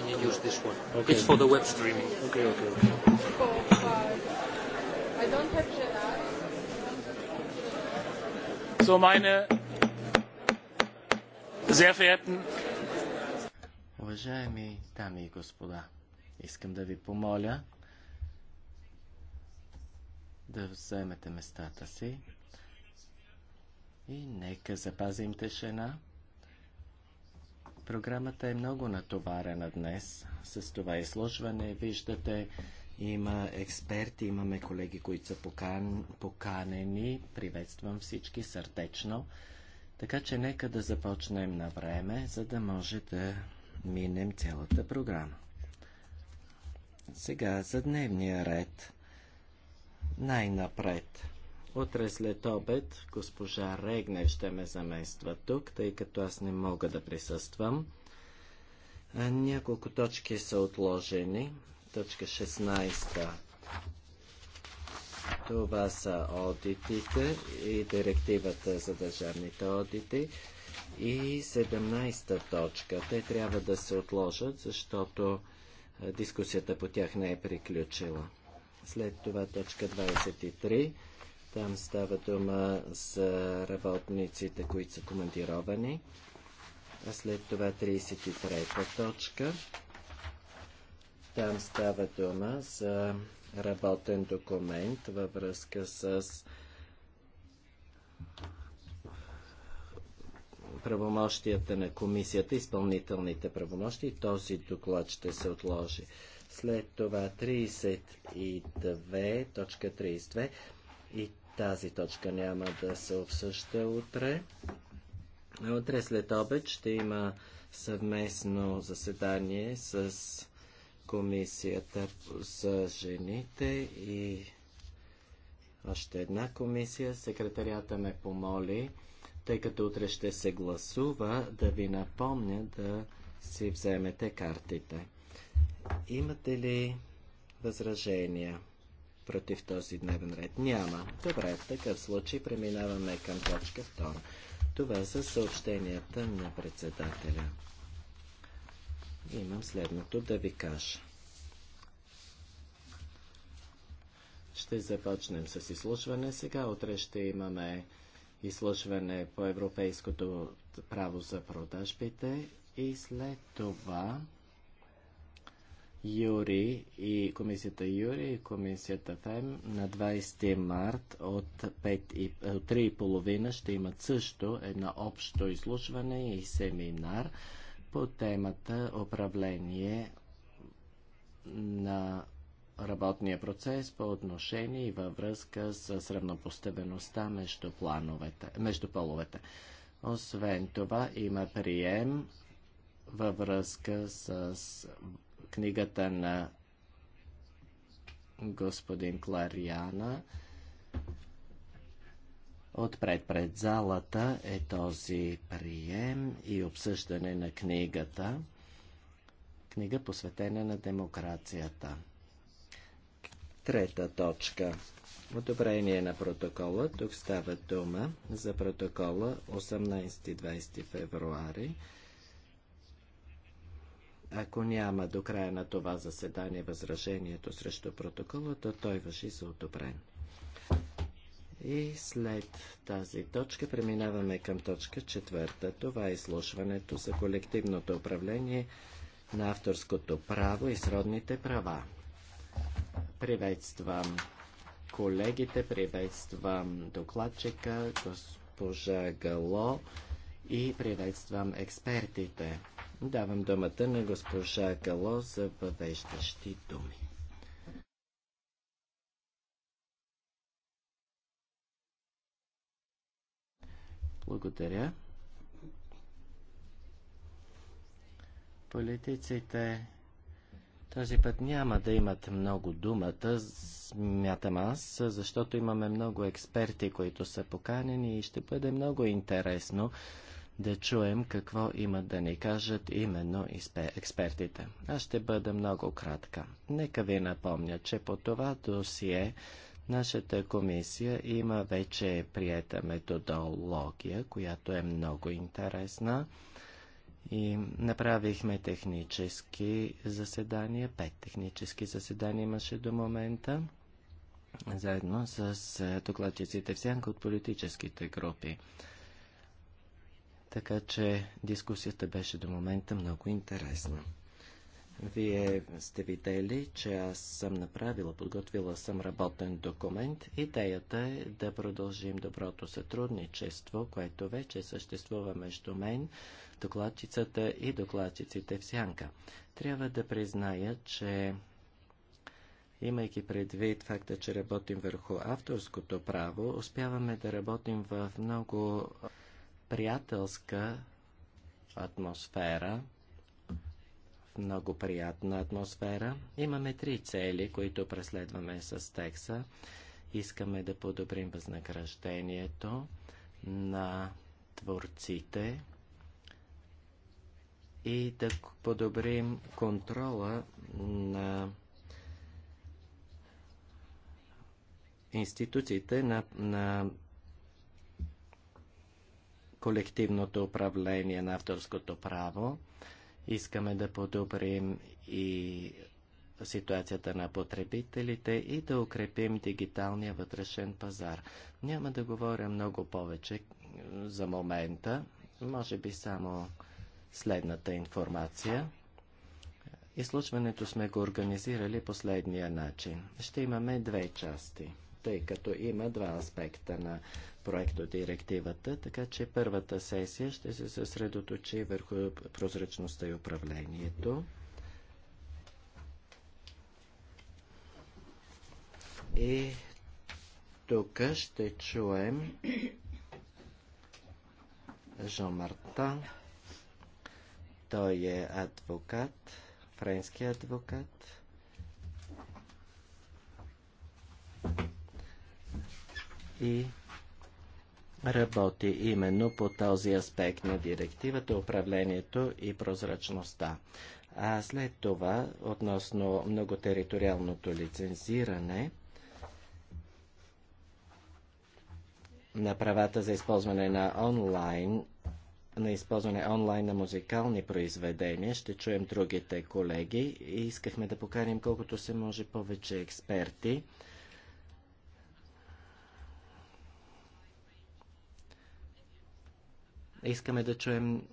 can you use this one? Okay. It's for the web streaming. Okay, okay, okay. So meine sehr verehrten Уважаеми дами и господа, искам да ви помоля да вземете местата си и нека запазим тишина. Програмата е много натоварена днес с това изслушване. Виждате, има експерти, имаме колеги, които са покан... поканени. Приветствам всички сърдечно. Така че нека да започнем на време, за да може да минем цялата програма. Сега за дневния ред. Най-напред. Утре след обед госпожа Регне ще ме замества тук, тъй като аз не мога да присъствам. Няколко точки са отложени. Точка 16. Това са одитите и директивата за държавните одити. И 17-та точка. Те трябва да се отложат, защото дискусията по тях не е приключила. След това точка 23 там става дума за работниците, които са командировани. А след това 33-та точка. Там става дума за работен документ във връзка с правомощията на комисията, изпълнителните правомощи този доклад ще се отложи. След това 32.32 и тази точка няма да се обсъжда утре. Утре след обед ще има съвместно заседание с комисията за жените и още една комисия. Секретарията ме помоли, тъй като утре ще се гласува, да ви напомня да си вземете картите. Имате ли възражения? против този дневен ред? Няма. Добре, в такъв случай преминаваме към точка 2. Това са съобщенията на председателя. Имам следното да ви кажа. Ще започнем с изслушване. Сега утре ще имаме изслушване по европейското право за продажбите и след това Юри и комисията Юри и комисията ФЕМ на 20 март от, 5 и, 3.30 е, ще имат също едно общо изслушване и семинар по темата управление на работния процес по отношение и във връзка с равнопоставеността между, плановете, между половете. Освен това има прием във връзка с книгата на господин Клариана. Отпред пред залата е този прием и обсъждане на книгата. Книга посветена на демокрацията. Трета точка. Одобрение на протокола. Тук става дума за протокола 18-20 февруари ако няма до края на това заседание възражението срещу протокола, то той въжи за одобрен. И след тази точка преминаваме към точка четвърта. Това е изслушването за колективното управление на авторското право и сродните права. Приветствам колегите, приветствам докладчика, госпожа Гало и приветствам експертите. Давам думата на госпожа Гало за въвеждащи думи. Благодаря. Политиците този път няма да имат много думата, смятам аз, защото имаме много експерти, които са поканени и ще бъде много интересно да чуем какво имат да ни кажат именно експертите. Аз ще бъда много кратка. Нека ви напомня, че по това досие нашата комисия има вече приета методология, която е много интересна. И направихме технически заседания, пет технически заседания имаше до момента, заедно с докладчиците в сянка от политическите групи. Така че дискусията беше до момента много интересна. Вие сте видели, че аз съм направила, подготвила съм работен документ. Идеята е да продължим доброто сътрудничество, което вече съществува между мен, докладчицата и докладчиците в сянка. Трябва да призная, че имайки предвид факта, че работим върху авторското право, успяваме да работим в много приятелска атмосфера, в много приятна атмосфера. Имаме три цели, които преследваме с текста. Искаме да подобрим възнаграждението на творците и да подобрим контрола на институциите на, на колективното управление на авторското право. Искаме да подобрим и ситуацията на потребителите и да укрепим дигиталния вътрешен пазар. Няма да говоря много повече за момента, може би само следната информация. Изслушването сме го организирали последния начин. Ще имаме две части тъй като има два аспекта на проектодирективата, директивата, така че първата сесия ще се съсредоточи върху прозрачността и управлението. И тук ще чуем Жан Марта. Той е адвокат, френски адвокат. и работи именно по този аспект на директивата, управлението и прозрачността. А след това, относно многотериториалното лицензиране на правата за използване на онлайн, на използване онлайн на музикални произведения, ще чуем другите колеги и искахме да поканим колкото се може повече експерти. Искаме да чуем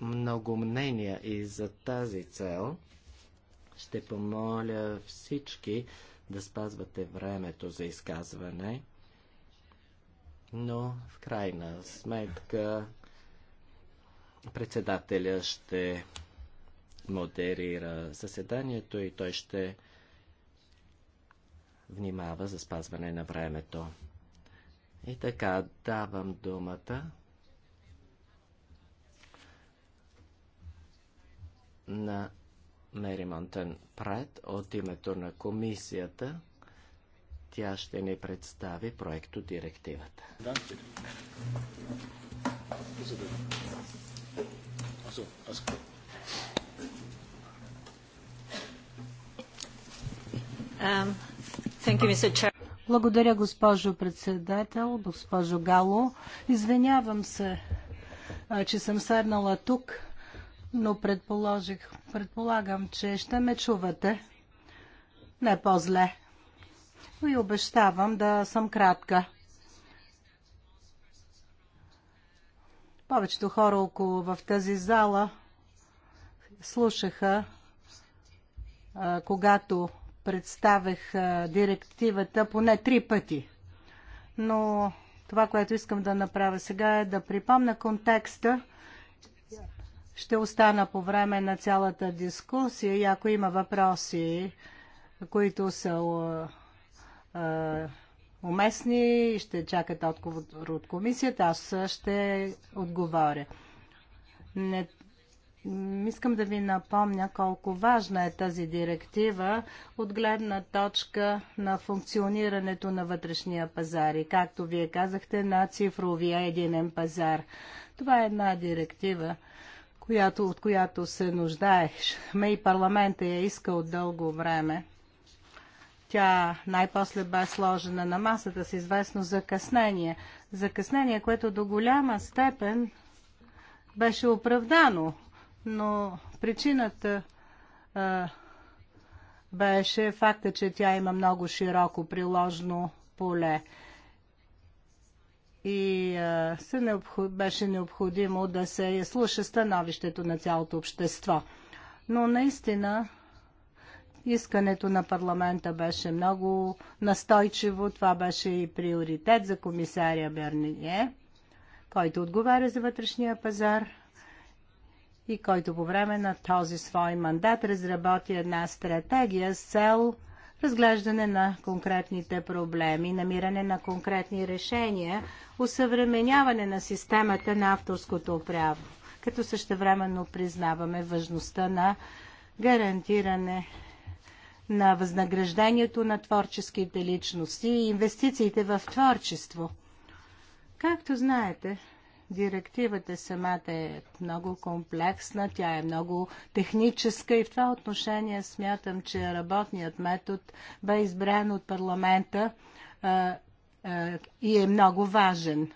много мнения и за тази цел ще помоля всички да спазвате времето за изказване, но в крайна сметка председателя ще модерира заседанието и той ще внимава за спазване на времето. И така, давам думата на Мери Монтен Прайд от името на комисията. Тя ще ни представи проекто директивата. Um, Благодаря, госпожо председател, госпожо Гало. Извинявам се, че съм седнала тук но предположих, предполагам, че ще ме чувате. Не по-зле. И обещавам да съм кратка. Повечето хора около в тази зала слушаха, когато представих директивата поне три пъти. Но това, което искам да направя сега е да припомна контекста ще остана по време на цялата дискусия и ако има въпроси, които са е, уместни ще чакат отговор от комисията, аз ще отговоря. Не, искам да ви напомня колко важна е тази директива от гледна точка на функционирането на вътрешния пазар и, както вие казахте, на цифровия единен пазар. Това е една директива, която, от която се нуждаехме и парламента я иска от дълго време. Тя най-после бе сложена на масата с известно закъснение. Закъснение, което до голяма степен беше оправдано, но причината а, беше факта, че тя има много широко приложно поле и се необход... беше необходимо да се слуша становището на цялото общество. Но наистина искането на парламента беше много настойчиво. Това беше и приоритет за комисаря Берние, който отговаря за вътрешния пазар и който по време на този свой мандат разработи една стратегия с цел – разглеждане на конкретните проблеми, намиране на конкретни решения, усъвременяване на системата на авторското право, като същевременно признаваме важността на гарантиране на възнаграждението на творческите личности и инвестициите в творчество. Както знаете, Директивата самата е много комплексна, тя е много техническа и в това отношение смятам, че работният метод бе избран от парламента а, а, и е много важен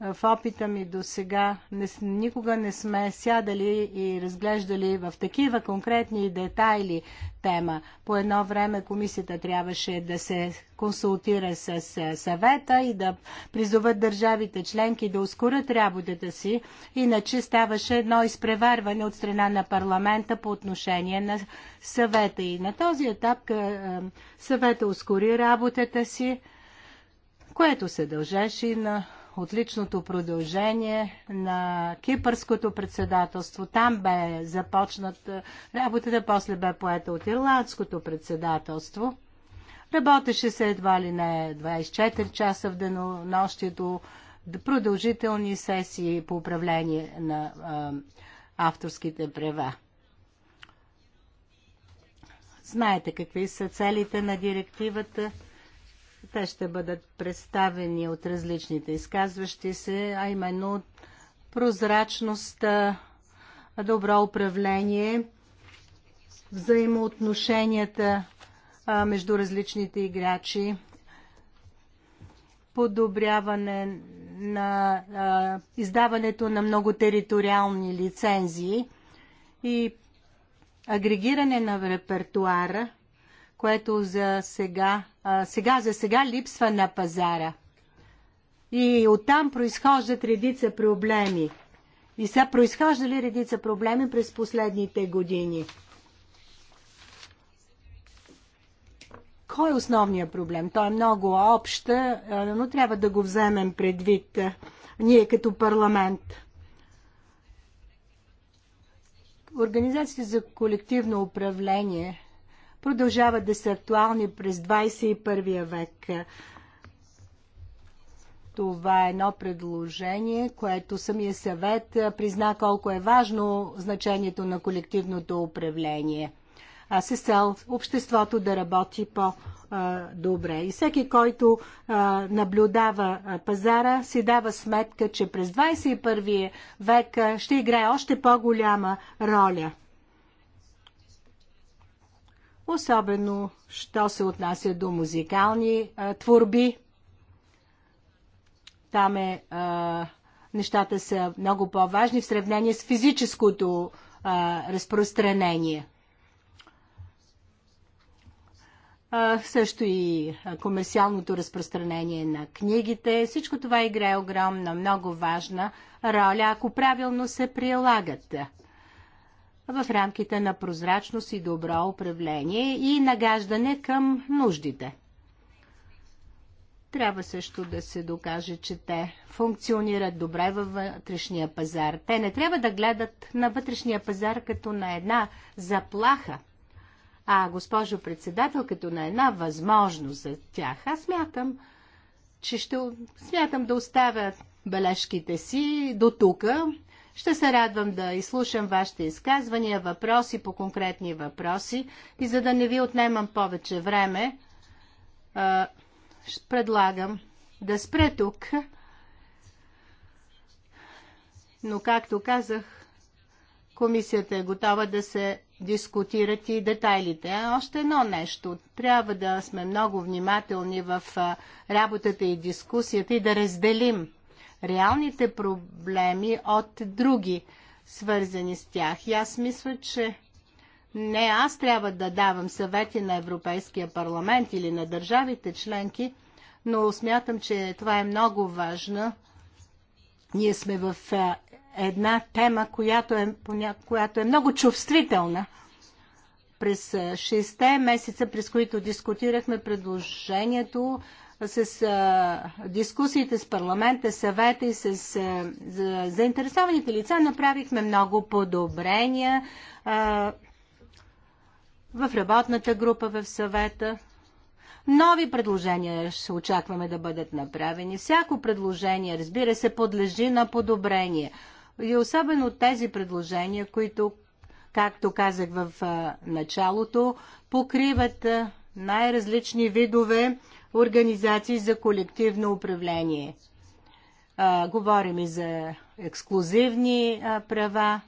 в опита ми до сега не, никога не сме сядали и разглеждали в такива конкретни детайли тема. По едно време комисията трябваше да се консултира с съвета и да призоват държавите членки да ускорят работата си, иначе ставаше едно изпреварване от страна на парламента по отношение на съвета. И на този етап е, съвета ускори работата си, което се дължеше и на отличното продължение на кипърското председателство. Там бе започнат е, работата, после бе поета от ирландското председателство. Работеше се едва ли не 24 часа в денонощието, продължителни сесии по управление на а, е, авторските права. Знаете какви са целите на директивата – те ще бъдат представени от различните изказващи се, а именно прозрачността, добро управление, взаимоотношенията между различните играчи, подобряване на издаването на много териториални лицензии и агрегиране на репертуара – което за сега, а, сега за сега липсва на пазара. И оттам произхождат редица проблеми. И са произхождали редица проблеми през последните години. Кой е основният проблем? Той е много общ, но трябва да го вземем предвид ние като парламент. Организацията за колективно управление продължават да са актуални през 21 век. Това е едно предложение, което самия съвет призна колко е важно значението на колективното управление. А се цел обществото да работи по-добре. И всеки, който наблюдава пазара, си дава сметка, че през 21 век ще играе още по-голяма роля – особено що се отнася до музикални а, творби. Там е, а, нещата са много по-важни в сравнение с физическото а, разпространение. А, също и комерциалното разпространение на книгите. Всичко това играе огромна, много важна роля, ако правилно се прилагат в рамките на прозрачност и добро управление и нагаждане към нуждите. Трябва също да се докаже, че те функционират добре във вътрешния пазар. Те не трябва да гледат на вътрешния пазар като на една заплаха, а госпожо председател като на една възможност за тях. Аз смятам, че ще смятам да оставя бележките си до тука ще се радвам да изслушам вашите изказвания, въпроси по конкретни въпроси и за да не ви отнемам повече време, предлагам да спре тук. Но, както казах, комисията е готова да се дискутират и детайлите. още едно нещо. Трябва да сме много внимателни в работата и дискусията и да разделим реалните проблеми от други, свързани с тях. И аз мисля, че не аз трябва да давам съвети на Европейския парламент или на държавите членки, но смятам, че това е много важно. Ние сме в е, една тема, която е, която е много чувствителна. През 6 е, месеца, през които дискутирахме предложението с а, дискусиите с парламента, съвета и с а, за, заинтересованите лица направихме много подобрения а, в работната група в съвета. Нови предложения ще очакваме да бъдат направени. Всяко предложение, разбира се, подлежи на подобрение. И особено тези предложения, които, както казах в началото, покриват най-различни видове организации за колективно управление. А, говорим и за ексклюзивни а, права,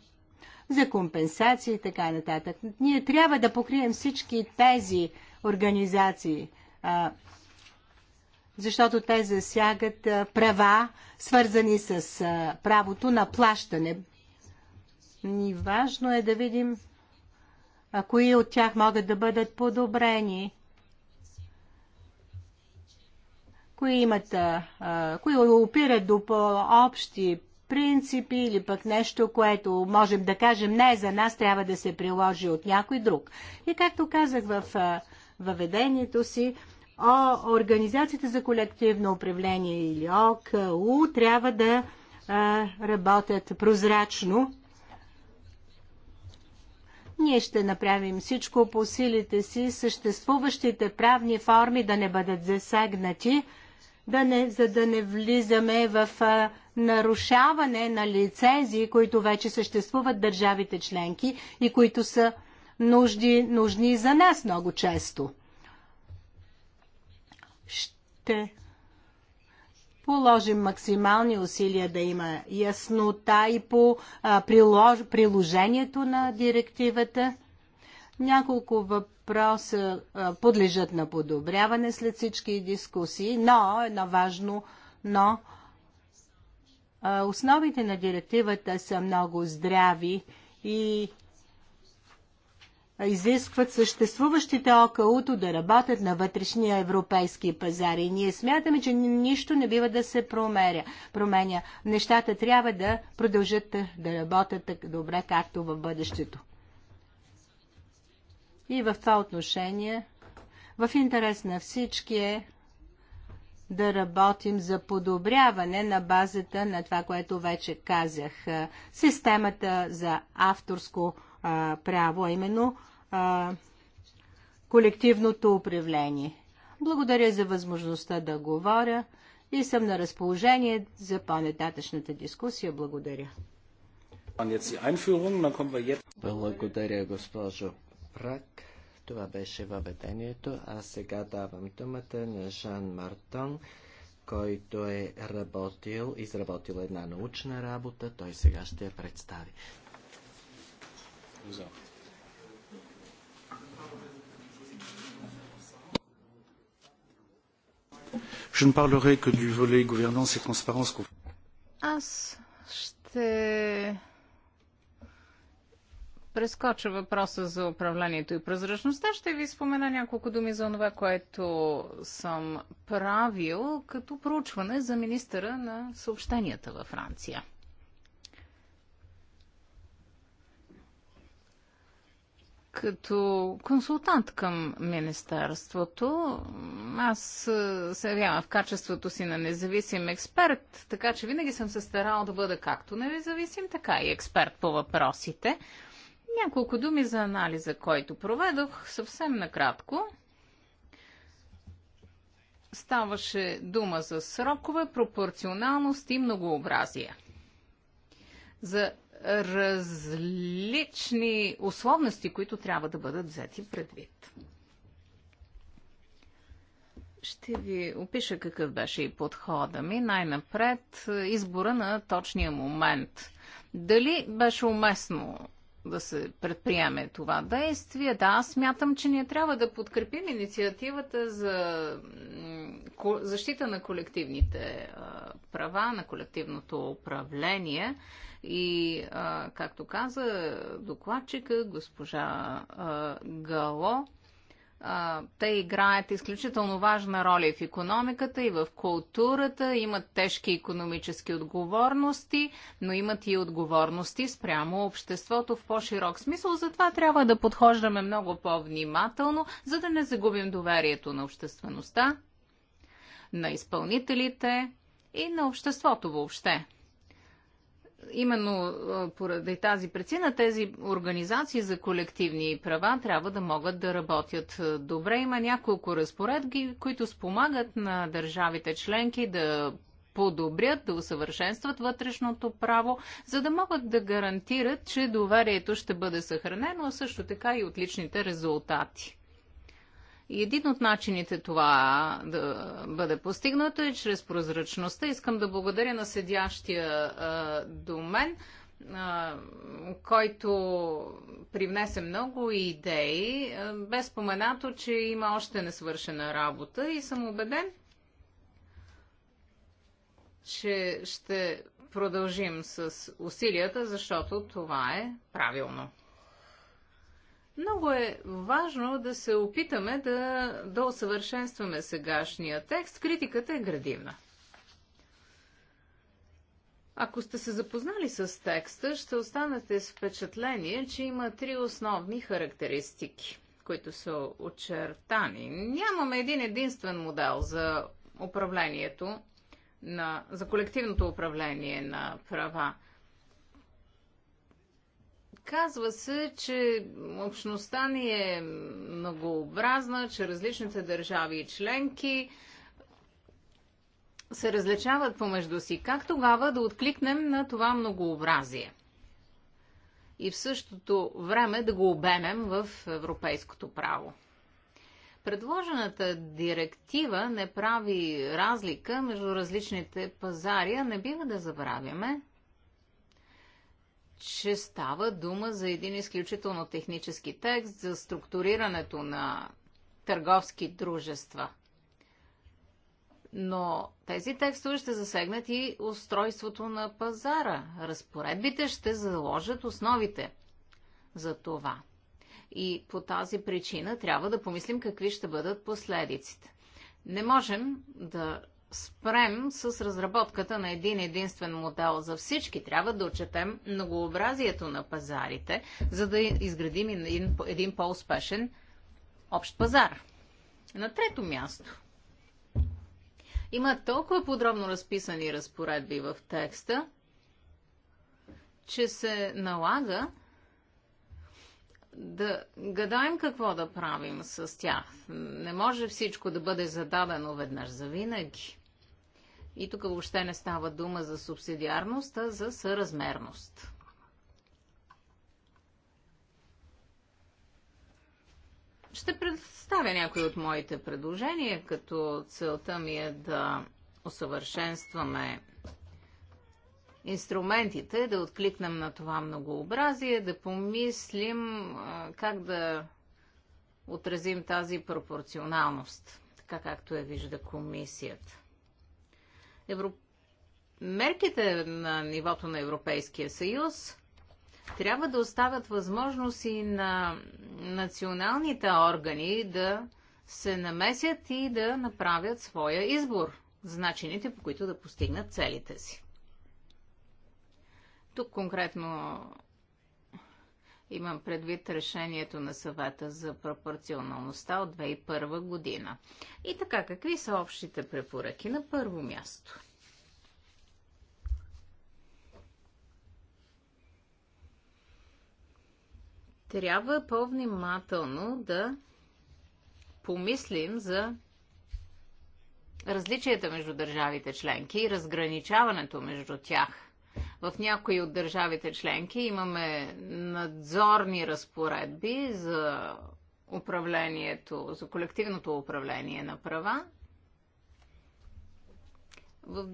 за компенсации и така нататък. Ние трябва да покрием всички тези организации, а, защото те засягат а, права, свързани с а, правото на плащане. И важно е да видим а, кои от тях могат да бъдат подобрени кои имат, а, кои опират до по-общи принципи или пък нещо, което можем да кажем не за нас, трябва да се приложи от някой друг. И както казах в въведението си, о, Организацията за колективно управление или ОКУ трябва да а, работят прозрачно. Ние ще направим всичко по силите си, съществуващите правни форми да не бъдат засегнати, да не, за да не влизаме в а, нарушаване на лицензии, които вече съществуват държавите членки и които са нужди, нужни за нас много често. Ще положим максимални усилия да има яснота и по а, прилож, приложението на директивата. Няколко въпроса въпроса подлежат на подобряване след всички дискусии, но едно важно, но основите на директивата са много здрави и изискват съществуващите ОКУ-то да работят на вътрешния европейски пазар. И ние смятаме, че нищо не бива да се промеря, променя. Нещата трябва да продължат да работят добре, както в бъдещето. И в това отношение, в интерес на всички е да работим за подобряване на базата на това, което вече казах. Системата за авторско а, право, а именно а, колективното управление. Благодаря за възможността да говоря и съм на разположение за по-нататъчната дискусия. Благодаря. Благодаря, госпожо прак. Това беше въведението, а сега давам думата на Жан Мартон, който е работил, изработил една научна работа. Той сега ще я представи. Je ne parlerai que du volet gouvernance et transparence. Аз ще прескоча въпроса за управлението и прозрачността, ще ви спомена няколко думи за това, което съм правил като проучване за министъра на съобщенията във Франция. като консултант към Министерството. Аз е, се явявам в качеството си на независим експерт, така че винаги съм се старал да бъда както независим, така и експерт по въпросите. Няколко думи за анализа, който проведох съвсем накратко. Ставаше дума за срокове, пропорционалност и многообразие. За различни условности, които трябва да бъдат взети предвид. Ще ви опиша какъв беше и подхода ми. Най-напред избора на точния момент. Дали беше уместно да се предприеме това действие. Да, аз смятам, че ние трябва да подкрепим инициативата за защита на колективните права, на колективното управление. И, както каза докладчика, госпожа Гало, те играят изключително важна роля в економиката, и в културата, имат тежки економически отговорности, но имат и отговорности спрямо обществото в по-широк смисъл. Затова трябва да подхождаме много по-внимателно, за да не загубим доверието на обществеността, на изпълнителите и на обществото въобще именно поради тази причина тези организации за колективни права трябва да могат да работят добре. Има няколко разпоредги, които спомагат на държавите членки да подобрят, да усъвършенстват вътрешното право, за да могат да гарантират, че доверието ще бъде съхранено, а също така и отличните резултати. И един от начините това да бъде постигнато е чрез прозрачността. Искам да благодаря на седящия а, до мен, а, който привнесе много идеи, а, без споменато, че има още несвършена работа и съм убеден, че ще продължим с усилията, защото това е правилно. Много е важно да се опитаме да, да усъвършенстваме сегашния текст. Критиката е градивна. Ако сте се запознали с текста, ще останете с впечатление, че има три основни характеристики, които са очертани. Нямаме един единствен модел за управлението на, за колективното управление на права. Казва се, че общността ни е многообразна, че различните държави и членки се различават помежду си. Как тогава да откликнем на това многообразие? И в същото време да го обемем в европейското право. Предложената директива не прави разлика между различните пазари, а не бива да забравяме, че става дума за един изключително технически текст за структурирането на търговски дружества. Но тези текстове ще засегнат и устройството на пазара. Разпоредбите ще заложат основите за това. И по тази причина трябва да помислим какви ще бъдат последиците. Не можем да спрем с разработката на един единствен модел за всички. Трябва да отчетем многообразието на пазарите, за да изградим един, един по-успешен общ пазар. На трето място. Има толкова подробно разписани разпоредби в текста, че се налага да гадаем какво да правим с тях. Не може всичко да бъде зададено веднъж за винаги. И тук въобще не става дума за субсидиарност, а за съразмерност. Ще представя някои от моите предложения, като целта ми е да усъвършенстваме инструментите, да откликнем на това многообразие, да помислим как да отразим тази пропорционалност, така както я вижда комисията. Евро... мерките на нивото на Европейския съюз трябва да оставят възможност и на националните органи да се намесят и да направят своя избор за начините, по които да постигнат целите си. Тук конкретно Имам предвид решението на съвета за пропорционалността от 2001 година. И така, какви са общите препоръки на първо място? Трябва по-внимателно да помислим за различията между държавите членки и разграничаването между тях – в някои от държавите членки имаме надзорни разпоредби за управлението, за колективното управление на права. В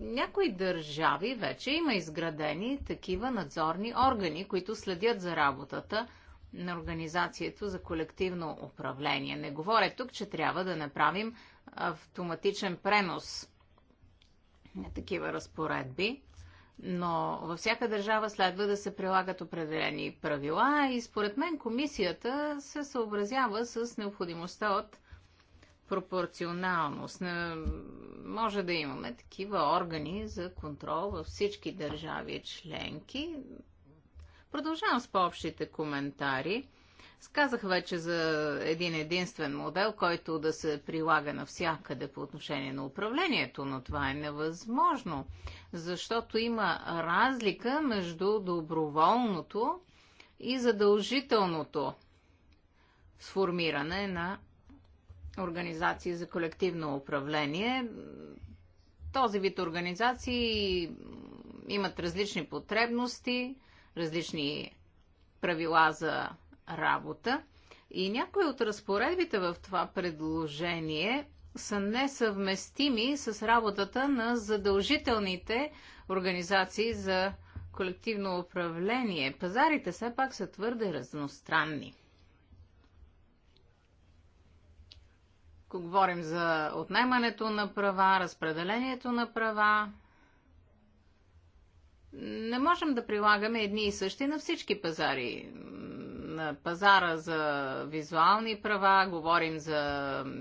някои държави вече има изградени такива надзорни органи, които следят за работата на Организацията за колективно управление. Не говоря тук, че трябва да направим автоматичен пренос на такива разпоредби но във всяка държава следва да се прилагат определени правила и според мен комисията се съобразява с необходимостта от пропорционалност. Не може да имаме такива органи за контрол във всички държави членки. Продължавам с по-общите коментари. Сказах вече за един единствен модел, който да се прилага навсякъде по отношение на управлението, но това е невъзможно защото има разлика между доброволното и задължителното сформиране на организации за колективно управление. Този вид организации имат различни потребности, различни правила за работа. И някои от разпоредбите в това предложение са несъвместими с работата на задължителните организации за колективно управление. Пазарите все пак са твърде разностранни. Ако говорим за отнемането на права, разпределението на права, не можем да прилагаме едни и същи на всички пазари на пазара за визуални права, говорим за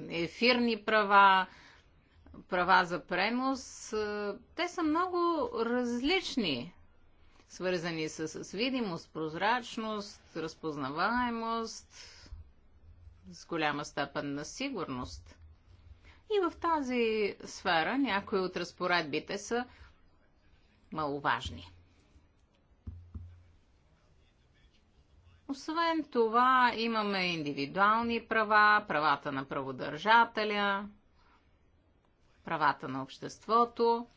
ефирни права, права за пренос. Е, те са много различни, свързани са с видимост, прозрачност, разпознаваемост, с голяма степен на сигурност. И в тази сфера някои от разпоредбите са маловажни. Освен това, имаме индивидуални права, правата на праводържателя, правата на обществото.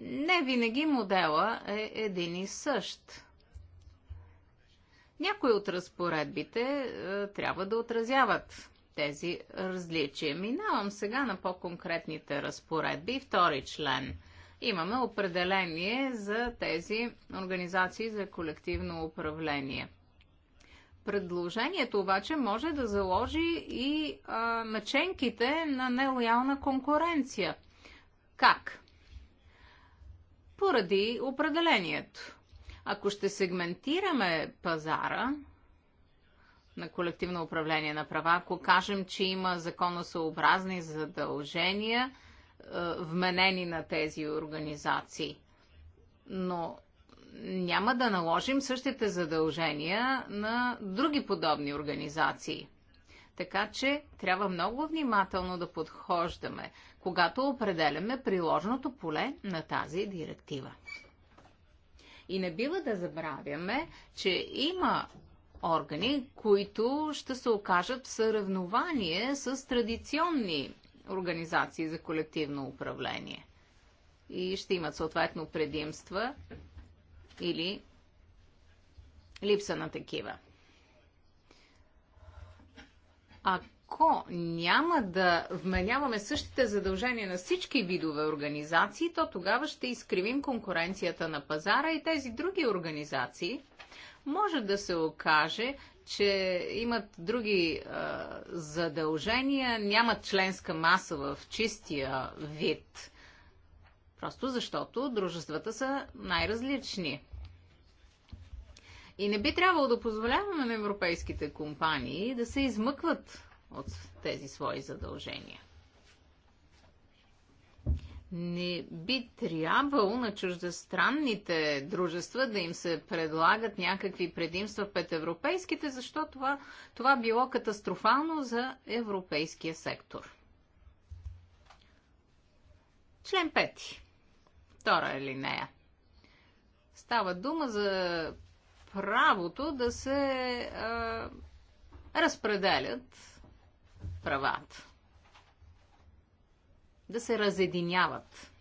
Не винаги модела е един и същ. Някои от разпоредбите е, трябва да отразяват тези различия. Минавам сега на по-конкретните разпоредби. Втори член. Имаме определение за тези организации за колективно управление – Предложението обаче може да заложи и а, наченките на нелоялна конкуренция. Как? Поради определението. Ако ще сегментираме пазара на колективно управление на права, ако кажем, че има законосъобразни задължения, вменени на тези организации, но няма да наложим същите задължения на други подобни организации. Така че трябва много внимателно да подхождаме, когато определяме приложното поле на тази директива. И не бива да забравяме, че има органи, които ще се окажат в съревнование с традиционни организации за колективно управление и ще имат съответно предимства или липса на такива. Ако няма да вменяваме същите задължения на всички видове организации, то тогава ще изкривим конкуренцията на пазара и тези други организации може да се окаже, че имат други а, задължения, нямат членска маса в чистия вид Просто защото дружествата са най-различни. И не би трябвало да позволяваме на европейските компании да се измъкват от тези свои задължения. Не би трябвало на чуждестранните дружества да им се предлагат някакви предимства пред европейските, защото това, това било катастрофално за европейския сектор. Член 5. Втора алинея. Става дума за правото да се а, разпределят правата. Да се разединяват.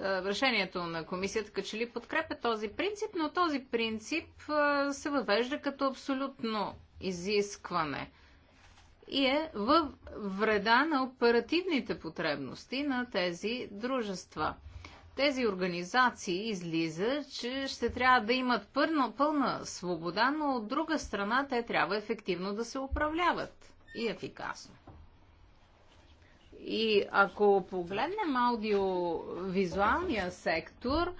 Решението на комисията като че ли подкрепя този принцип, но този принцип а, се въвежда като абсолютно изискване и е в вреда на оперативните потребности на тези дружества. Тези организации излиза, че ще трябва да имат пълна, пълна свобода, но от друга страна те трябва ефективно да се управляват и ефикасно. И ако погледнем аудиовизуалния сектор,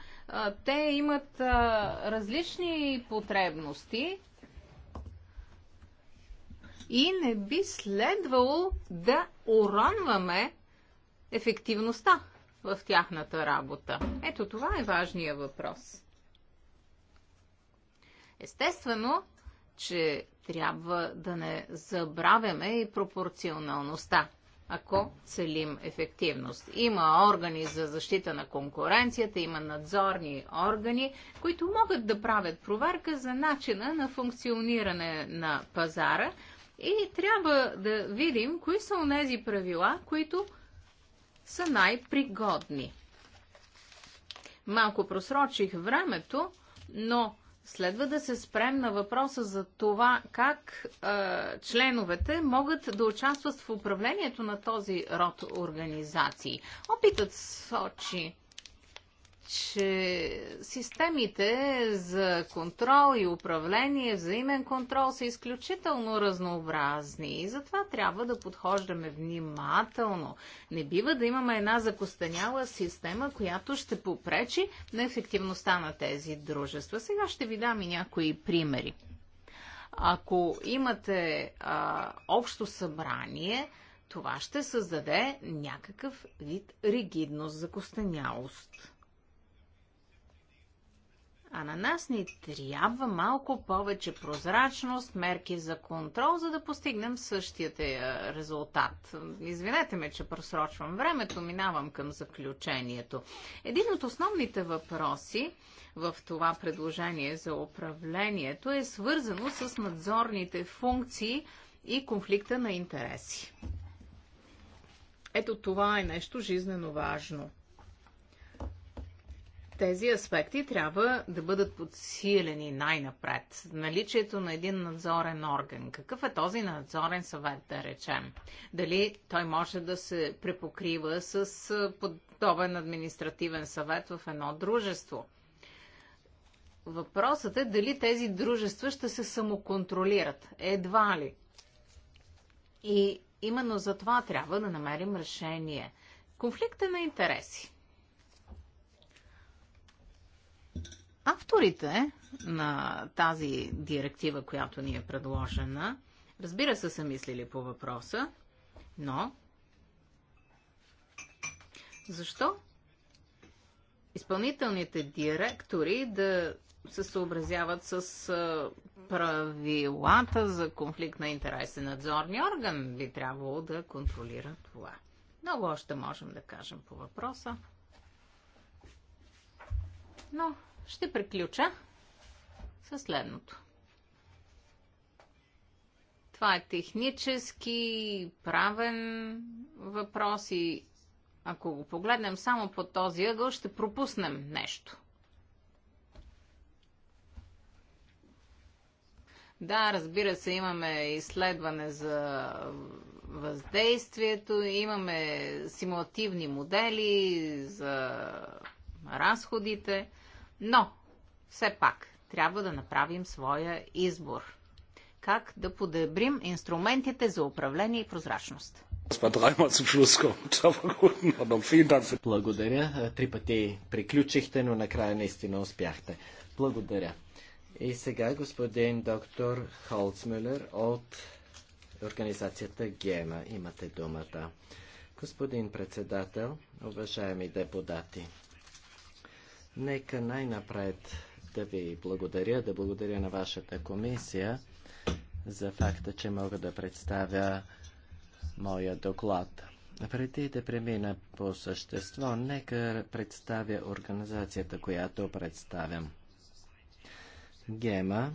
те имат различни потребности и не би следвало да уронваме ефективността в тяхната работа. Ето това е важният въпрос. Естествено, че трябва да не забравяме и пропорционалността, ако целим ефективност. Има органи за защита на конкуренцията, има надзорни органи, които могат да правят проверка за начина на функциониране на пазара и трябва да видим кои са онези правила, които са най-пригодни. Малко просрочих времето, но следва да се спрем на въпроса за това как е, членовете могат да участват в управлението на този род организации. Опитът сочи, че системите за контрол и управление, взаимен контрол са изключително разнообразни и затова трябва да подхождаме внимателно. Не бива да имаме една закостеняла система, която ще попречи на ефективността на тези дружества. Сега ще ви дам и някои примери. Ако имате а, общо събрание, това ще създаде някакъв вид ригидност, закостенялост. А на нас ни трябва малко повече прозрачност, мерки за контрол, за да постигнем същият е, е, резултат. Извинете ме, че просрочвам времето, минавам към заключението. Един от основните въпроси в това предложение за управлението е свързано с надзорните функции и конфликта на интереси. Ето това е нещо жизнено важно – тези аспекти трябва да бъдат подсилени най-напред. Наличието на един надзорен орган. Какъв е този надзорен съвет, да речем? Дали той може да се препокрива с подобен административен съвет в едно дружество? Въпросът е дали тези дружества ще се самоконтролират. Едва ли. И именно за това трябва да намерим решение. Конфликта на интереси Авторите на тази директива, която ни е предложена, разбира се, са мислили по въпроса, но защо изпълнителните директори да се съобразяват с правилата за конфликт на интереси. Надзорния орган би трябвало да контролира това. Много още можем да кажем по въпроса. Но ще приключа със следното. Това е технически, правен въпрос и ако го погледнем само по този ъгъл, ще пропуснем нещо. Да, разбира се, имаме изследване за въздействието, имаме симулативни модели за разходите. Но, все пак, трябва да направим своя избор. Как да подобрим инструментите за управление и прозрачност? Благодаря. Е, три пъти приключихте, но накрая наистина успяхте. Благодаря. И сега господин доктор Холцмюлер от организацията ГЕМА. Имате думата. Господин председател, уважаеми депутати, Нека най-напред да ви благодаря, да благодаря на вашата комисия за факта, че мога да представя моя доклад. Преди да премина по същество, нека представя организацията, която представям. Гема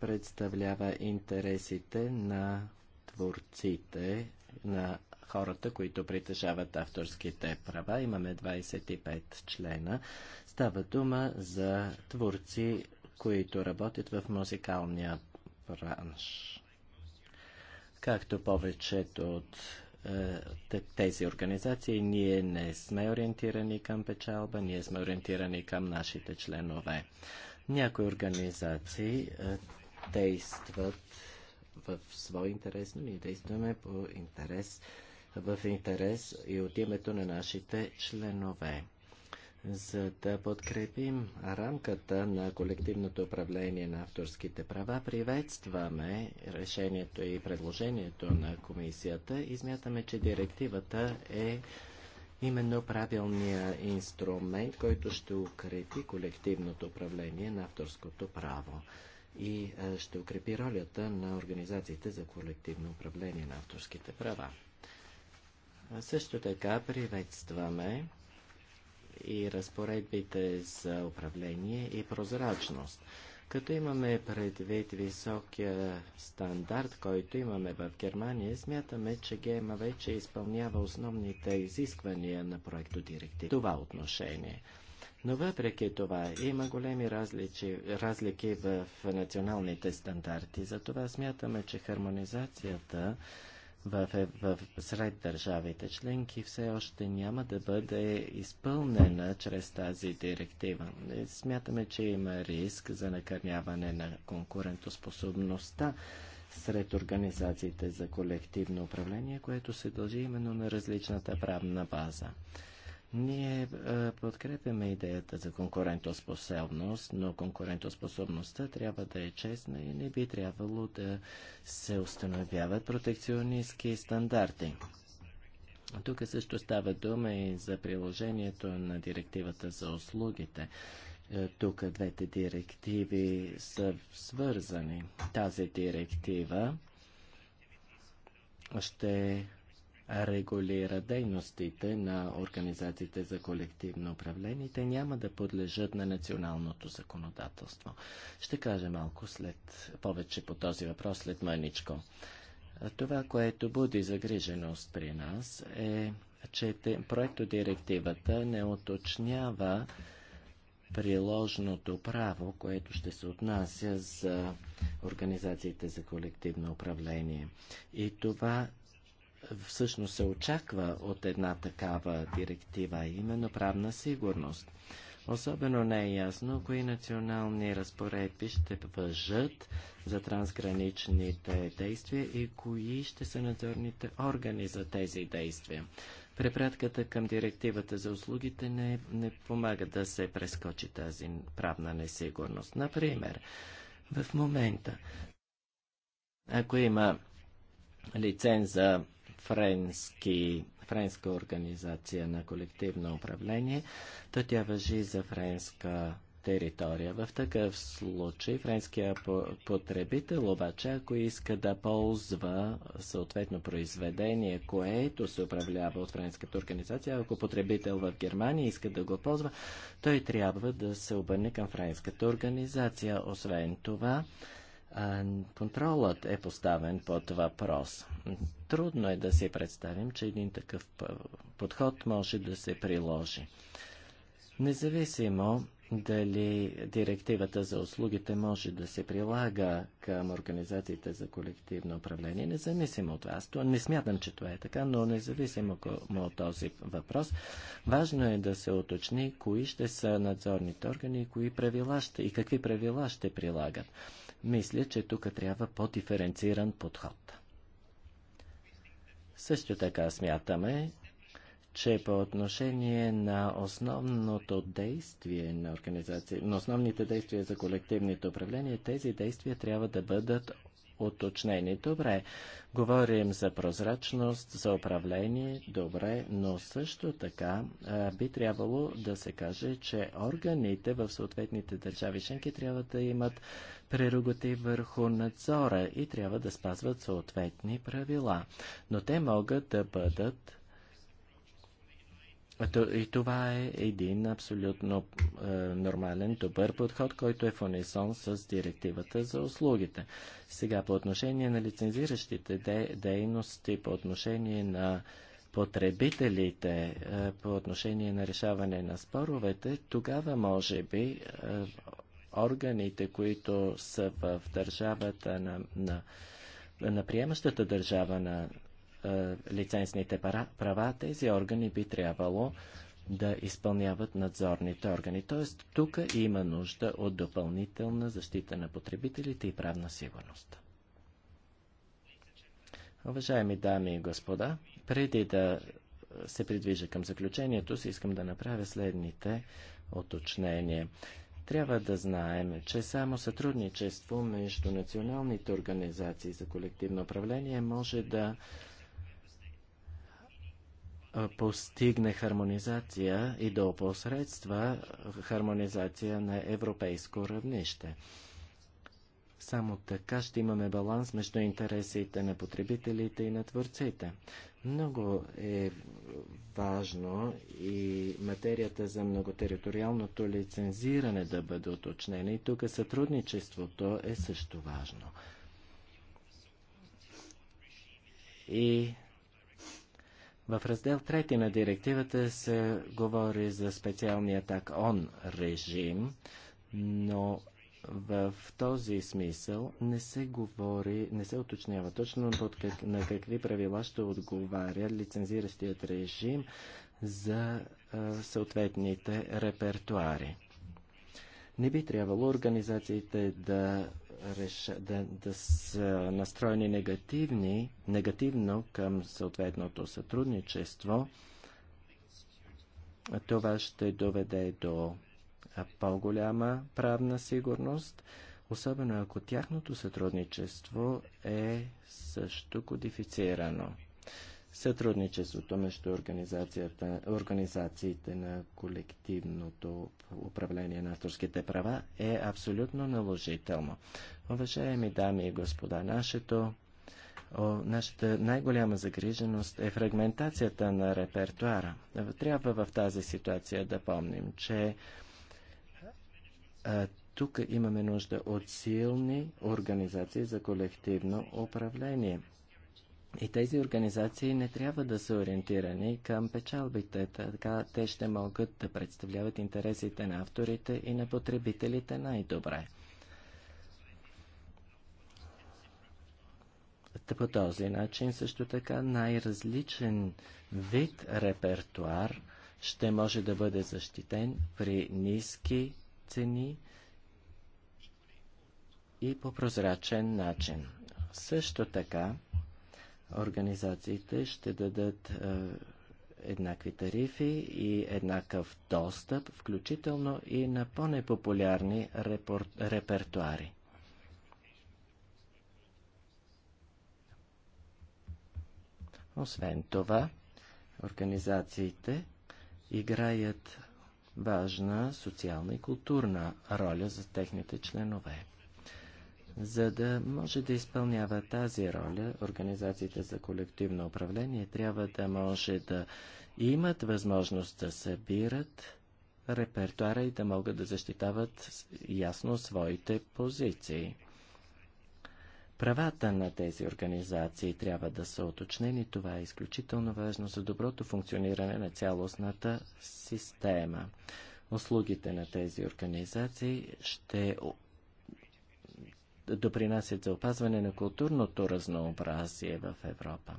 представлява интересите на творците, на хората, които притежават авторските права. Имаме 25 члена. Става дума за творци, които работят в музикалния бранш. Както повечето от е, тези организации, ние не сме ориентирани към печалба, ние сме ориентирани към нашите членове. Някои организации е, действат в свой интерес, но ние действаме по интерес в интерес и от името на нашите членове. За да подкрепим рамката на колективното управление на авторските права, приветстваме решението и предложението на комисията и смятаме, че директивата е именно правилния инструмент, който ще укрепи колективното управление на авторското право и ще укрепи ролята на организациите за колективно управление на авторските права. Също така приветстваме и разпоредбите за управление и прозрачност. Като имаме предвид високия стандарт, който имаме в Германия, смятаме, че ГЕМА вече изпълнява основните изисквания на проекто директив. Това отношение. Но въпреки това има големи различи, разлики в националните стандарти. Затова смятаме, че хармонизацията в, в, сред държавите членки все още няма да бъде изпълнена чрез тази директива. Е, смятаме, че има риск за накърняване на конкурентоспособността сред организациите за колективно управление, което се дължи именно на различната правна база. Ние а, е, подкрепяме идеята за конкурентоспособност, но конкурентоспособността трябва да е честна и не би трябвало да се установяват протекционистски стандарти. Тук също става дума и за приложението на директивата за услугите. Е, тук двете директиви са свързани. Тази директива ще регулира дейностите на организациите за колективно управление. Те няма да подлежат на националното законодателство. Ще кажа малко след, повече по този въпрос след мъничко. Това, което буди загриженост при нас е, че проектодирективата не оточнява приложното право, което ще се отнася за организациите за колективно управление. И това всъщност се очаква от една такава директива, именно правна сигурност. Особено не е ясно кои национални разпоредби ще въжат за трансграничните действия и кои ще са надзорните органи за тези действия. Препратката към директивата за услугите не, не помага да се прескочи тази правна несигурност. Например, в момента, ако има лиценз за френски, френска организация на колективно управление, то тя въжи за френска територия. В такъв случай френския потребител обаче, ако иска да ползва съответно произведение, което се управлява от френската организация, ако потребител в Германия иска да го ползва, той трябва да се обърне към френската организация. Освен това, контролът е поставен под въпрос. Трудно е да си представим, че един такъв подход може да се приложи. Независимо дали директивата за услугите може да се прилага към организациите за колективно управление, независимо от вас. то не смятам, че това е така, но независимо от този въпрос, важно е да се уточни кои ще са надзорните органи и кои правила ще, и какви правила ще прилагат. Мисля, че тук трябва по-диференциран подход. Също така смятаме, че по отношение на основното действие на организация, на основните действия за колективните управления, тези действия трябва да бъдат уточнени. Добре, говорим за прозрачност, за управление, добре, но също така а, би трябвало да се каже, че органите в съответните държави членки трябва да имат прерогатив върху надзора и трябва да спазват съответни правила. Но те могат да бъдат и това е един абсолютно е, нормален, добър подход, който е в унисон с директивата за услугите. Сега по отношение на лицензиращите де, дейности, по отношение на потребителите, е, по отношение на решаване на споровете, тогава може би е, органите, които са в държавата на, на, на приемащата държава на е, лицензните права, тези органи би трябвало да изпълняват надзорните органи. Тоест, тук има нужда от допълнителна защита на потребителите и правна сигурност. Уважаеми дами и господа, преди да се придвижа към заключението си, искам да направя следните оточнения. Трябва да знаем, че само сътрудничество между националните организации за колективно управление може да постигне хармонизация и да опосредства хармонизация на европейско равнище. Само така ще имаме баланс между интересите на потребителите и на творците. Много е важно и материята за многотериториалното лицензиране да бъде уточнена и тук сътрудничеството е също важно. И в раздел 3 на директивата се говори за специалния так-он режим, но в този смисъл не се говори, не се уточнява точно под как, на какви правила ще отговаря лицензиращият режим за а, съответните репертуари. Не би трябвало организациите да реша, да, да са настроени негативни, негативно към съответното сътрудничество, това ще доведе до по-голяма правна сигурност, особено ако тяхното сътрудничество е също кодифицирано сътрудничеството между организациите на колективното управление на авторските права е абсолютно наложително. Уважаеми дами и господа, нашето, о, нашата най-голяма загриженост е фрагментацията на репертуара. Трябва в тази ситуация да помним, че а, тук имаме нужда от силни организации за колективно управление – и тези организации не трябва да са ориентирани към печалбите, така те ще могат да представляват интересите на авторите и на потребителите най-добре. По този начин също така най-различен вид репертуар ще може да бъде защитен при ниски цени и по прозрачен начин. Също така, Организациите ще дадат е, еднакви тарифи и еднакъв достъп, включително и на по-непопулярни репор... репертуари. Освен това, организациите играят важна социална и културна роля за техните членове. За да може да изпълнява тази роля, организациите за колективно управление трябва да може да имат възможност да събират репертуара и да могат да защитават ясно своите позиции. Правата на тези организации трябва да са уточнени. Това е изключително важно за доброто функциониране на цялостната система. Услугите на тези организации ще допринасят за опазване на културното разнообразие в Европа.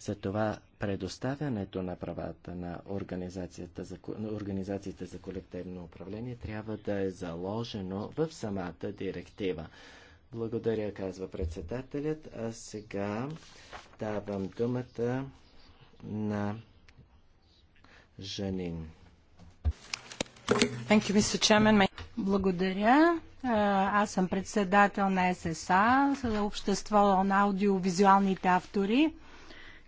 Затова предоставянето на правата на, организацията за, на за колективно управление трябва да е заложено в самата директива. Благодаря, казва председателят. А сега давам думата на Жанин. Thank you, Mr. Chairman. Благодаря. Аз съм председател на ССА, общество на аудиовизуалните автори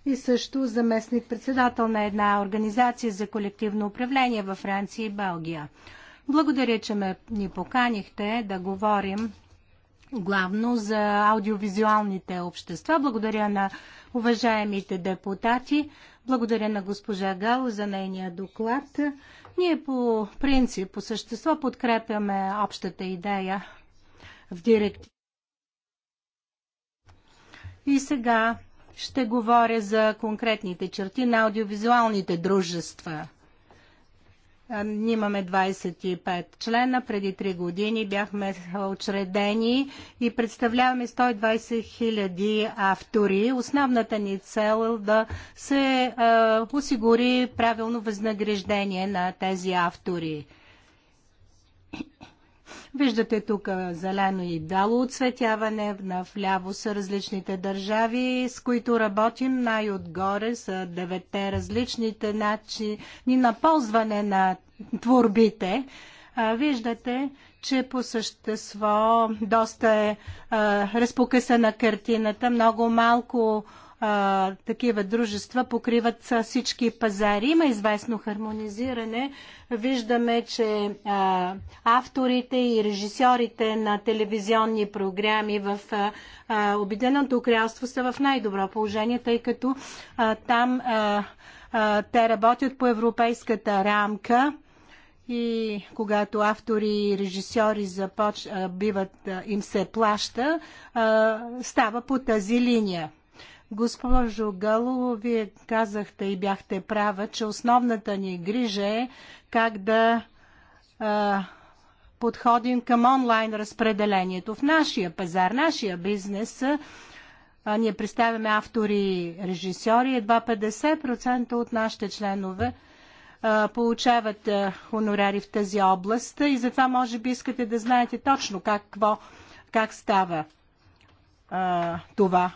и също заместник председател на една организация за колективно управление във Франция и Белгия. Благодаря, че ме ни поканихте да говорим главно за аудиовизуалните общества. Благодаря на уважаемите депутати. Благодаря на госпожа Гало за нейния доклад. Ние по принцип, по същество подкрепяме общата идея в директива. И сега ще говоря за конкретните черти на аудиовизуалните дружества – Имаме 25 члена. Преди 3 години бяхме учредени и представляваме 120 хиляди автори. Основната ни цел е да се е, осигури правилно възнаграждение на тези автори. Виждате тук зелено и бяло оцветяване. Навляво са различните държави, с които работим. Най-отгоре са девете различните начини на ползване на творбите. Виждате, че по същество доста е разпокъсана картината, много малко а, такива дружества покриват всички пазари. Има известно хармонизиране. Виждаме, че а, авторите и режисьорите на телевизионни програми в а, Обединеното кралство са в най-добро положение, тъй като а, там а, а, те работят по европейската рамка. И когато автори и режисьори започ... биват, им се плаща, става по тази линия. Госпожо Галово, вие казахте и бяхте права, че основната ни грижа е как да а, подходим към онлайн разпределението. В нашия пазар, нашия бизнес, а, ние представяме автори, и режисьори, едва 50% от нашите членове а, получават а, хонорари в тази област и затова може би искате да знаете точно какво, как става а, това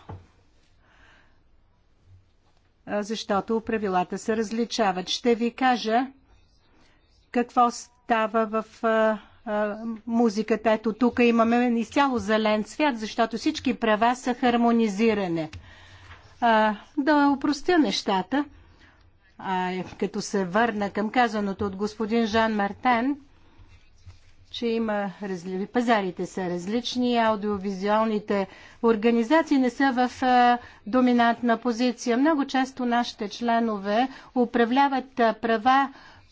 защото правилата се различават. Ще ви кажа какво става в музиката. Ето тук имаме изцяло зелен свят, защото всички права са хармонизиране. А, да упростя нещата, а, като се върна към казаното от господин Жан Мартен – че има разли... пазарите са различни, аудиовизуалните организации не са в а, доминантна позиция. Много често нашите членове управляват а, права,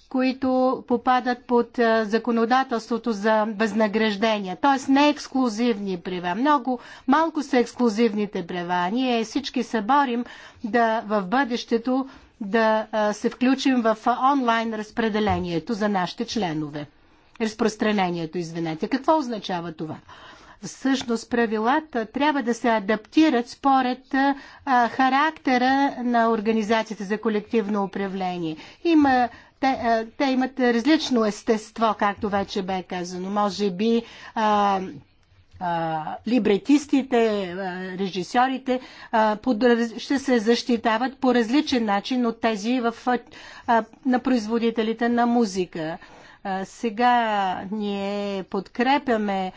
които попадат под а, законодателството за възнаграждения, т.е. не ексклюзивни права. Много малко са ексклюзивните права. Ние всички се борим да в бъдещето да се включим в онлайн разпределението за нашите членове разпространението, извинете. Какво означава това? всъщност правилата трябва да се адаптират според а, характера на организацията за колективно управление. Има те, а, те имат различно естество, както вече бе казано. Може би а, а, либретистите, а, режисьорите а, под, ще се защитават по различен начин от тези в, а, на производителите на музика. А, сега ние подкрепяме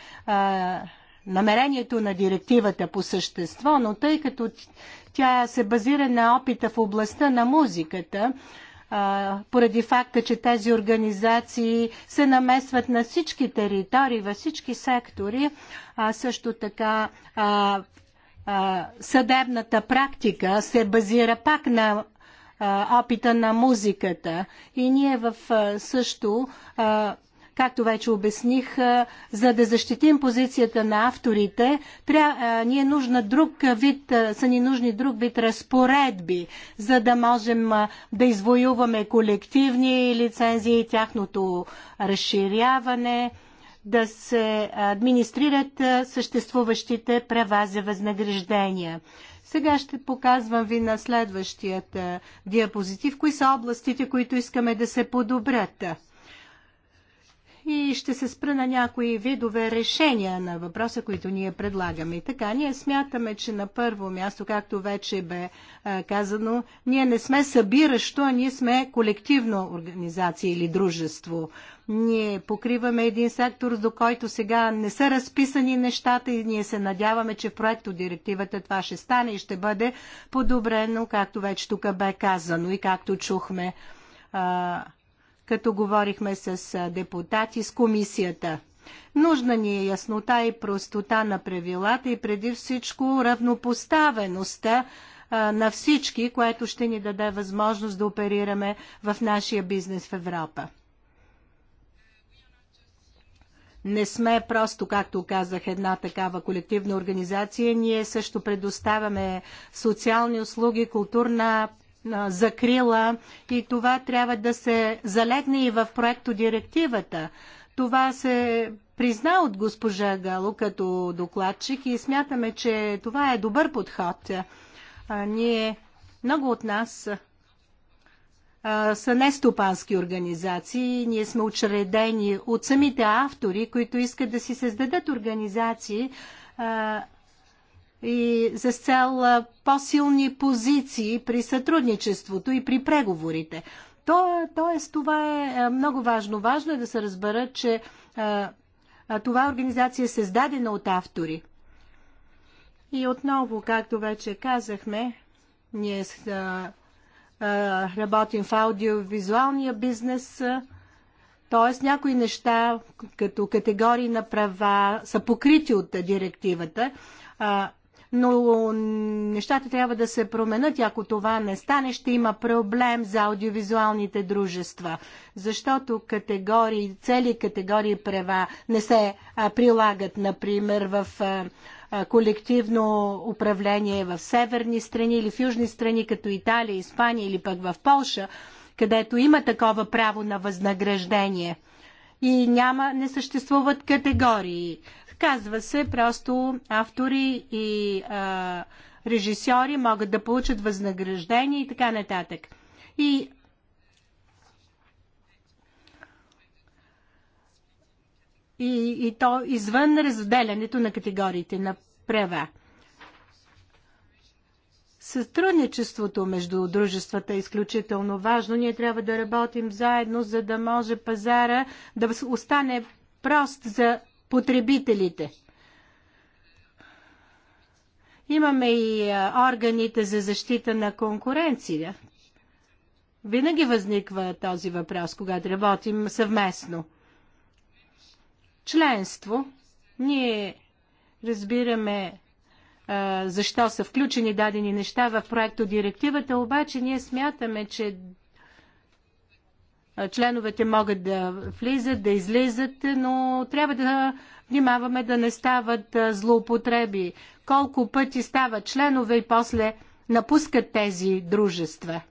намерението на директивата по същество, но тъй като тя се базира на опита в областта на музиката, поради факта, че тези организации се наместват на всички територии, във всички сектори, а също така а, а, съдебната практика се базира пак на опита на музиката. И ние в също както вече обясних, за да защитим позицията на авторите, тря, ни е нужна друг вид, са ни нужни друг вид разпоредби, за да можем да извоюваме колективни лицензии, тяхното разширяване да се администрират съществуващите права за възнаграждения. Сега ще показвам ви на следващият диапозитив, кои са областите, които искаме да се подобрят и ще се спра на някои видове решения на въпроса, които ние предлагаме. И така, ние смятаме, че на първо място, както вече бе а, е, казано, ние не сме събиращо, а ние сме колективно организация или дружество. Ние покриваме един сектор, до който сега не са разписани нещата и ние се надяваме, че в проекто директивата това ще стане и ще бъде подобрено, както вече тук бе казано и както чухме. А, като говорихме с депутати, с комисията. Нужна ни е яснота и простота на правилата и преди всичко равнопоставеността на всички, което ще ни даде възможност да оперираме в нашия бизнес в Европа. Не сме просто, както казах, една такава колективна организация. Ние също предоставяме социални услуги, културна закрила и това трябва да се залегне и в проекто директивата. Това се призна от госпожа Гало като докладчик и смятаме, че това е добър подход. А, ние, много от нас а, са нестопански организации. Ние сме учредени от самите автори, които искат да си създадат организации, а, и за цел по-силни позиции при сътрудничеството и при преговорите. То, тоест, това е много важно. Важно е да се разбера, че а, а, това организация е създадена от автори. И отново, както вече казахме, ние а, а, работим в аудиовизуалния бизнес. А, т.е. някои неща като категории на права са покрити от директивата, а, но нещата трябва да се променят и ако това не стане, ще има проблем за аудиовизуалните дружества, защото категории, цели категории права не се а, прилагат, например, в а, колективно управление в северни страни или в южни страни, като Италия, Испания или пък в Полша, където има такова право на възнаграждение. И няма, не съществуват категории Казва се просто автори и а, режисьори могат да получат възнаграждение и така нататък. И и, и то извън разделянето на категориите на права. Сътрудничеството между дружествата е изключително важно. Ние трябва да работим заедно, за да може пазара да остане прост за потребителите. Имаме и органите за защита на конкуренция. Винаги възниква този въпрос, когато работим съвместно. Членство. Ние разбираме защо са включени дадени неща в проекто директивата, обаче ние смятаме, че Членовете могат да влизат, да излизат, но трябва да внимаваме да не стават злоупотреби. Колко пъти стават членове и после напускат тези дружества.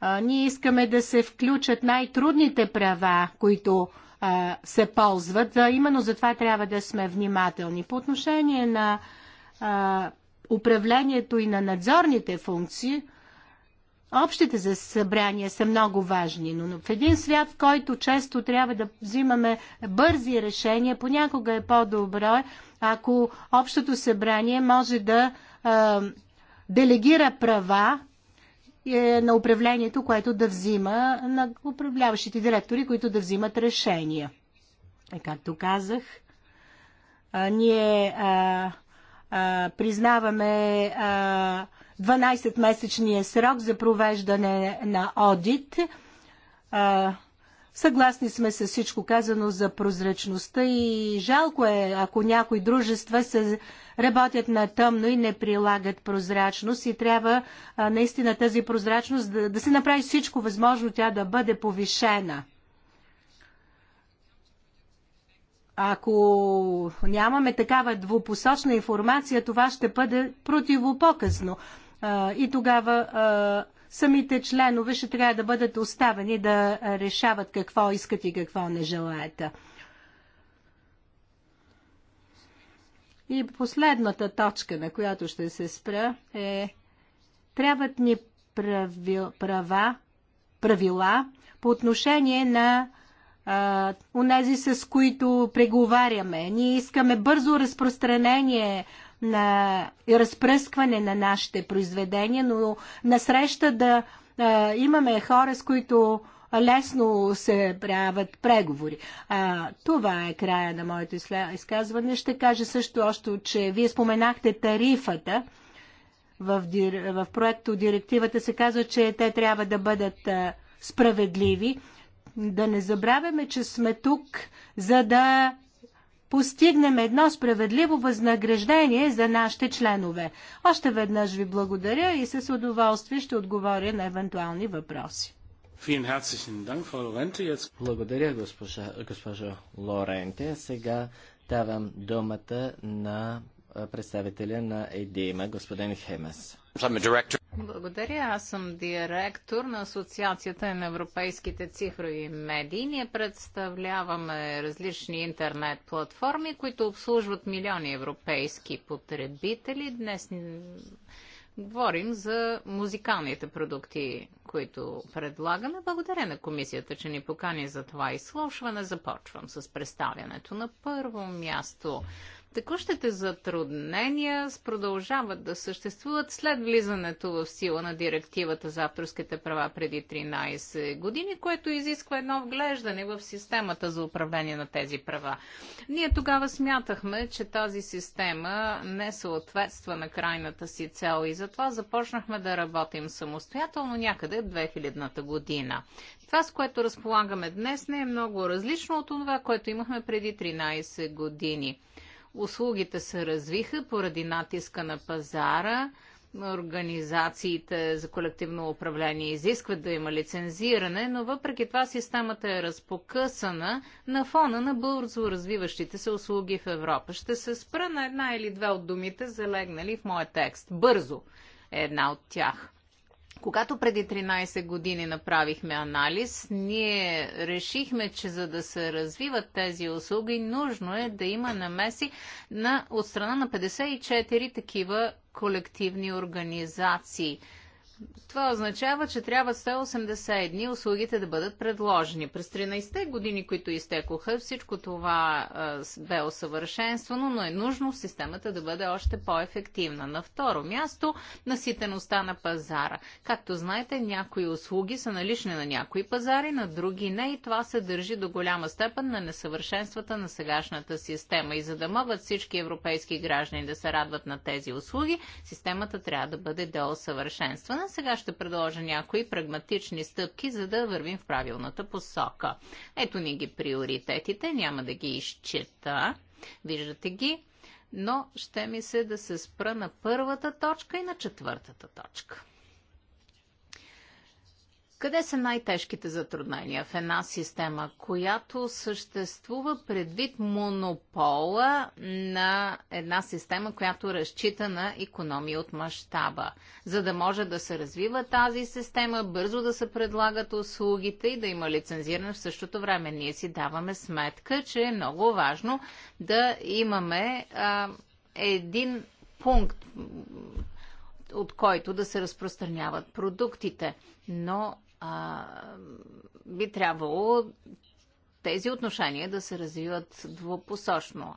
А, ние искаме да се включат най-трудните права, които а, се ползват. А, именно за това трябва да сме внимателни. По отношение на а, управлението и на надзорните функции, Общите събрания са много важни, но в един свят, в който често трябва да взимаме бързи решения, понякога е по-добро, ако общото събрание може да а, делегира права е, на управлението, което да взима на управляващите директори, които да взимат решения. И е, както казах, а, ние а, а, признаваме а, 12-месечния срок за провеждане на одит. Съгласни сме с всичко казано за прозрачността и жалко е, ако някои дружества се работят на тъмно и не прилагат прозрачност и трябва а, наистина тази прозрачност да, да се направи всичко възможно тя да бъде повишена. Ако нямаме такава двупосочна информация, това ще бъде противопоказно и тогава самите членове ще трябва да бъдат оставени да решават какво искат и какво не желаят. И последната точка, на която ще се спра, е трябват ни прави, права, правила по отношение на а, унези, с които преговаряме. Ние искаме бързо разпространение на разпръскване на нашите произведения, но насреща да а, имаме хора, с които лесно се правят преговори. А, това е края на моето изказване. Ще кажа също още, че вие споменахте тарифата. В, в проекто директивата се казва, че те трябва да бъдат а, справедливи. Да не забравяме, че сме тук, за да постигнем едно справедливо възнаграждение за нашите членове. Още веднъж ви благодаря и с удоволствие ще отговоря на евентуални въпроси. Благодаря, госпожа, госпожа Лоренте. Сега давам думата на представителя на ЕДИМА, господин Хемес. Благодаря. Аз съм директор на Асоциацията на европейските цифрови медии. Ние представляваме различни интернет платформи, които обслужват милиони европейски потребители. Днес говорим за музикалните продукти, които предлагаме. Благодаря на комисията, че ни покани за това изслушване. Започвам с представянето на първо място Текущите затруднения продължават да съществуват след влизането в сила на директивата за авторските права преди 13 години, което изисква едно вглеждане в системата за управление на тези права. Ние тогава смятахме, че тази система не съответства на крайната си цел и затова започнахме да работим самостоятелно някъде в 2000-та година. Това, с което разполагаме днес, не е много различно от това, което имахме преди 13 години. Услугите се развиха поради натиска на пазара. Организациите за колективно управление изискват да има лицензиране, но въпреки това системата е разпокъсана на фона на бързо развиващите се услуги в Европа. Ще се спра на една или две от думите, залегнали в моя текст. Бързо е една от тях. Когато преди 13 години направихме анализ, ние решихме, че за да се развиват тези услуги, нужно е да има намеси на, от страна на 54 такива колективни организации – това означава, че трябва 180 дни услугите да бъдат предложени. През 13-те години, които изтекоха, всичко това а, бе усъвършенствано, но е нужно системата да бъде още по-ефективна. На второ място, наситеността на пазара. Както знаете, някои услуги са налични на някои пазари, на други не и това се държи до голяма степен на несъвършенствата на сегашната система. И за да могат всички европейски граждани да се радват на тези услуги, системата трябва да бъде усъвършенствана сега ще предложа някои прагматични стъпки, за да вървим в правилната посока. Ето ни ги приоритетите, няма да ги изчета, виждате ги, но ще ми се да се спра на първата точка и на четвъртата точка. Къде са най-тежките затруднения в една система, която съществува предвид монопола на една система, която разчита на економия от мащаба, за да може да се развива тази система, бързо да се предлагат услугите и да има лицензиране в същото време? Ние си даваме сметка, че е много важно да имаме а, един пункт, от който да се разпространяват продуктите. Но а, би трябвало тези отношения да се развиват двупосочно.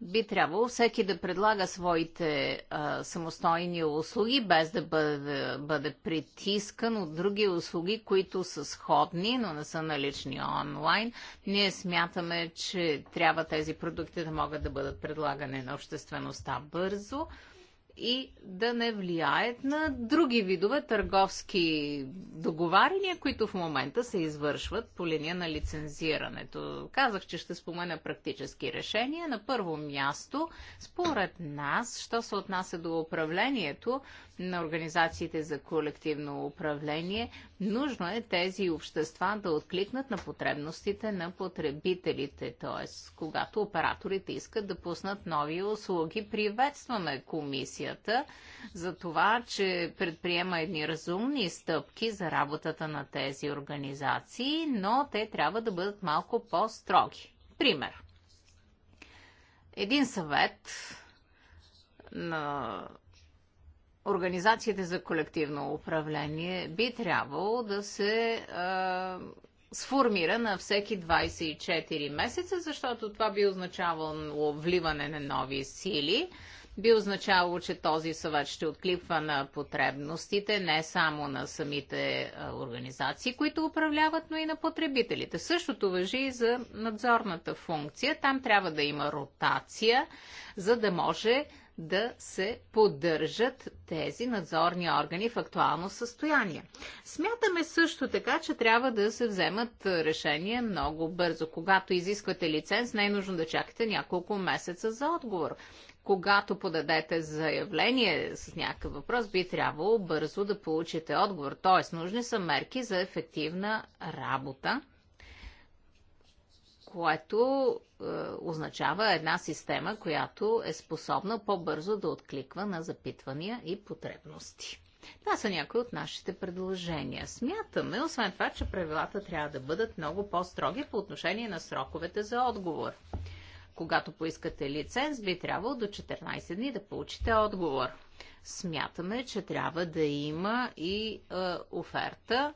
Би трябвало всеки да предлага своите а, самостойни услуги, без да бъде, бъде притискан от други услуги, които са сходни, но не са налични онлайн. Ние смятаме, че трябва тези продукти да могат да бъдат предлагани на обществеността бързо и да не влияят на други видове търговски договарения, които в момента се извършват по линия на лицензирането. Казах, че ще спомена практически решения. На първо място, според нас, що се отнася до управлението, на организациите за колективно управление. Нужно е тези общества да откликнат на потребностите на потребителите, т.е. когато операторите искат да пуснат нови услуги. Приветстваме комисията за това, че предприема едни разумни стъпки за работата на тези организации, но те трябва да бъдат малко по-строги. Пример. Един съвет на организациите за колективно управление би трябвало да се а, сформира на всеки 24 месеца, защото това би означавало вливане на нови сили би означавало, че този съвет ще откликва на потребностите не само на самите организации, които управляват, но и на потребителите. Същото въжи и за надзорната функция. Там трябва да има ротация, за да може да се поддържат тези надзорни органи в актуално състояние. Смятаме също така, че трябва да се вземат решения много бързо. Когато изисквате лиценз, не е нужно да чакате няколко месеца за отговор. Когато подадете заявление с някакъв въпрос, би трябвало бързо да получите отговор. Т.е. нужни са мерки за ефективна работа което е, означава една система, която е способна по-бързо да откликва на запитвания и потребности. Това са някои от нашите предложения. Смятаме, освен това, че правилата трябва да бъдат много по-строги по отношение на сроковете за отговор. Когато поискате лиценз, би трябвало до 14 дни да получите отговор. Смятаме, че трябва да има и е, оферта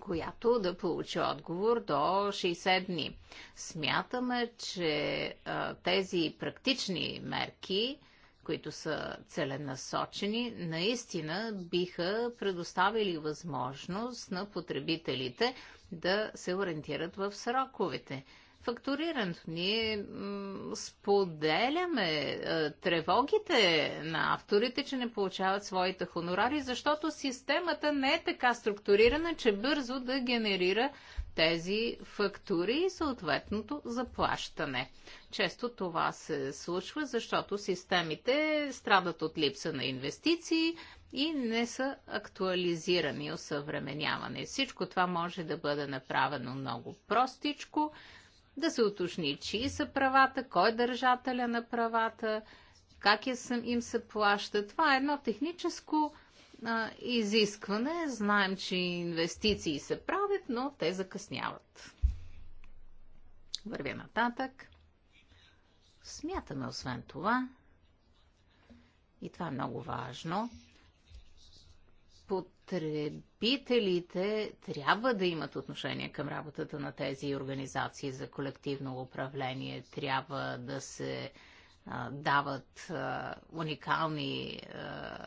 която да получи отговор до 60 дни. Смятаме, че а, тези практични мерки, които са целенасочени, наистина биха предоставили възможност на потребителите да се ориентират в сроковете фактурирането. Ние споделяме е, тревогите на авторите, че не получават своите хонорари, защото системата не е така структурирана, че бързо да генерира тези фактури и съответното заплащане. Често това се случва, защото системите страдат от липса на инвестиции и не са актуализирани, осъвременявани. Всичко това може да бъде направено много простичко, да се уточни чии са правата, кой е държателя на правата, как им се плаща. Това е едно техническо а, изискване. Знаем, че инвестиции се правят, но те закъсняват. Вървя нататък. Смятаме освен това, и това е много важно, потребителите трябва да имат отношение към работата на тези организации за колективно управление. Трябва да се а, дават а, уникални а,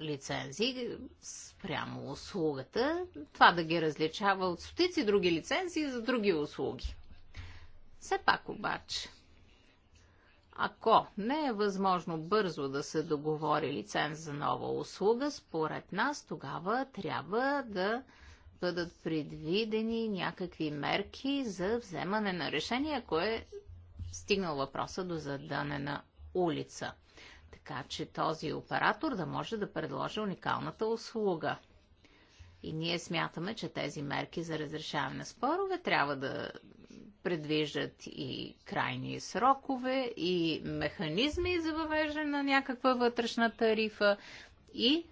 лицензии спрямо услугата. Това да ги различава от стотици други лицензии за други услуги. Все пак обаче, ако не е възможно бързо да се договори лиценз за нова услуга, според нас тогава трябва да бъдат предвидени някакви мерки за вземане на решение, ако е стигнал въпроса до задънена улица. Така че този оператор да може да предложи уникалната услуга. И ние смятаме, че тези мерки за разрешаване на спорове трябва да предвиждат и крайни срокове, и механизми за въвеждане на някаква вътрешна тарифа и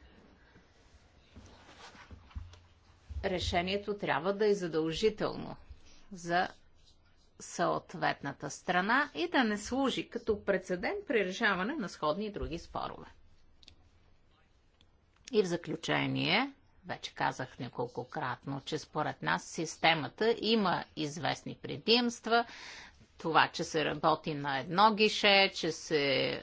решението трябва да е задължително за съответната страна и да не служи като прецедент при решаване на сходни и други спорове. И в заключение, вече казах неколкократно, че според нас системата има известни предимства. Това, че се работи на едно гише, че се е,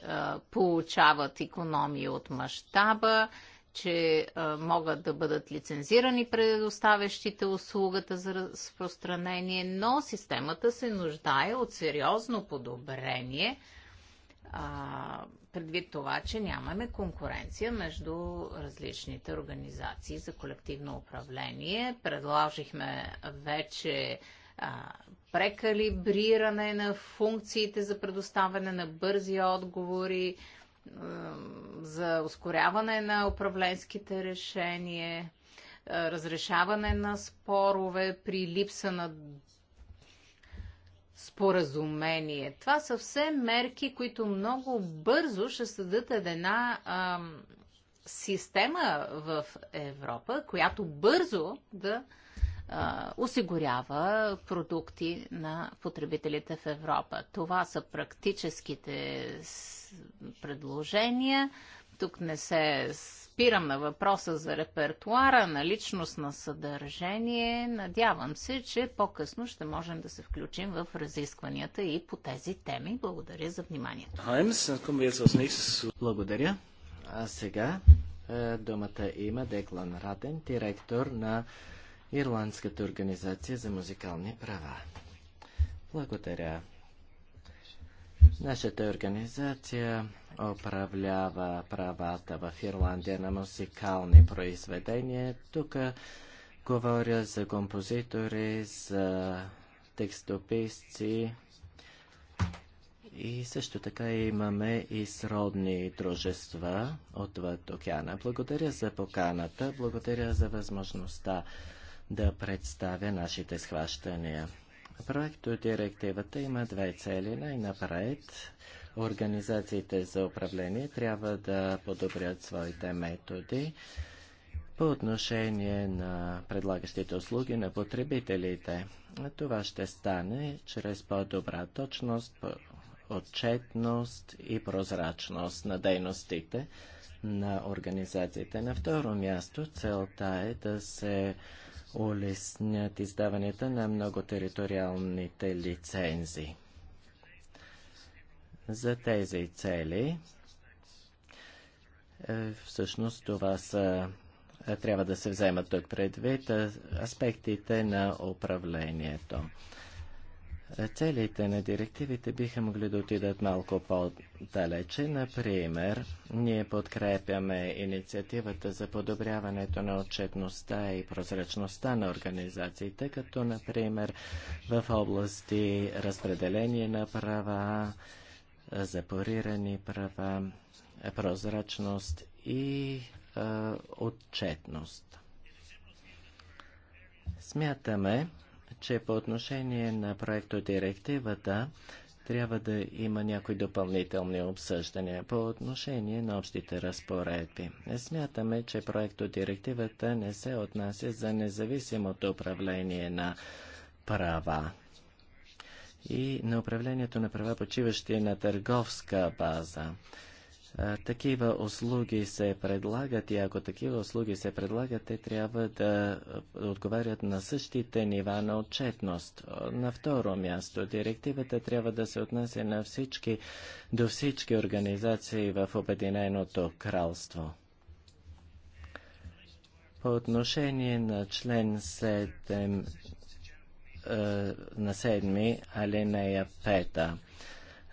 получават економии от мащаба, че е, могат да бъдат лицензирани предоставящите услугата за разпространение, но системата се нуждае от сериозно подобрение а, предвид това, че нямаме конкуренция между различните организации за колективно управление. Предложихме вече а, прекалибриране на функциите за предоставяне на бързи отговори, а, за ускоряване на управленските решения, а, разрешаване на спорове при липса на споразумение. Това са все мерки, които много бързо ще създадат една а, система в Европа, която бързо да а, осигурява продукти на потребителите в Европа. Това са практическите предложения. Тук не се спирам на въпроса за репертуара, на личност на съдържание. Надявам се, че по-късно ще можем да се включим в разискванията и по тези теми. Благодаря за вниманието. Благодаря. А сега е, думата има Деклан Раден, директор на Ирландската организация за музикални права. Благодаря. Нашата организация управлява правата в Ирландия на музикални произведения. Тук говоря за композитори, за текстописци и също така имаме и сродни дружества отвъд океана. Благодаря за поканата, благодаря за възможността да представя нашите схващания. Проектодирективата има две цели. Най-напред организациите за управление трябва да подобрят своите методи по отношение на предлагащите услуги на потребителите. Това ще стане чрез по-добра точност, отчетност и прозрачност на дейностите на организациите. На второ място целта е да се улеснят издаванията на много териториалните лицензии. За тези цели е, всъщност това са, е, трябва да се вземат тук предвид аспектите на управлението. Е, целите на директивите биха могли да отидат малко по-далече. Например, ние подкрепяме инициативата за подобряването на отчетността и прозрачността на организациите, като, например, в области разпределение на права, запорирани права, прозрачност и а, е, отчетност. Смятаме, че по отношение на проекто директивата трябва да има някои допълнителни обсъждания по отношение на общите разпоредби. Смятаме, че проекто директивата не се отнася за независимото управление на права и на управлението на права, почиващи на търговска база такива услуги се предлагат и ако такива услуги се предлагат, те трябва да отговарят на същите нива на отчетност. На второ място, директивата трябва да се отнесе на всички, до всички организации в Обединеното кралство. По отношение на член 7 на 7 алинея пета.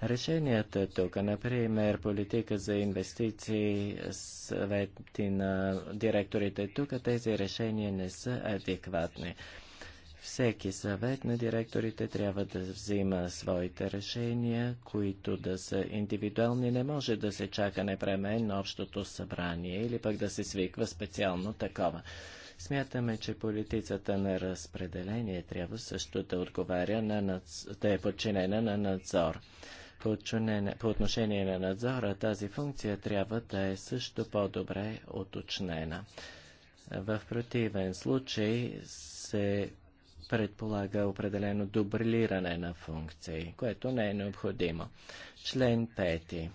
Решенията тук, например, политика за инвестиции, съвети на директорите тук, тези решения не са адекватни. Всеки съвет на директорите трябва да взима своите решения, които да са индивидуални. Не може да се чака непременно общото събрание или пък да се свиква специално такова. Смятаме, че политицата на разпределение трябва също да отговаря на, надз... да е подчинена на надзор. По отношение на надзора тази функция трябва да е също по-добре уточнена. В противен случай се предполага определено дублиране на функции, което не е необходимо. Член 5.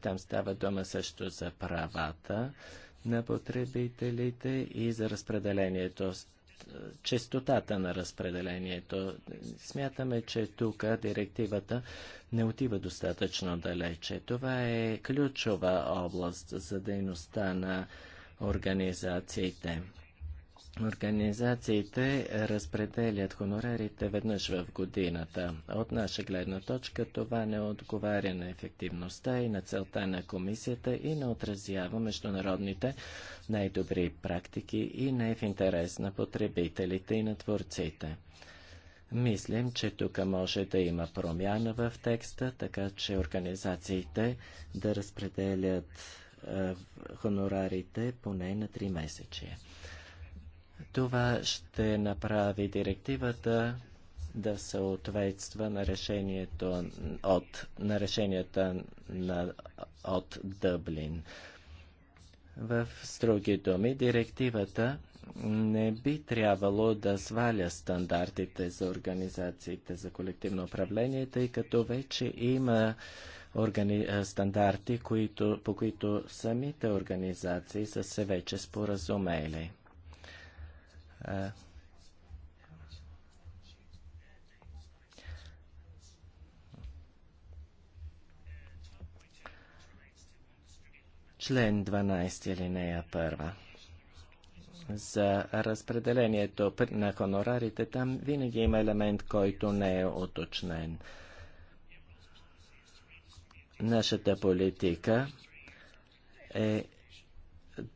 Там става дума също за правата на потребителите и за разпределението честотата на разпределението. Смятаме, че тук директивата не отива достатъчно далече. Това е ключова област за дейността на организациите. Организациите разпределят хонорарите веднъж в годината. От наша гледна точка това не отговаря на ефективността и на целта на комисията и не отразява международните най-добри практики и не е в интерес на потребителите и на творците. Мислим, че тук може да има промяна в текста, така че организациите да разпределят е, хонорарите поне на 3 месечия. Това ще направи директивата да съответства на решението от, на решенията на, от Дъблин. В с други думи, директивата не би трябвало да сваля стандартите за организациите за колективно управление, тъй като вече има органи... стандарти, които, по които самите организации са се вече споразумели. Е, член 12, нея първа. за разпределението на хонорарите, там винаги има елемент, който не е оточнен. Нашата политика е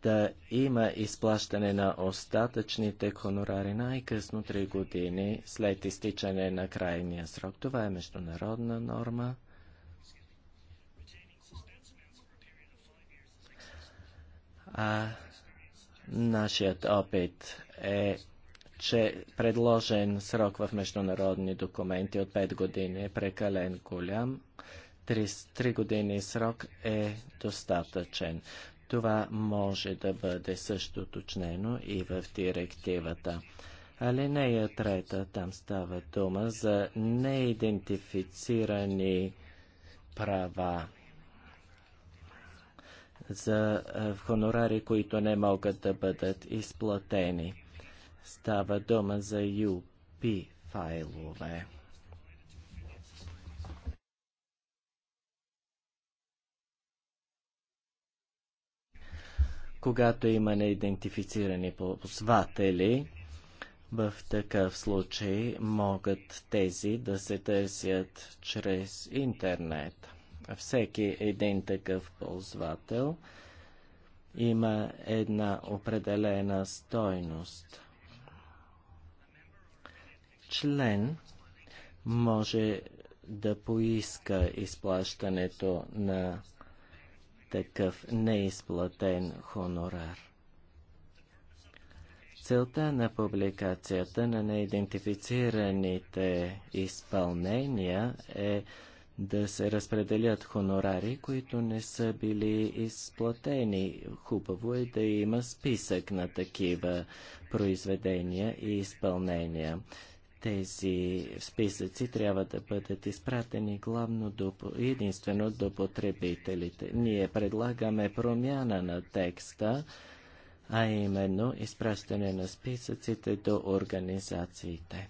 да има изплащане на остатъчните хонорари най-късно 3 години след изтичане на крайния срок. Това е международна норма. А нашият опит е, че предложен срок в международни документи от 5 години е прекален голям. 3, години срок е достатъчен. Това може да бъде също уточнено и в директивата. Алинея трета, там става дума за неидентифицирани права за хонорари, които не могат да бъдат изплатени. Става дума за UP файлове. когато има неидентифицирани ползватели, в такъв случай могат тези да се търсят чрез интернет. Всеки един такъв ползвател има една определена стойност. Член може да поиска изплащането на такъв неизплатен хонорар. Целта на публикацията на неидентифицираните изпълнения е да се разпределят хонорари, които не са били изплатени. Хубаво е да има списък на такива произведения и изпълнения. Тези списъци трябва да бъдат изпратени главно до, единствено до потребителите. Ние предлагаме промяна на текста, а именно изпращане на списъците до организациите.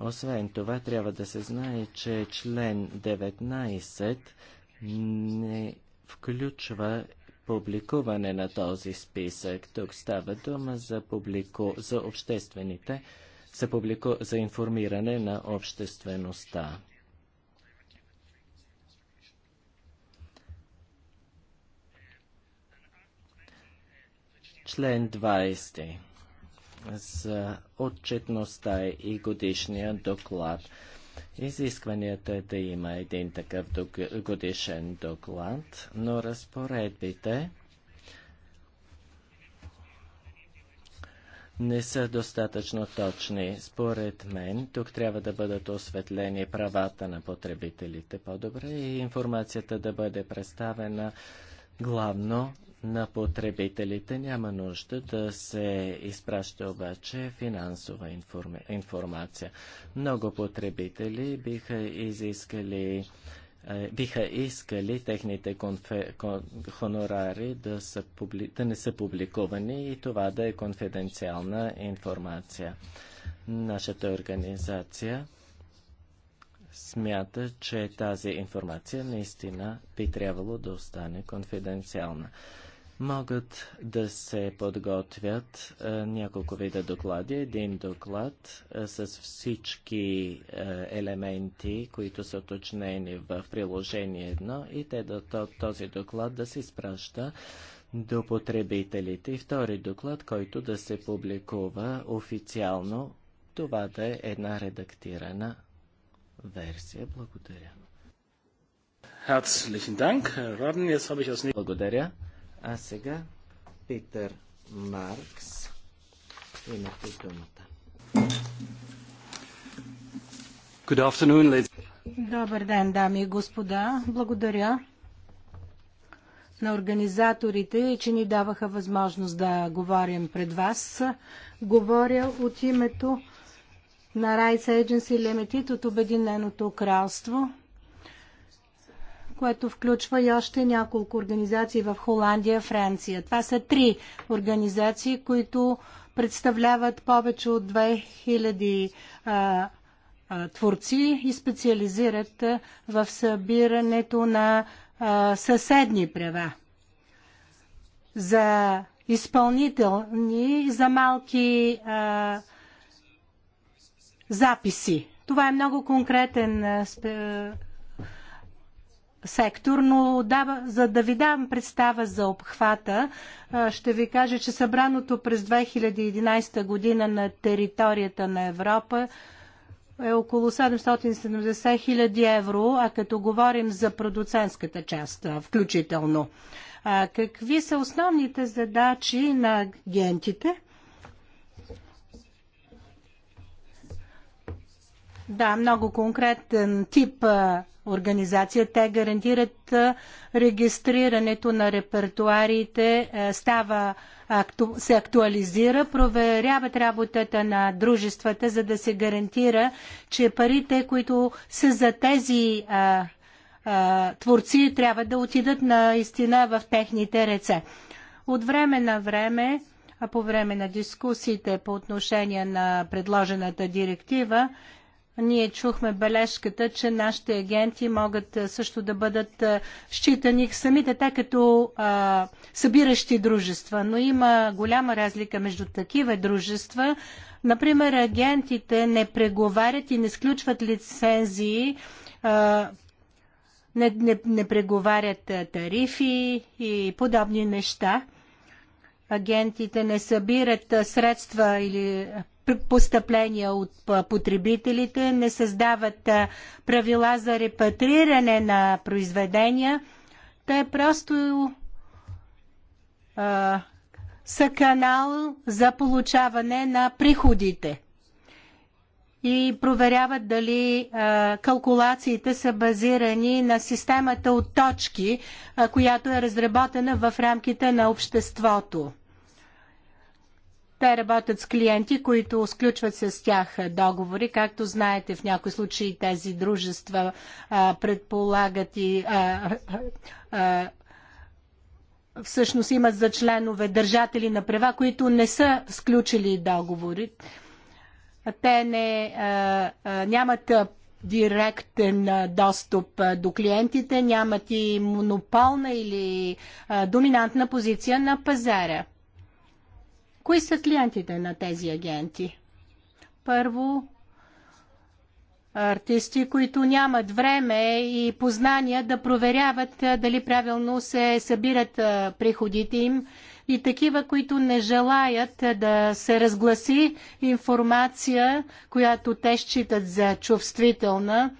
Освен това, трябва да се знае, че член 19 не включва публикуване на този списък. Тук става дума за, публику... за обществените се публику... за информиране на обществеността. Член 20 за отчетността и годишния доклад. Изискванията е да има един такъв годишен доклад, но разпоредбите не са достатъчно точни. Според мен, тук трябва да бъдат осветлени правата на потребителите по-добре и информацията да бъде представена главно на потребителите. Няма нужда да се изпраща обаче финансова информация. Много потребители биха изискали е, биха искали техните конфе, кон, хонорари да, са, публи, да не са публикувани и това да е конфиденциална информация. Нашата организация смята, че тази информация наистина би трябвало да остане конфиденциална могат да се подготвят е, няколко вида доклади. Един доклад е, с всички е, елементи, които са уточнени в приложение 1 и те да, този доклад да се изпраща до потребителите. И втори доклад, който да се публикува официално, това да е една редактирана версия. Благодаря. Благодаря. А сега Питър Маркс. има думата. Good afternoon, ladies. Добър ден, дами и господа. Благодаря на организаторите, че ни даваха възможност да говорим пред вас. Говоря от името на Rice Agency Limited от Обединеното кралство – което включва и още няколко организации в Холандия, Франция. Това са три организации, които представляват повече от 2000 а, а, творци и специализират а, в събирането на а, съседни права за изпълнителни, за малки а, записи. Това е много конкретен а, сектор, но дава, за да ви дам представа за обхвата, ще ви кажа, че събраното през 2011 година на територията на Европа е около 770 хиляди евро, а като говорим за продуцентската част включително. А какви са основните задачи на агентите? Да, много конкретен тип а, организация. Те гарантират а, регистрирането на репертуарите, а, става, акту, се актуализира, проверяват работата на дружествата, за да се гарантира, че парите, които са за тези а, а, творци, трябва да отидат наистина в техните ръце. От време на време а по време на дискусиите по отношение на предложената директива, ние чухме бележката, че нашите агенти могат също да бъдат считани самите те като а, събиращи дружества, но има голяма разлика между такива дружества. Например, агентите не преговарят и не сключват лицензии, а, не, не, не преговарят тарифи и подобни неща агентите не събират средства или постъпления от потребителите, не създават правила за репатриране на произведения. Те просто а, са канал за получаване на приходите и проверяват дали а, калкулациите са базирани на системата от точки, а, която е разработена в рамките на обществото. Те работят с клиенти, които сключват с тях договори. Както знаете, в някои случаи тези дружества а, предполагат и а, а, всъщност имат за членове държатели на права, които не са сключили договори. Те не, а, а, нямат директен достъп до клиентите, нямат и монополна или а, доминантна позиция на пазара. Кои са клиентите на тези агенти? Първо, артисти, които нямат време и познания да проверяват дали правилно се събират приходите им и такива, които не желаят да се разгласи информация, която те считат за чувствителна,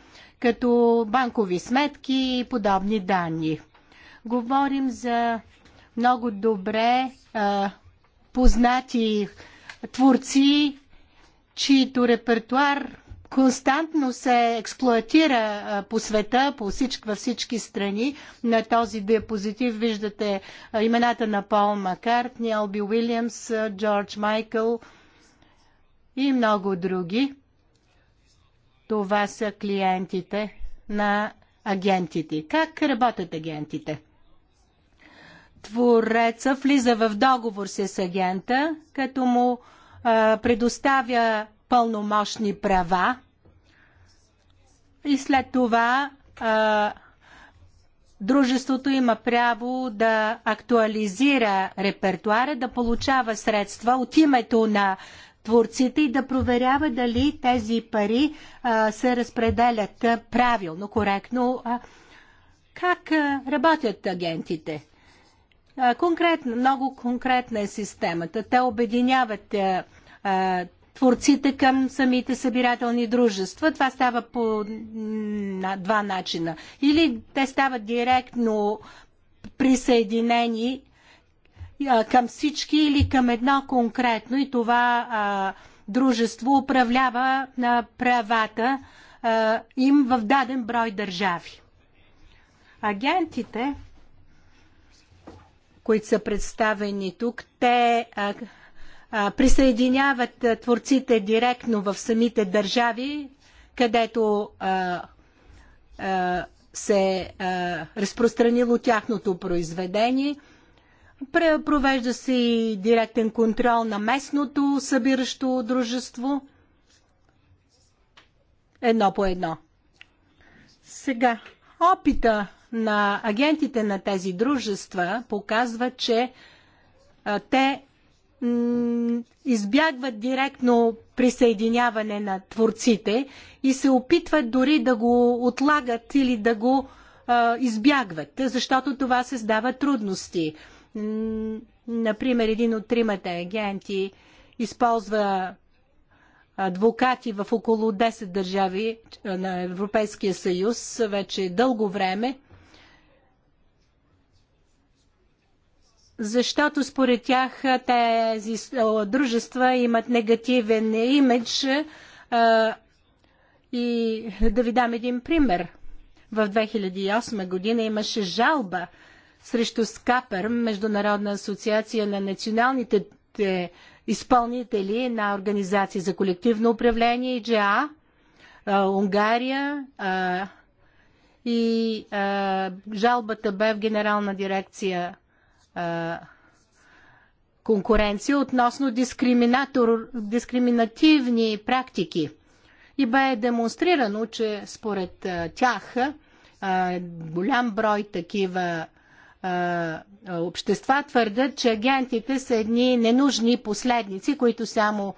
като банкови сметки и подобни данни. Говорим за много добре а, познати творци, чието репертуар константно се експлоатира по света, по всички, във всички страни. На този диапозитив виждате имената на Пол Маккартни, Алби Уилямс, Джордж Майкъл и много други. Това са клиентите на агентите. Как работят агентите? твореца влиза в договор с агента, като му а, предоставя пълномощни права и след това а, дружеството има право да актуализира репертуара, да получава средства от името на творците и да проверява дали тези пари а, се разпределят правилно, коректно. А, как а, работят агентите? Конкретно, много конкретна е системата. Те обединяват е, е, творците към самите събирателни дружества. Това става по на два начина. Или те стават директно присъединени а, е, към всички или към едно конкретно и това а, дружество управлява на правата а, им в даден брой държави. Агентите които са представени тук, те а, а, присъединяват а, творците директно в самите държави, където а, а, се а, разпространило тяхното произведение. Провежда се и директен контрол на местното събиращо дружество. Едно по едно. Сега, опита на агентите на тези дружества показва, че те избягват директно присъединяване на творците и се опитват дори да го отлагат или да го избягват, защото това създава трудности. Например, един от тримата агенти използва адвокати в около 10 държави на Европейския съюз вече дълго време защото според тях тези дружества имат негативен имидж. И да ви дам един пример. В 2008 година имаше жалба срещу СКАПЕР, Международна асоциация на националните е, изпълнители на Организации за колективно управление, и ДЖА, Унгария и жалбата бе в Генерална дирекция конкуренция относно дискриминативни практики. И бе демонстрирано, че според тях голям брой такива общества твърдят, че агентите са едни ненужни последници, които само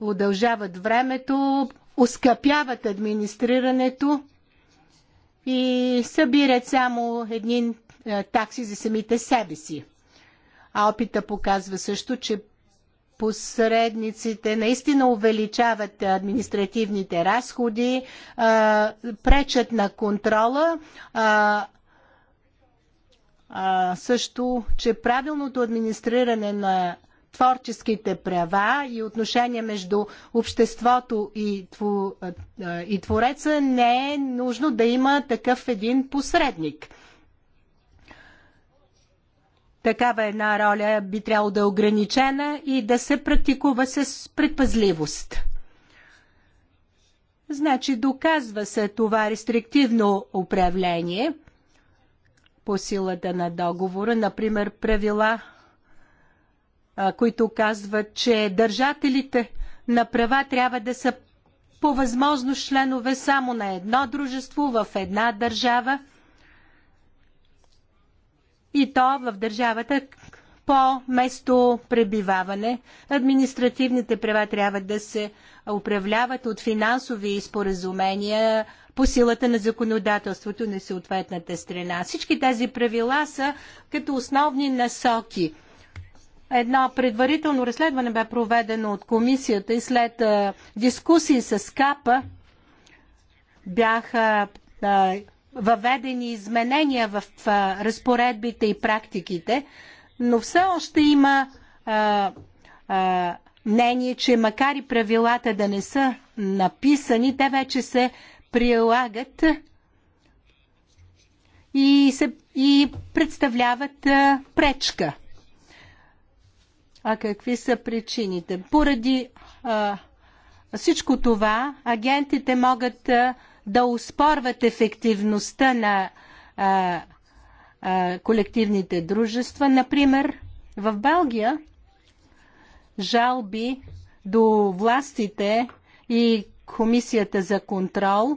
удължават времето, оскъпяват администрирането и събират само едни е, такси за самите себе си. А опита показва също, че посредниците наистина увеличават административните разходи, е, пречат на контрола, е, също, че правилното администриране на творческите права и отношения между обществото и, твореца не е нужно да има такъв един посредник такава една роля би трябвало да е ограничена и да се практикува с предпазливост. Значи доказва се това рестриктивно управление по силата на договора, например правила, които казват, че държателите на права трябва да са по възможност членове само на едно дружество в една държава – и то в държавата по место пребиваване. Административните права трябва да се управляват от финансови споразумения по силата на законодателството на съответната страна. Всички тези правила са като основни насоки. Едно предварително разследване бе проведено от комисията и след дискусии с КАПА бяха въведени изменения в разпоредбите и практиките, но все още има а, а, мнение, че макар и правилата да не са написани, те вече се прилагат и, се, и представляват а, пречка. А какви са причините? Поради а, всичко това агентите могат а, да успорват ефективността на а, а, колективните дружества. Например, в Белгия жалби до властите и Комисията за контрол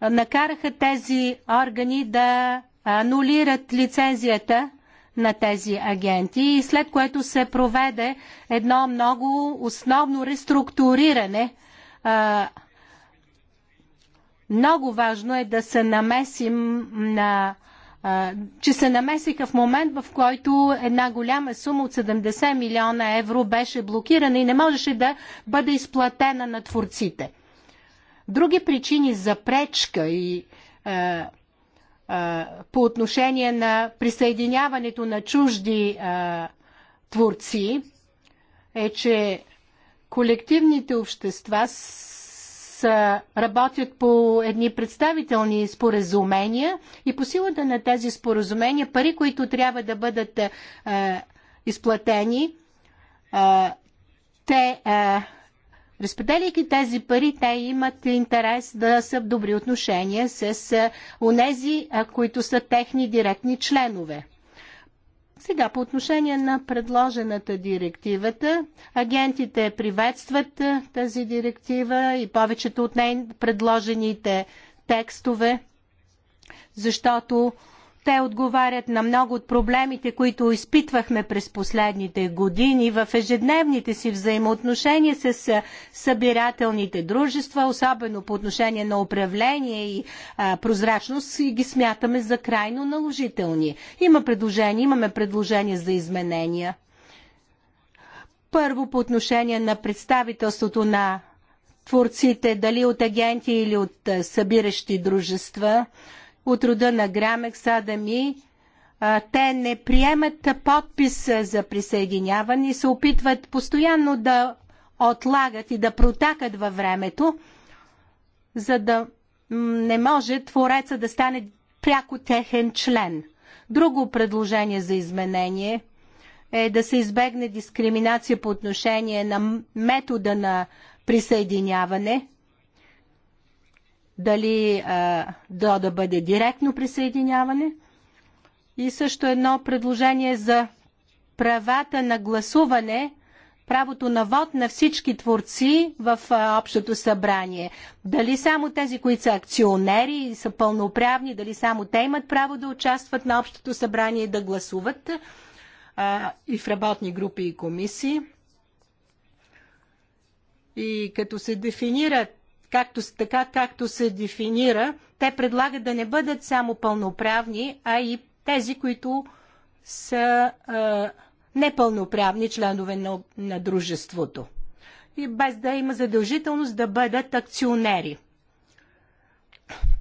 накараха тези органи да анулират лицензията на тези агенти и след което се проведе едно много основно реструктуриране а, много важно е да се намесим на че се намесиха в момент, в който една голяма сума от 70 милиона евро беше блокирана и не можеше да бъде изплатена на творците. Други причини за пречка и е, е, по отношение на присъединяването на чужди е, творци е, че колективните общества работят по едни представителни споразумения и по силата на тези споразумения пари, които трябва да бъдат а, изплатени, а, те, а, разпределяйки тези пари, те имат интерес да са в добри отношения с а, които са техни директни членове. Сега по отношение на предложената директивата, агентите приветстват тази директива и повечето от нейните предложените текстове, защото те отговарят на много от проблемите, които изпитвахме през последните години в ежедневните си взаимоотношения с събирателните дружества, особено по отношение на управление и а, прозрачност, и ги смятаме за крайно наложителни. Има предложения, имаме предложения за изменения. Първо по отношение на представителството на творците, дали от агенти или от събиращи дружества от рода на Грамекс Адами, те не приемат подпис за присъединяване и се опитват постоянно да отлагат и да протакат във времето, за да не може Твореца да стане пряко техен член. Друго предложение за изменение е да се избегне дискриминация по отношение на метода на присъединяване – дали а, да, да бъде директно присъединяване. И също едно предложение за правата на гласуване, правото на вод на всички творци в а, общото събрание. Дали само тези, които са акционери и са пълноправни, дали само те имат право да участват на общото събрание и да гласуват а, и в работни групи и комисии. И като се дефинират както, така както се дефинира, те предлагат да не бъдат само пълноправни, а и тези, които са а, непълноправни членове на, на дружеството. И без да има задължителност да бъдат акционери.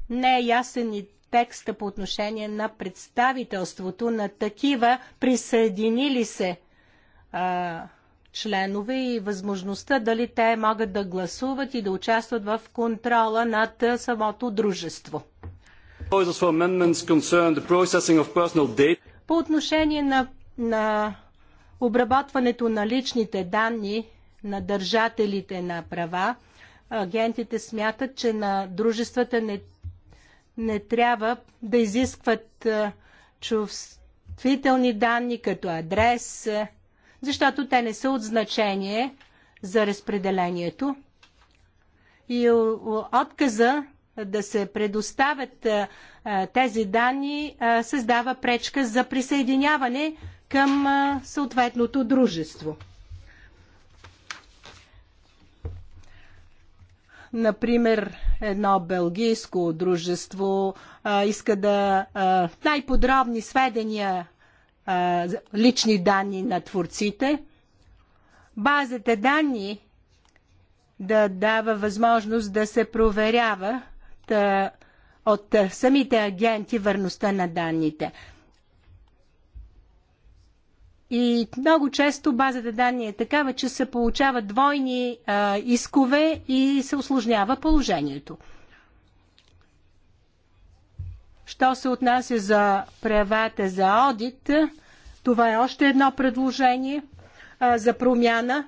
Не е ясен и текста по отношение на представителството на такива присъединили се а, членове и възможността дали те могат да гласуват и да участват в контрола над самото дружество. По отношение на, на обработването на личните данни на държателите на права, агентите смятат, че на дружествата не, не трябва да изискват чувствителни данни като адрес, защото те не са от значение за разпределението. И отказа да се предоставят тези данни създава пречка за присъединяване към съответното дружество. Например, едно белгийско дружество а, иска да а, най-подробни сведения лични данни на творците. Базата данни да дава възможност да се проверява от самите агенти върността на данните. И много често базата данни е такава, че се получават двойни а, искове и се осложнява положението. Що се отнася за правата за одит, това е още едно предложение а, за промяна.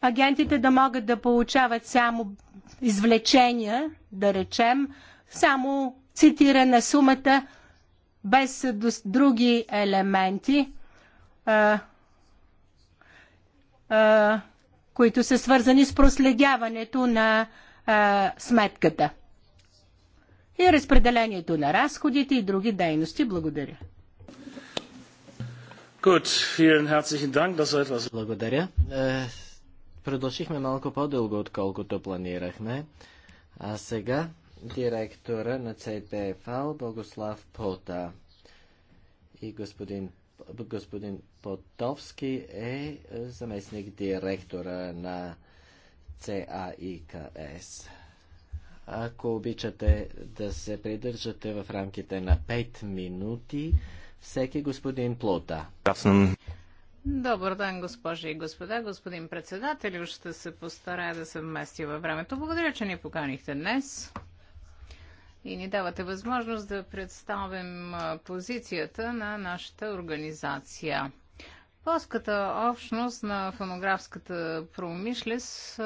Агентите да могат да получават само извлечения, да речем, само цитирана сумата, без други елементи, а, а, които са свързани с проследяването на а, сметката и разпределението на разходите и други дейности. Благодаря. Благодаря. Е, продължихме малко по-дълго, отколкото планирахме. А сега директора на ЦПФАЛ Богослав Пота и господин, господин Потовски е заместник директора на ЦАИКС. Ако обичате да се придържате в рамките на 5 минути, всеки господин Плота. Добър ден, госпожи и господа. Господин председател, ще се постарая да се вмести във времето. Благодаря, че ни поканихте днес и ни давате възможност да представим позицията на нашата организация. Полската общност на фонографската промишлест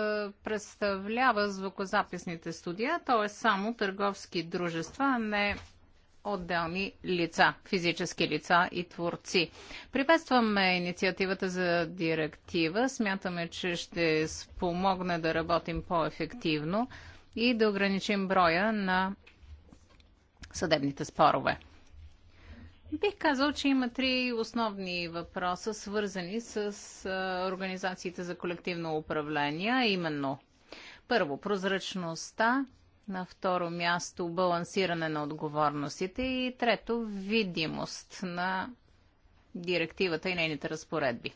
представлява звукозаписните студия, т.е. само търговски дружества, а не отделни лица, физически лица и творци. Приветстваме инициативата за директива. Смятаме, че ще спомогне да работим по-ефективно и да ограничим броя на съдебните спорове. Бих казал, че има три основни въпроса, свързани с организациите за колективно управление, именно първо прозрачността, на второ място балансиране на отговорностите и трето видимост на директивата и нейните разпоредби.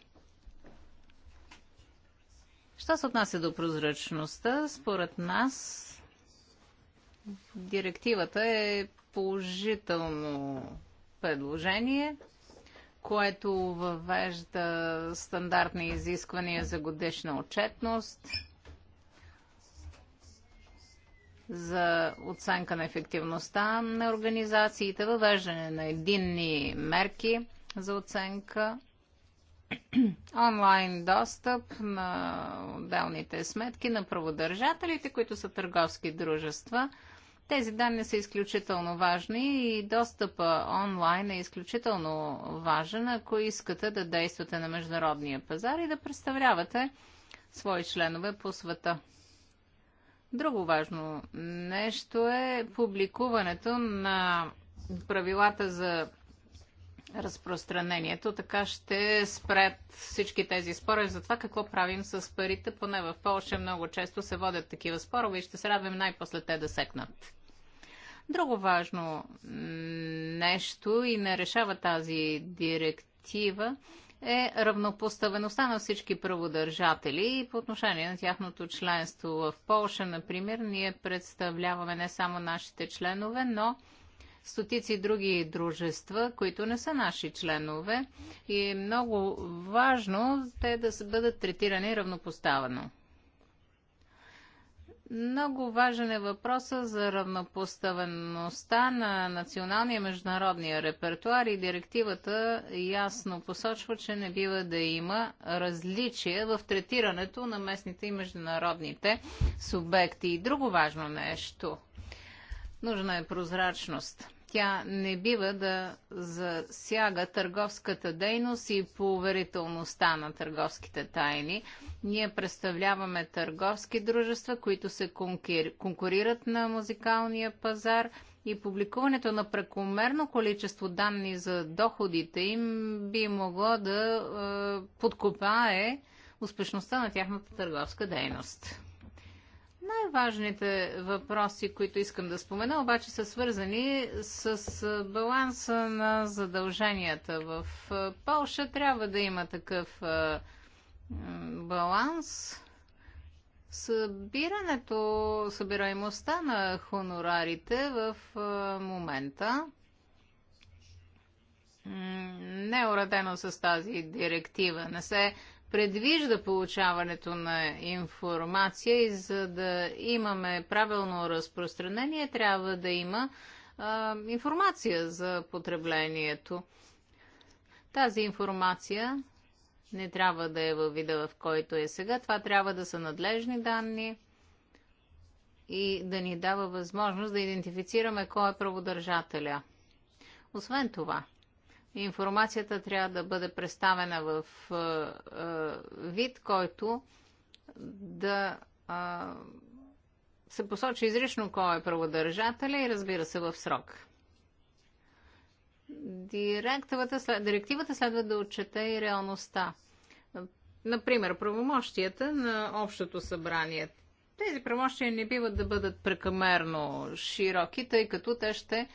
Що се отнася до прозрачността, според нас директивата е положително предложение, което въвежда стандартни изисквания за годишна отчетност, за оценка на ефективността на организациите, въвеждане на единни мерки за оценка, онлайн достъп на отделните сметки на праводържателите, които са търговски дружества – тези данни са изключително важни и достъпа онлайн е изключително важен, ако искате да действате на международния пазар и да представлявате свои членове по света. Друго важно нещо е публикуването на правилата за разпространението. Така ще спред всички тези спори. за това какво правим с парите. Поне в Польша много често се водят такива спорове и ще се радвам най-после те да секнат. Друго важно нещо и не решава тази директива е равнопоставеността на всички праводържатели и по отношение на тяхното членство в Полша, например, ние представляваме не само нашите членове, но стотици други дружества, които не са наши членове и е много важно те да бъдат третирани равнопоставено. Много важен е въпроса за равнопоставеността на националния международния репертуар и директивата ясно посочва, че не бива да има различия в третирането на местните и международните субекти. И друго важно нещо. Нужна е прозрачност тя не бива да засяга търговската дейност и поверителността на търговските тайни. Ние представляваме търговски дружества, които се конкурират на музикалния пазар и публикуването на прекомерно количество данни за доходите им би могло да е, подкопае успешността на тяхната търговска дейност. Най-важните въпроси, които искам да спомена, обаче са свързани с баланса на задълженията. В Полша трябва да има такъв баланс. Събирането, събираемостта на хонорарите в момента не е уредено с тази директива. Не се предвижда получаването на информация и за да имаме правилно разпространение, трябва да има а, информация за потреблението. Тази информация не трябва да е във вида, в който е сега. Това трябва да са надлежни данни и да ни дава възможност да идентифицираме кой е праводържателя. Освен това, информацията трябва да бъде представена в е, е, вид, който да е, се посочи изрично кой е праводържателя и разбира се в срок. Директивата, следва да отчете и реалността. Например, правомощията на Общото събрание. Тези правомощия не биват да бъдат прекамерно широки, тъй като те ще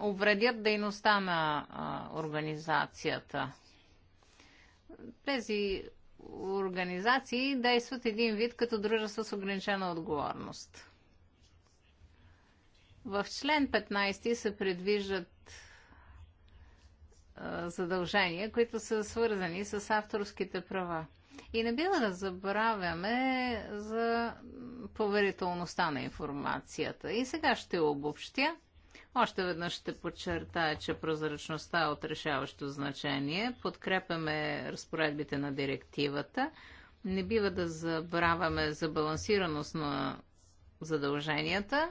увредят дейността на а, организацията. Тези организации действат един вид като дружество с ограничена отговорност. В член 15 се предвиждат а, задължения, които са свързани с авторските права. И не бива да забравяме за поверителността на информацията. И сега ще обобщя. Още веднъж ще подчертая, че прозрачността е от решаващо значение. Подкрепяме разпоредбите на директивата. Не бива да забравяме за балансираност на задълженията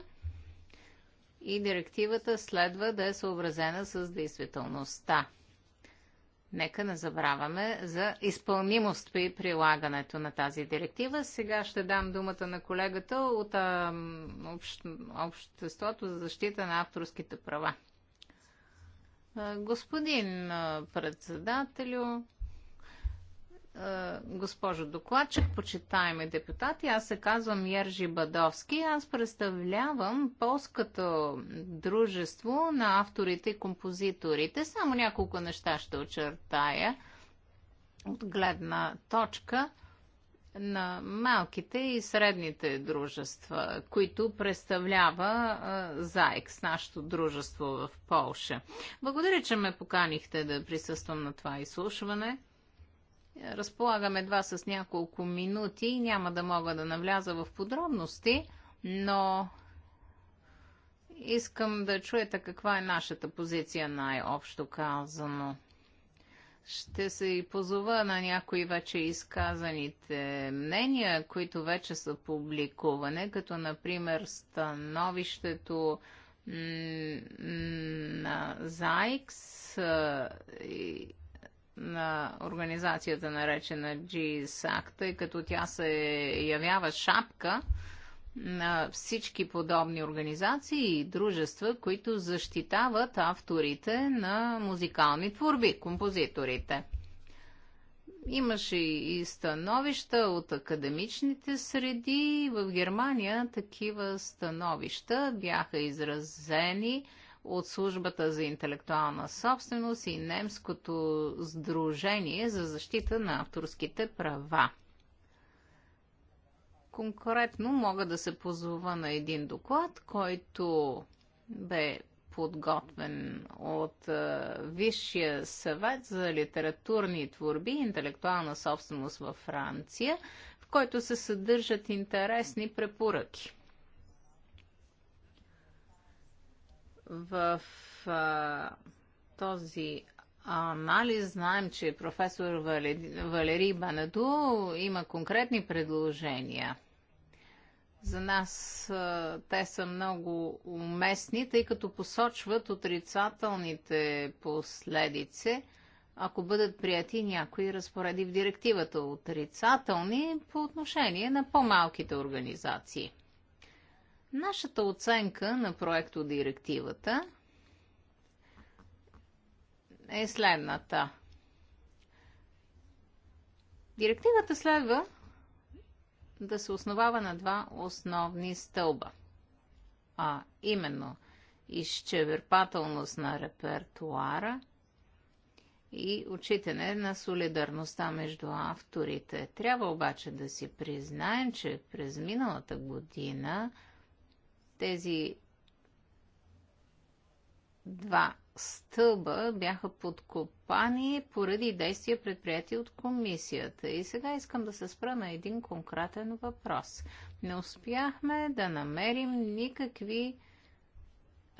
и директивата следва да е съобразена с действителността. Нека не забравяме за изпълнимост при прилагането на тази директива. Сега ще дам думата на колегата от а, общ, Обществото за защита на авторските права. Господин председателю, е, госпожо докладчик, почитаеми депутати. Аз се казвам Ержи Бадовски. Аз представлявам полското дружество на авторите и композиторите. Само няколко неща ще очертая от гледна точка на малките и средните дружества, които представлява е, ЗАЕКС, нашето дружество в Полша. Благодаря, че ме поканихте да присъствам на това изслушване. Разполагам едва с няколко минути и няма да мога да навляза в подробности, но искам да чуете каква е нашата позиция най-общо казано. Ще се и позова на някои вече изказаните мнения, които вече са публикуване, като например становището на Зайкс. Е, и на организацията наречена GSAC, тъй като тя се явява шапка на всички подобни организации и дружества, които защитават авторите на музикални творби, композиторите. Имаше и становища от академичните среди. В Германия такива становища бяха изразени от службата за интелектуална собственост и немското сдружение за защита на авторските права. Конкретно мога да се позова на един доклад, който бе подготвен от е, Висшия съвет за литературни творби и интелектуална собственост във Франция, в който се съдържат интересни препоръки. В а, този анализ знаем, че професор Валери, Валери Банаду има конкретни предложения. За нас а, те са много уместни, тъй като посочват отрицателните последици ако бъдат прияти някои разпореди в директивата отрицателни по отношение на по-малките организации. Нашата оценка на проекто директивата е следната. Директивата следва да се основава на два основни стълба, а именно изчеверпателност на репертуара и отчитане на солидарността между авторите. Трябва обаче да си признаем, че през миналата година – тези два стълба бяха подкопани поради действия предприяти от комисията. И сега искам да се спра на един конкретен въпрос. Не успяхме да намерим никакви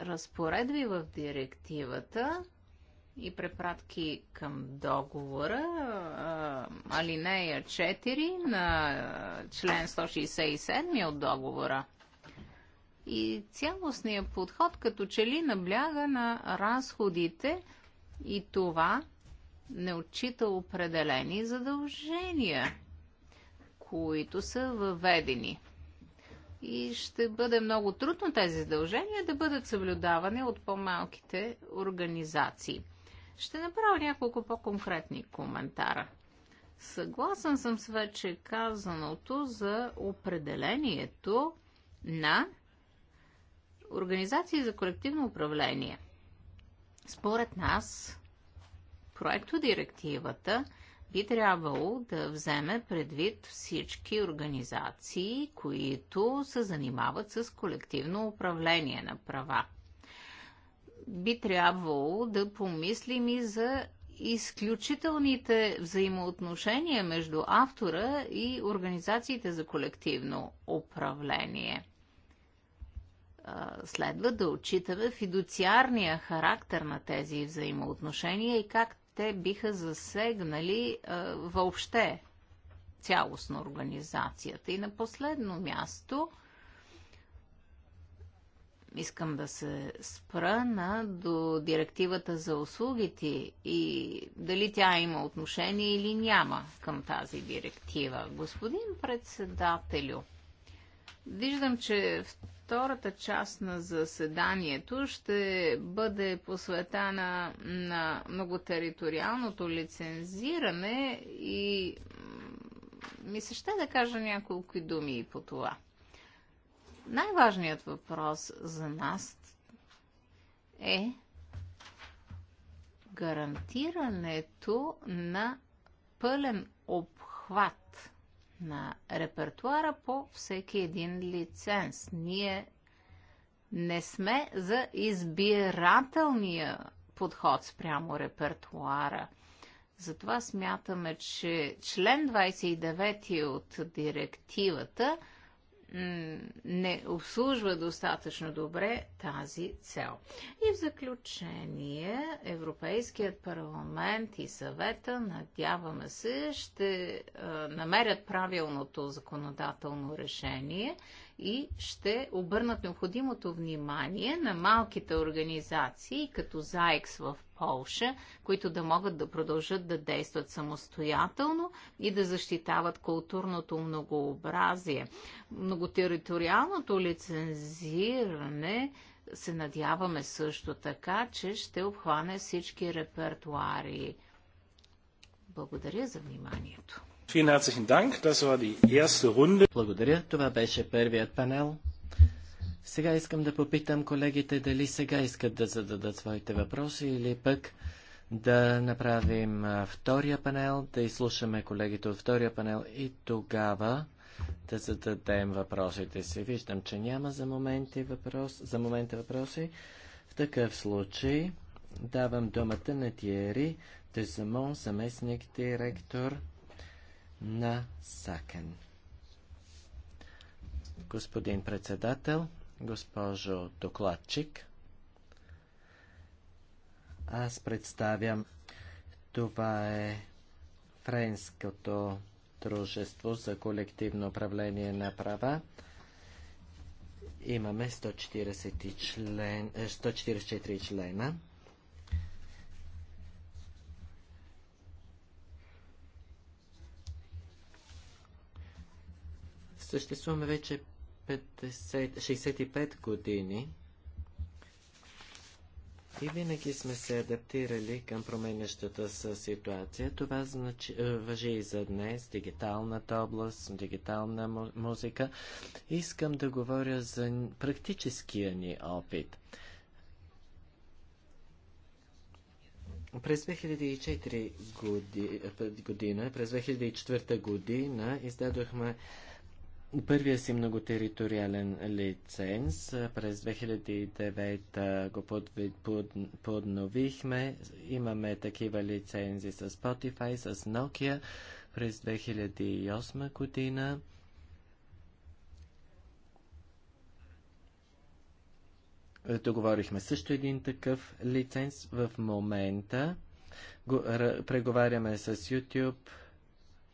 разпоредби в директивата и препратки към договора, алинея 4 на член 167 от договора – и цялостният подход като че ли набляга на разходите и това не отчита определени задължения, които са въведени. И ще бъде много трудно тези задължения да бъдат съблюдавани от по-малките организации. Ще направя няколко по-конкретни коментара. Съгласен съм с вече казаното за определението на Организации за колективно управление. Според нас, проектодирективата би трябвало да вземе предвид всички организации, които се занимават с колективно управление на права. Би трябвало да помислим и за изключителните взаимоотношения между автора и организациите за колективно управление – следва да отчитаме фидуциарния характер на тези взаимоотношения и как те биха засегнали а, въобще цялостно организацията. И на последно място искам да се спра на до директивата за услугите и дали тя има отношение или няма към тази директива. Господин председателю, Виждам, че втората част на заседанието ще бъде посветена на многотериториалното лицензиране и ми се ще да кажа няколко думи и по това. Най-важният въпрос за нас е гарантирането на пълен обхват на репертуара по всеки един лиценз. Ние не сме за избирателния подход спрямо репертуара. Затова смятаме, че член 29 от директивата – не обслужва достатъчно добре тази цел. И в заключение, Европейският парламент и съвета, надяваме се, ще намерят правилното законодателно решение – и ще обърнат необходимото внимание на малките организации, като ЗАЕКС в Полша, които да могат да продължат да действат самостоятелно и да защитават културното многообразие. Многотериториалното лицензиране се надяваме също така, че ще обхване всички репертуари. Благодаря за вниманието. Благодаря. Това беше първият панел. Сега искам да попитам колегите дали сега искат да зададат своите въпроси или пък да направим втория панел, да изслушаме колегите от втория панел и тогава да зададем въпросите си. Виждам, че няма за, моменти въпрос, за момента въпроси. В такъв случай давам думата на Тиери Дезамон, заместник директор на Сакен. Господин председател, госпожо докладчик, аз представям. Това е френското дружество за колективно управление на права. Имаме 140 член, 144 члена. Съществуваме вече 50, 65 години и винаги сме се адаптирали към променящата се ситуация. Това значи, е, въжи и за днес, дигиталната област, дигитална музика. Искам да говоря за практическия ни опит. През 2004 година, през 2004 година издадохме първия си многотериториален лиценз през 2009 го подновихме. Имаме такива лицензи с Spotify, с Nokia през 2008 година. Договорихме също един такъв лиценз. В момента го, преговаряме с YouTube,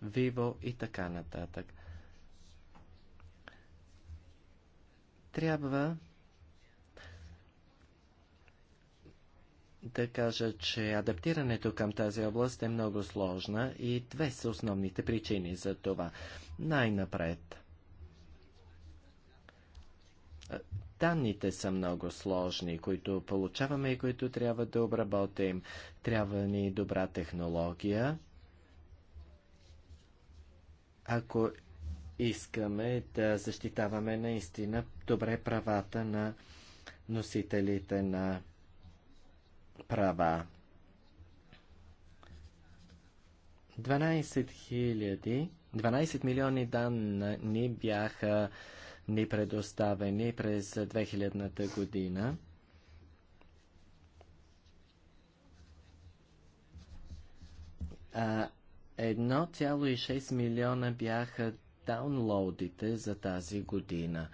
Vivo и така нататък. Трябва да кажа, че адаптирането към тази област е много сложна и две са основните причини за това. Най-напред. Данните са много сложни, които получаваме и които трябва да обработим. Трябва ни добра технология. Ако искаме да защитаваме наистина добре правата на носителите на права. 12 000, 12 милиони данни бяха ни предоставени през 2000-та година. А 1,6 милиона бяха даунлоудите за тази година.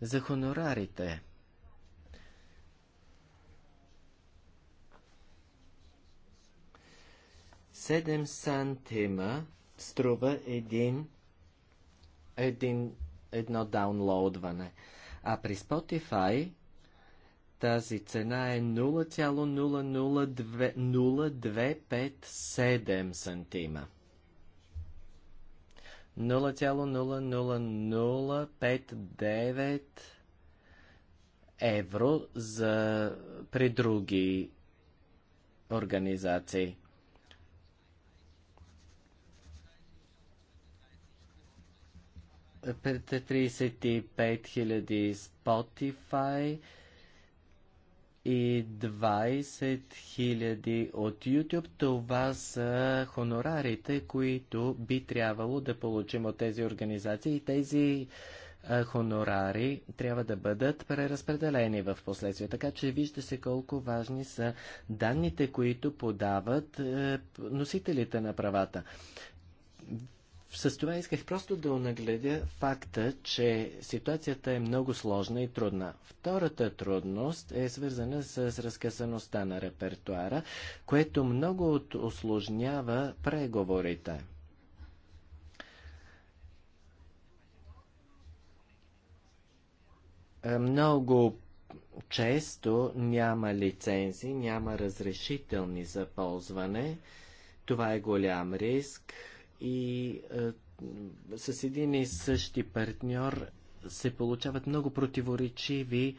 За хонорарите. Седем сантима струва един, един, едно даунлоудване. А при Spotify тази цена е 0,00257 сантима. 0,00059 евро за, при други организации. Пред 35 000 Spotify – и 20 000 от YouTube. Това са хонорарите, които би трябвало да получим от тези организации. И тези хонорари трябва да бъдат преразпределени в последствие. Така че вижте се колко важни са данните, които подават е, носителите на правата. С това исках просто да онагледя факта, че ситуацията е много сложна и трудна. Втората трудност е свързана с разкъсаността на репертуара, което много осложнява преговорите. Е, много често няма лицензи, няма разрешителни за ползване. Това е голям риск и а, е, с един и същи партньор се получават много противоречиви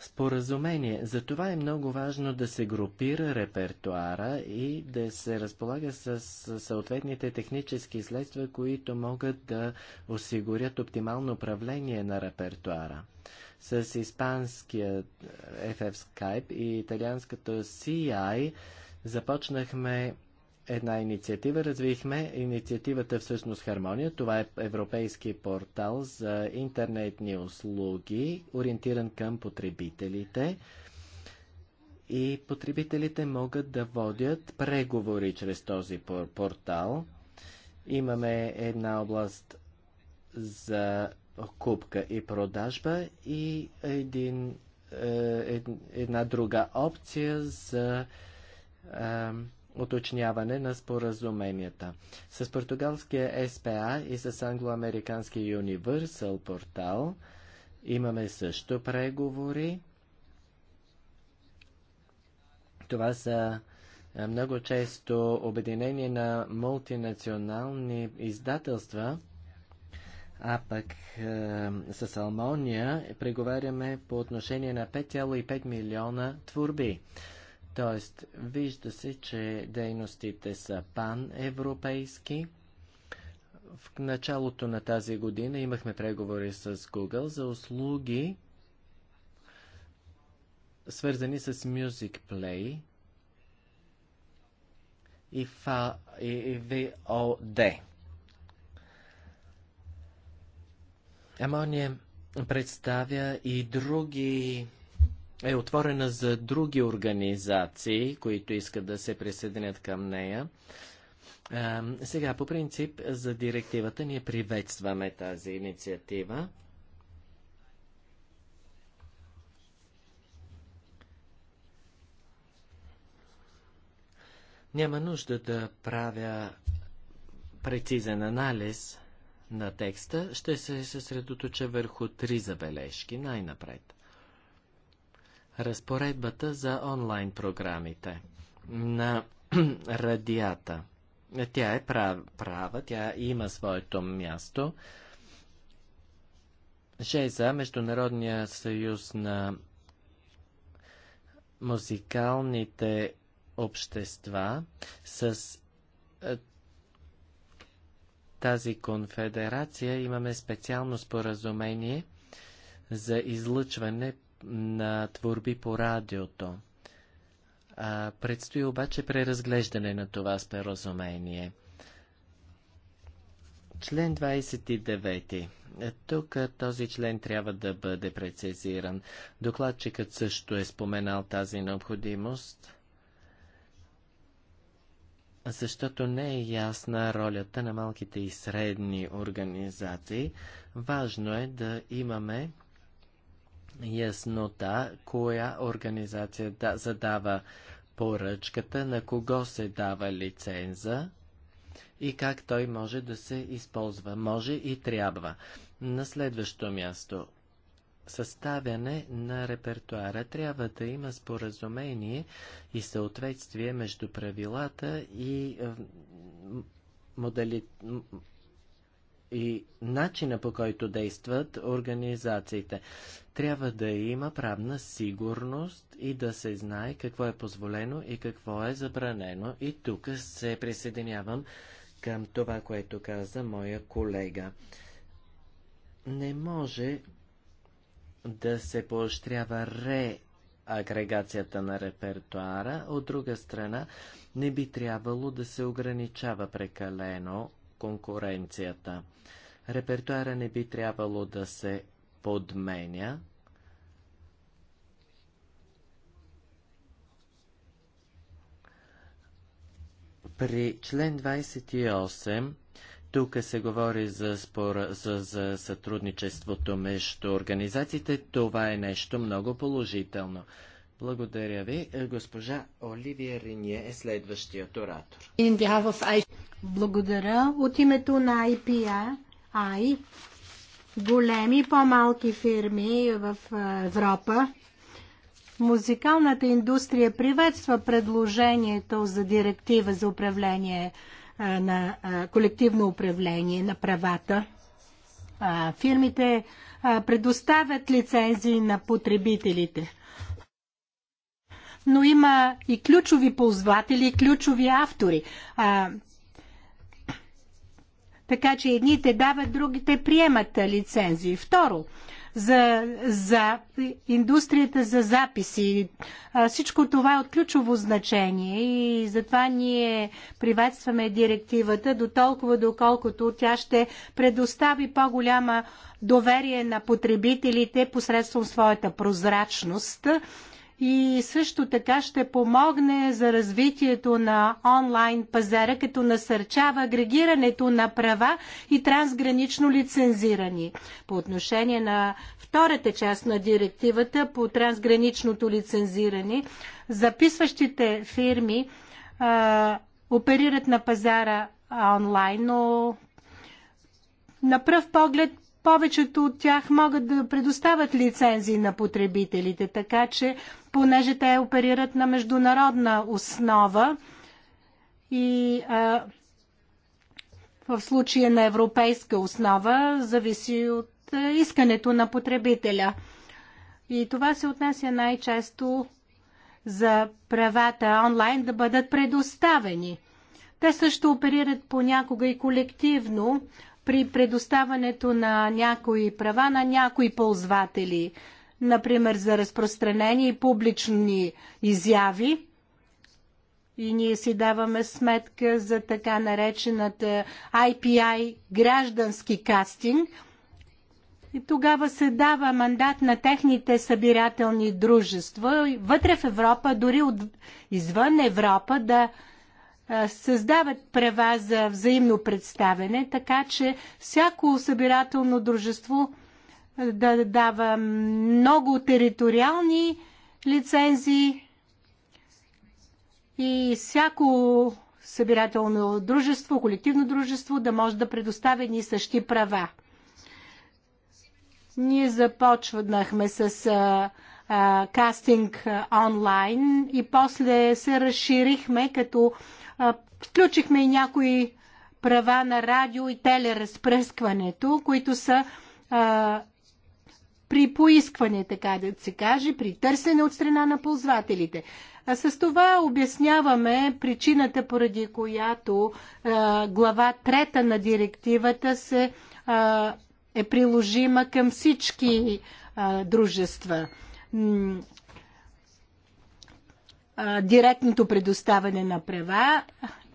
споразумения. Затова е много важно да се групира репертуара и да се разполага с съответните технически следства, които могат да осигурят оптимално управление на репертуара. С испанския FF е, Skype и италианската CI започнахме една инициатива. Развихме инициативата всъщност Хармония. Това е европейски портал за интернетни услуги, ориентиран към потребителите. И потребителите могат да водят преговори чрез този портал. Имаме една област за купка и продажба и един, е, една друга опция за уточняване на споразуменията. С португалския СПА и с англоамериканския Universal портал имаме също преговори. Това са е, много често обединение на мултинационални издателства, а пък е, с Алмония преговаряме по отношение на 5,5 милиона творби. Тоест, вижда се, че дейностите са паневропейски. В началото на тази година имахме преговори с Google за услуги, свързани с Music Play и, VOD. Ама е, представя и други е отворена за други организации, които искат да се присъединят към нея. А, сега, по принцип, за директивата ние приветстваме тази инициатива. Няма нужда да правя прецизен анализ на текста. Ще се съсредоточа върху три забележки най-напред разпоредбата за онлайн програмите на радията. Тя е прав, права, тя има своето място. ЖЕЗА, Международния съюз на музикалните общества, с е, тази конфедерация имаме специално споразумение за излъчване на творби по радиото. А, предстои обаче преразглеждане на това споразумение. Член 29. Тук този член трябва да бъде прецизиран. Докладчикът също е споменал тази необходимост, защото не е ясна ролята на малките и средни организации. Важно е да имаме яснота, коя организация да, задава поръчката, на кого се дава лиценза и как той може да се използва. Може и трябва. На следващо място. Съставяне на репертуара трябва да има споразумение и съответствие между правилата и модали и начина по който действат организациите. Трябва да има правна сигурност и да се знае какво е позволено и какво е забранено. И тук се присъединявам към това, което каза моя колега. Не може да се поощрява реагрегацията на репертуара, от друга страна не би трябвало да се ограничава прекалено конкуренцията. Репертуара не би трябвало да се подменя. При член 28 тук се говори за, спор, за, за сътрудничеството между организациите. Това е нещо много положително. Благодаря ви. Е, госпожа Оливия Ринье е следващият оратор. Благодаря. От името на IPA, I, големи, по-малки фирми в е, Европа, музикалната индустрия приветства предложението за директива за управление е, на колективно управление на правата. Фирмите предоставят лицензии на потребителите но има и ключови ползватели, и ключови автори. А, така че едните дават, другите приемат лицензии. Второ, за, за индустрията за записи. А, всичко това е от ключово значение и затова ние приветстваме директивата до толкова доколкото тя ще предостави по-голяма доверие на потребителите посредством своята прозрачност и също така ще помогне за развитието на онлайн пазара, като насърчава агрегирането на права и трансгранично лицензирани. По отношение на втората част на директивата по трансграничното лицензиране, записващите фирми а, оперират на пазара онлайн, но на пръв поглед повечето от тях могат да предоставят лицензии на потребителите, така че понеже те оперират на международна основа и а, в случая на европейска основа зависи от а, искането на потребителя. И това се отнася най-често за правата онлайн да бъдат предоставени. Те също оперират понякога и колективно, при предоставането на някои права на някои ползватели, например за разпространение и публични изяви. И ние си даваме сметка за така наречената IPI граждански кастинг. И тогава се дава мандат на техните събирателни дружества вътре в Европа, дори от, извън Европа да създават права за взаимно представене, така че всяко събирателно дружество да дава много териториални лицензии и всяко събирателно дружество, колективно дружество да може да предоставя ни същи права. Ние започнахме с а, а, кастинг а, онлайн и после се разширихме, като Включихме и някои права на радио и телеразпръскването, които са а, при поискване, така да се каже, при търсене от страна на ползвателите. А с това обясняваме причината, поради която а, глава трета на директивата се, а, е приложима към всички а, дружества директното предоставяне на права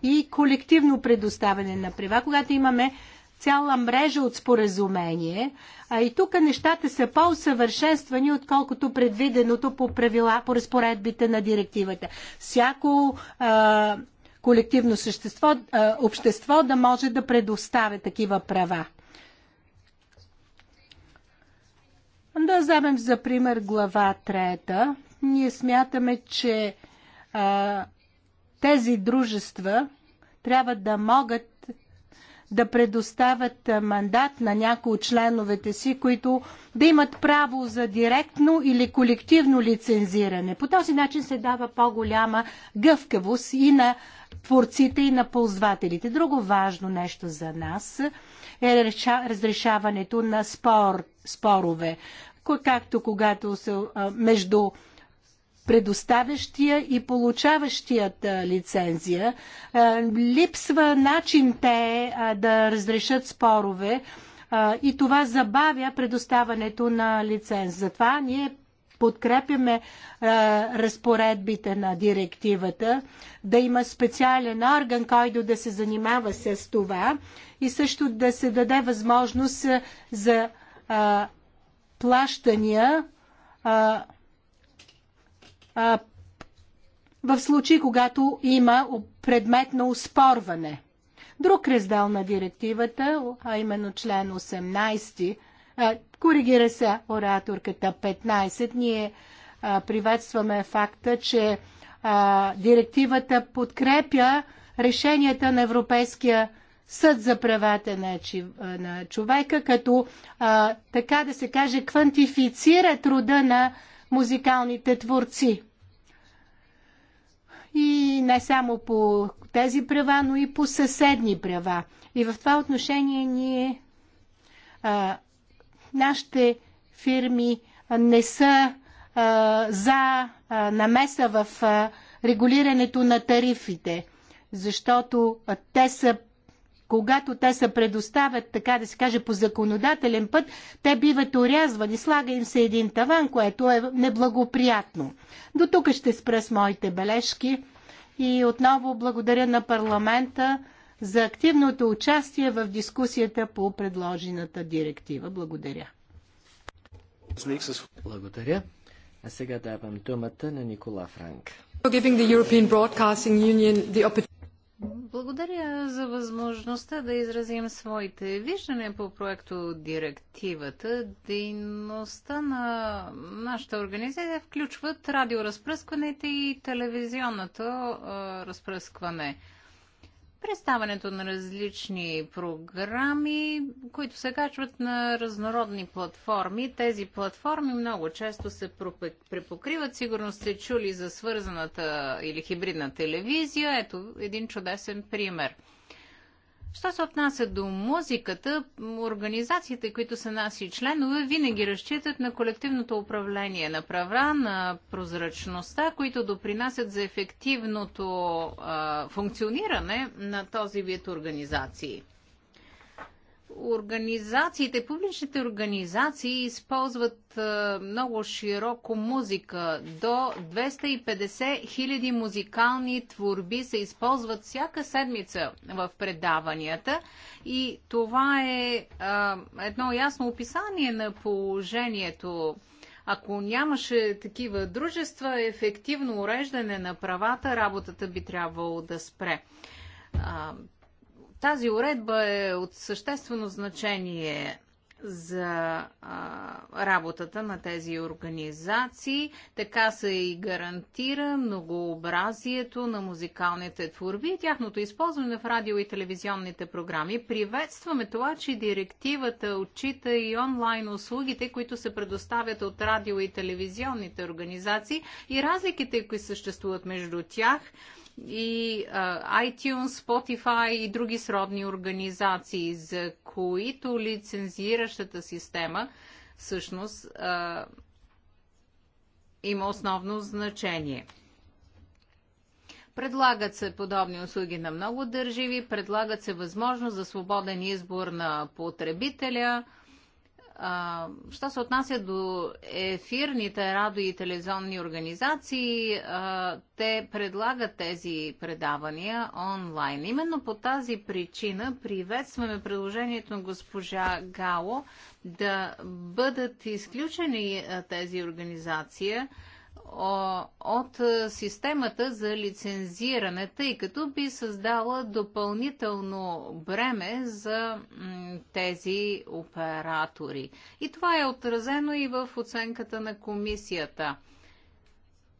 и колективно предоставяне на права, когато имаме цяла мрежа от споразумение, а и тук нещата са по-усъвършенствани, отколкото предвиденото по правила, по разпоредбите на директивата. Всяко а, колективно същество, а, общество да може да предоставя такива права. Да вземем за пример глава трета. Ние смятаме, че тези дружества трябва да могат да предоставят мандат на някои от членовете си, които да имат право за директно или колективно лицензиране. По този начин се дава по-голяма гъвкавост и на творците и на ползвателите. Друго важно нещо за нас е разрешаването на спор, спорове, както когато се между предоставящия и получаващият лицензия. Липсва начин те да разрешат спорове и това забавя предоставането на лиценз. Затова ние подкрепяме разпоредбите на директивата, да има специален орган, който да се занимава с това и също да се даде възможност за плащания в случай, когато има предмет на успорване. Друг раздел на директивата, а именно член 18, коригира се ораторката 15, ние приветстваме факта, че директивата подкрепя решенията на Европейския съд за правата на, на човека, като а, така да се каже квантифицира труда на музикалните творци. И не само по тези права, но и по съседни права. И в това отношение ние, а, нашите фирми не са а, за а, намеса в а, регулирането на тарифите, защото те са когато те се предоставят, така да се каже, по законодателен път, те биват орязвани. Слага им се един таван, което е неблагоприятно. До тук ще спра с моите бележки и отново благодаря на парламента за активното участие в дискусията по предложената директива. Благодаря. Благодаря. А сега давам думата на Никола Франк. Благодаря за възможността да изразим своите виждания по проекто директивата. Дейността на нашата организация включват радиоразпръскването и телевизионното а, разпръскване представането на различни програми, които се качват на разнородни платформи. Тези платформи много често се препокриват. Сигурно сте чули за свързаната или хибридна телевизия. Ето един чудесен пример – Що се отнася до музиката, организациите, които са наши членове, винаги разчитат на колективното управление на права, на прозрачността, които допринасят за ефективното а, функциониране на този вид организации. Организациите, публичните организации използват е, много широко музика. До 250 хиляди музикални творби се използват всяка седмица в предаванията и това е, е едно ясно описание на положението. Ако нямаше такива дружества, ефективно уреждане на правата, работата би трябвало да спре тази уредба е от съществено значение за а, работата на тези организации. Така се и гарантира многообразието на музикалните творби и тяхното използване в радио и телевизионните програми. Приветстваме това, че директивата отчита и онлайн услугите, които се предоставят от радио и телевизионните организации и разликите, които съществуват между тях и а, iTunes, Spotify и други сродни организации, за които лицензиращата система всъщност а, има основно значение. Предлагат се подобни услуги на много държави, предлагат се възможност за свободен избор на потребителя – що се отнася до ефирните радио и телевизионни организации, те предлагат тези предавания онлайн. Именно по тази причина приветстваме предложението на госпожа Гало да бъдат изключени тези организации от системата за лицензиране, тъй като би създала допълнително бреме за тези оператори. И това е отразено и в оценката на комисията.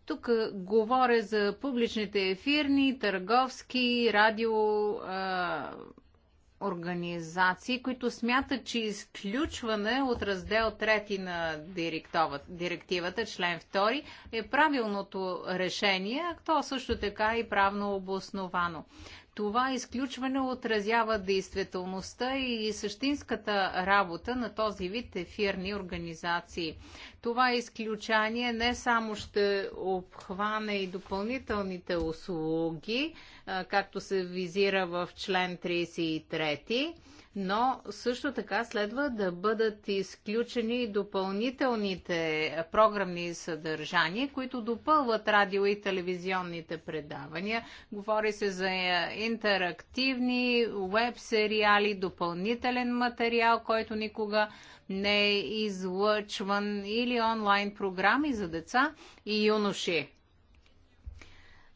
Тук говоря за публичните ефирни, търговски, радио, организации, които смятат, че изключване от раздел 3 на директивата, член 2, е правилното решение, а то също така и е правно обосновано това изключване отразява действителността и същинската работа на този вид ефирни организации. Това изключание не само ще обхване и допълнителните услуги, както се визира в член 33, но също така следва да бъдат изключени допълнителните програмни съдържания, които допълват радио и телевизионните предавания. Говори се за интерактивни веб-сериали, допълнителен материал, който никога не е излъчван или онлайн програми за деца и юноши.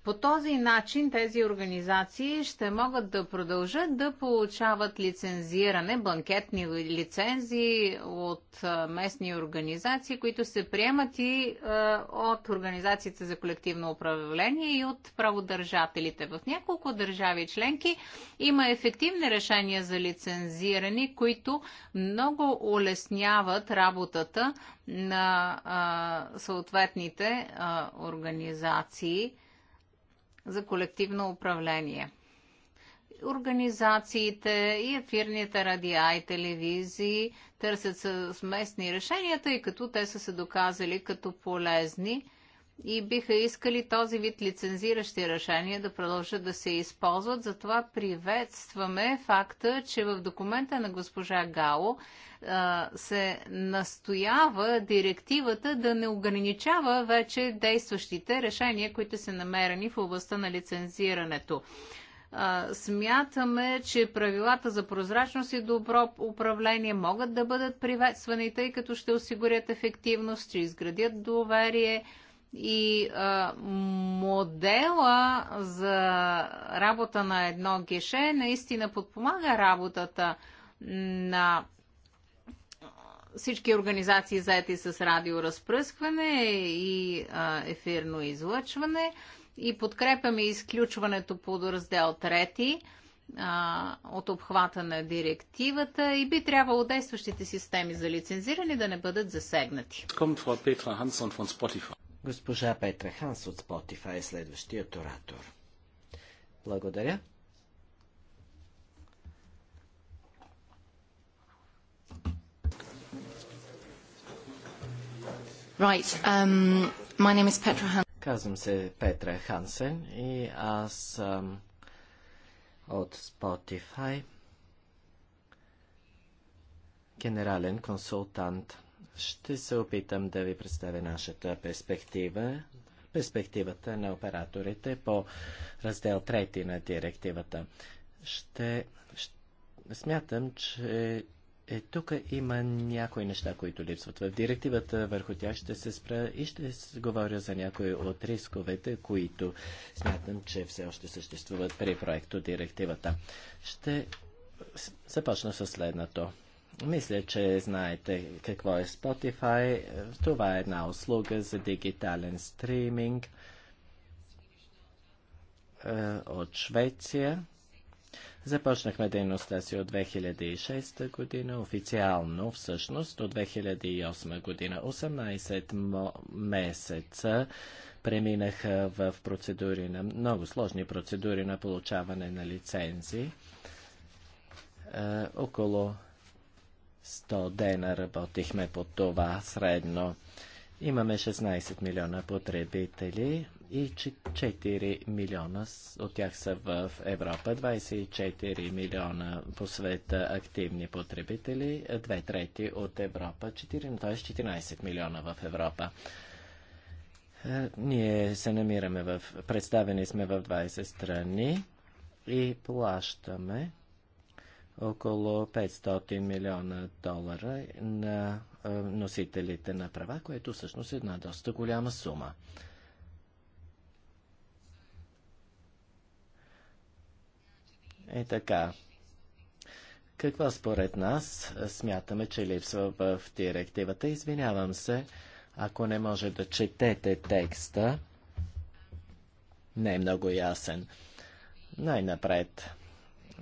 По този начин тези организации ще могат да продължат да получават лицензиране, банкетни лицензии от местни организации, които се приемат и от организациите за колективно управление и от праводържателите. В няколко държави членки има ефективни решения за лицензиране, които много улесняват работата на съответните организации за колективно управление. Организациите и ефирните радиа и телевизии търсят съвместни решения, тъй като те са се доказали като полезни и биха искали този вид лицензиращи решения да продължат да се използват. Затова приветстваме факта, че в документа на госпожа Гало се настоява директивата да не ограничава вече действащите решения, които са намерени в областта на лицензирането смятаме, че правилата за прозрачност и добро управление могат да бъдат приветствани, тъй като ще осигурят ефективност, ще изградят доверие и а, модела за работа на едно геше наистина подпомага работата на всички организации заети с радиоразпръскване и а, ефирно излъчване и подкрепяме изключването под раздел 3 от обхвата на директивата и би трябвало действащите системи за лицензиране да не бъдат засегнати. Госпожа Петра Ханс от Spotify е следващият оратор. Благодаря. Right, um, my name is Petra Hansen. Казвам се Петра Хансен и аз съм от Spotify генерален консултант ще се опитам да ви представя нашата перспектива, перспективата на операторите по раздел 3 на директивата. Ще, ще смятам, че е, тук има някои неща, които липсват. В директивата върху тях ще се спра и ще говоря за някои от рисковете, които смятам, че все още съществуват при проекто директивата. Ще започна с следното. Мисля, че знаете какво е Spotify. Това е една услуга за дигитален стриминг е, от Швеция. Започнахме дейността си от 2006 година, официално всъщност от 2008 година. 18 месеца преминаха в процедури на много сложни процедури на получаване на лицензи. Е, около 100 дена работихме по това средно. Имаме 16 милиона потребители и 4 милиона от тях са в Европа, 24 милиона по света активни потребители, 2 трети от Европа, 4, т.е. 14 милиона в Европа. Е, ние се намираме в... Представени сме в 20 страни и плащаме около 500 милиона долара на е, носителите на права, което всъщност е една доста голяма сума. Е така. Какво според нас смятаме, че липсва в директивата? Извинявам се, ако не може да четете текста. Не е много ясен. Най-напред.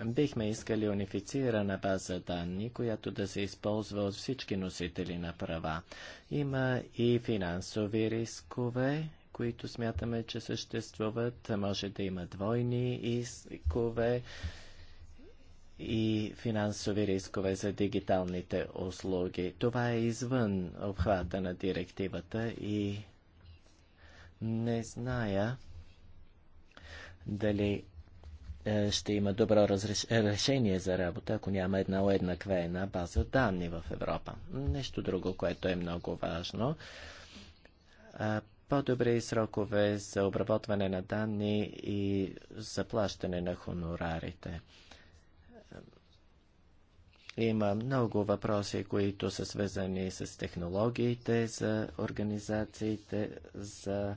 Бихме искали унифицирана база данни, която да се използва от всички носители на права. Има и финансови рискове, които смятаме, че съществуват. Може да има двойни рискове и финансови рискове за дигиталните услуги. Това е извън обхвата на директивата и не зная дали е, ще има добро разреш... решение за работа, ако няма една уеднаквена база данни в Европа. Нещо друго, което е много важно. По-добри срокове за обработване на данни и заплащане на хонорарите. Има много въпроси, които са свързани с технологиите, за организациите, за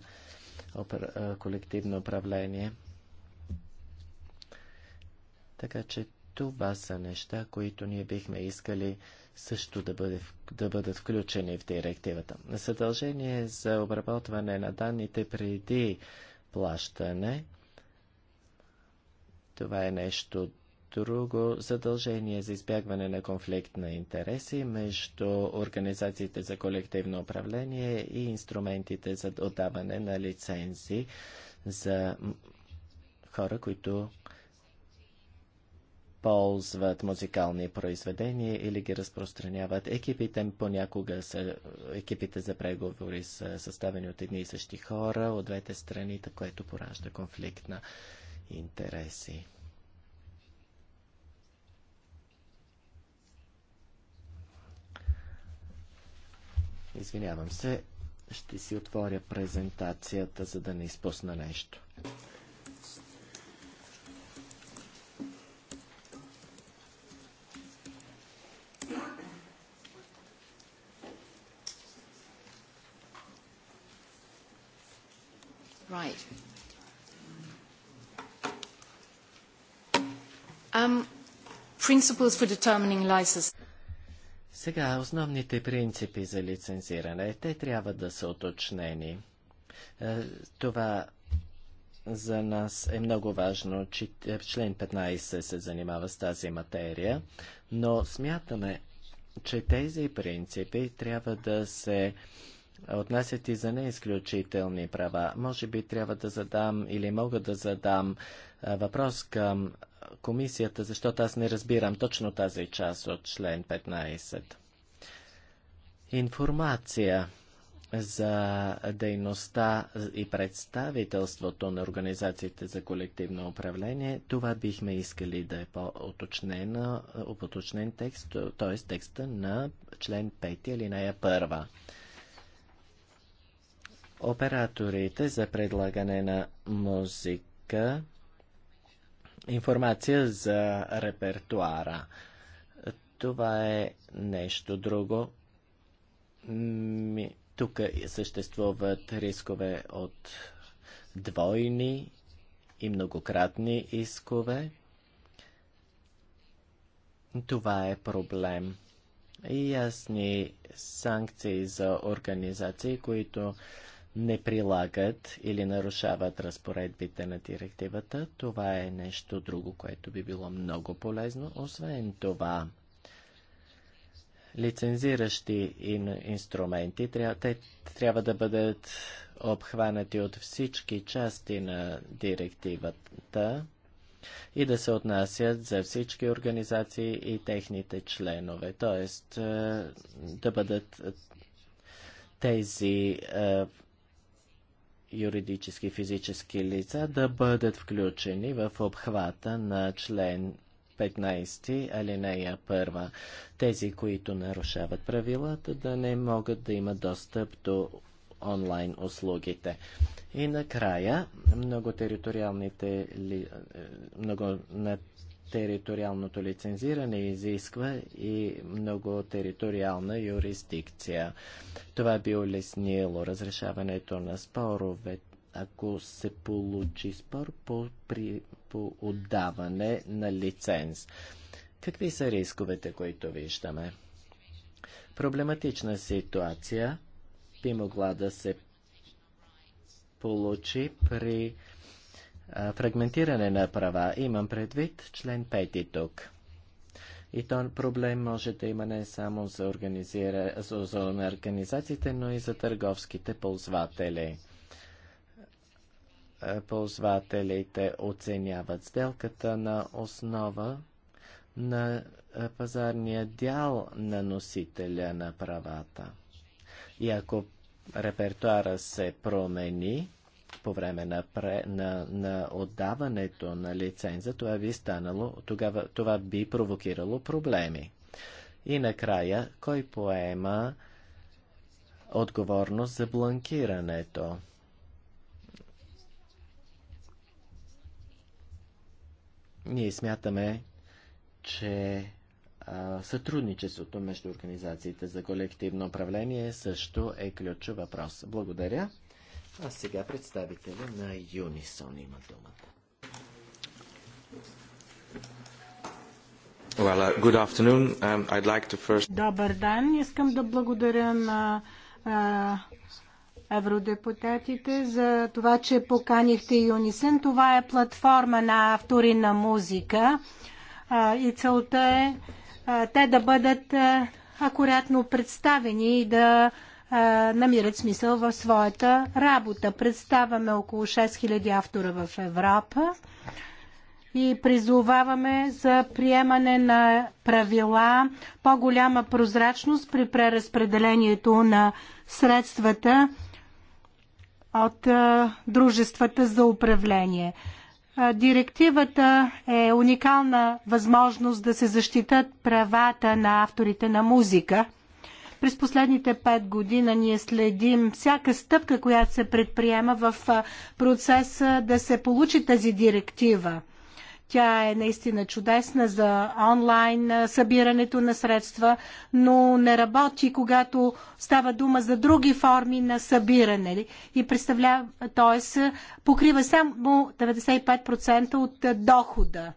колективно управление. Така че това са неща, които ние бихме искали също да, бъде, да бъдат включени в директивата. Съдължение за обработване на данните преди плащане. Това е нещо друго. Задължение за избягване на конфликт на интереси между организациите за колективно управление и инструментите за отдаване на лицензи за хора, които ползват музикални произведения или ги разпространяват. Екипите понякога са, екипите за преговори са съставени от едни и същи хора, от двете страни, което поражда конфликт на интереси. Извинявам се, ще си отворя презентацията, за да не изпусна нещо. Right. Um, principles for determining license. Сега основните принципи за лицензиране, те трябва да са уточнени. Е, това за нас е много важно, че е, член 15 се занимава с тази материя, но смятаме, че тези принципи трябва да се отнасят и за неизключителни права. Може би трябва да задам или мога да задам въпрос към комисията, защото аз не разбирам точно тази част от член 15. Информация за дейността и представителството на организациите за колективно управление. Това бихме искали да е по-уточнен текст, т.е. текста на член 5 или нея 1 операторите за предлагане на музика, информация за репертуара. Това е нещо друго. Тук съществуват рискове от двойни и многократни искове. Това е проблем. И ясни санкции за организации, които не прилагат или нарушават разпоредбите на директивата. Това е нещо друго, което би било много полезно. Освен това, лицензиращи инструменти, те трябва да бъдат обхванати от всички части на директивата и да се отнасят за всички организации и техните членове, т.е. да бъдат е, тези е, юридически и физически лица да бъдат включени в обхвата на член 15, алинея 1. Тези, които нарушават правилата, да не могат да имат достъп до онлайн услугите. И накрая, многотериториалните, е, много на териториалното лицензиране изисква и много териториална юрисдикция. Това би улеснило разрешаването на спорове, ако се получи спор по, при, по отдаване на лиценз. Какви са рисковете, които виждаме? Проблематична ситуация би могла да се получи при фрагментиране на права. Имам предвид член 5 тук. И то проблем може да има не само за, организира... за, за организациите, но и за търговските ползватели. Ползвателите оценяват сделката на основа на пазарния дял на носителя на правата. И ако репертуара се промени, по време на, пре, на, на отдаването на лиценза, това би станало, тогава, това би провокирало проблеми. И накрая, кой поема отговорност за бланкирането? Ние смятаме, че а, сътрудничеството между организациите за колективно управление също е ключов въпрос. Благодаря. А сега представителя на Юнисон има думата. Well, uh, good afternoon. Um, I'd like to first... Добър ден. Искам да благодаря на uh, евродепутатите за това, че поканихте Юнисен. Това е платформа на автори на музика uh, и целта е те да бъдат акуратно представени и да намират смисъл в своята работа. Представяме около 6000 автора в Европа и призоваваме за приемане на правила, по-голяма прозрачност при преразпределението на средствата от дружествата за управление. Директивата е уникална възможност да се защитат правата на авторите на музика – през последните пет година ние следим всяка стъпка, която се предприема в процеса да се получи тази директива. Тя е наистина чудесна за онлайн събирането на средства, но не работи, когато става дума за други форми на събиране. Нали? И представлява, т.е. покрива само 95% от дохода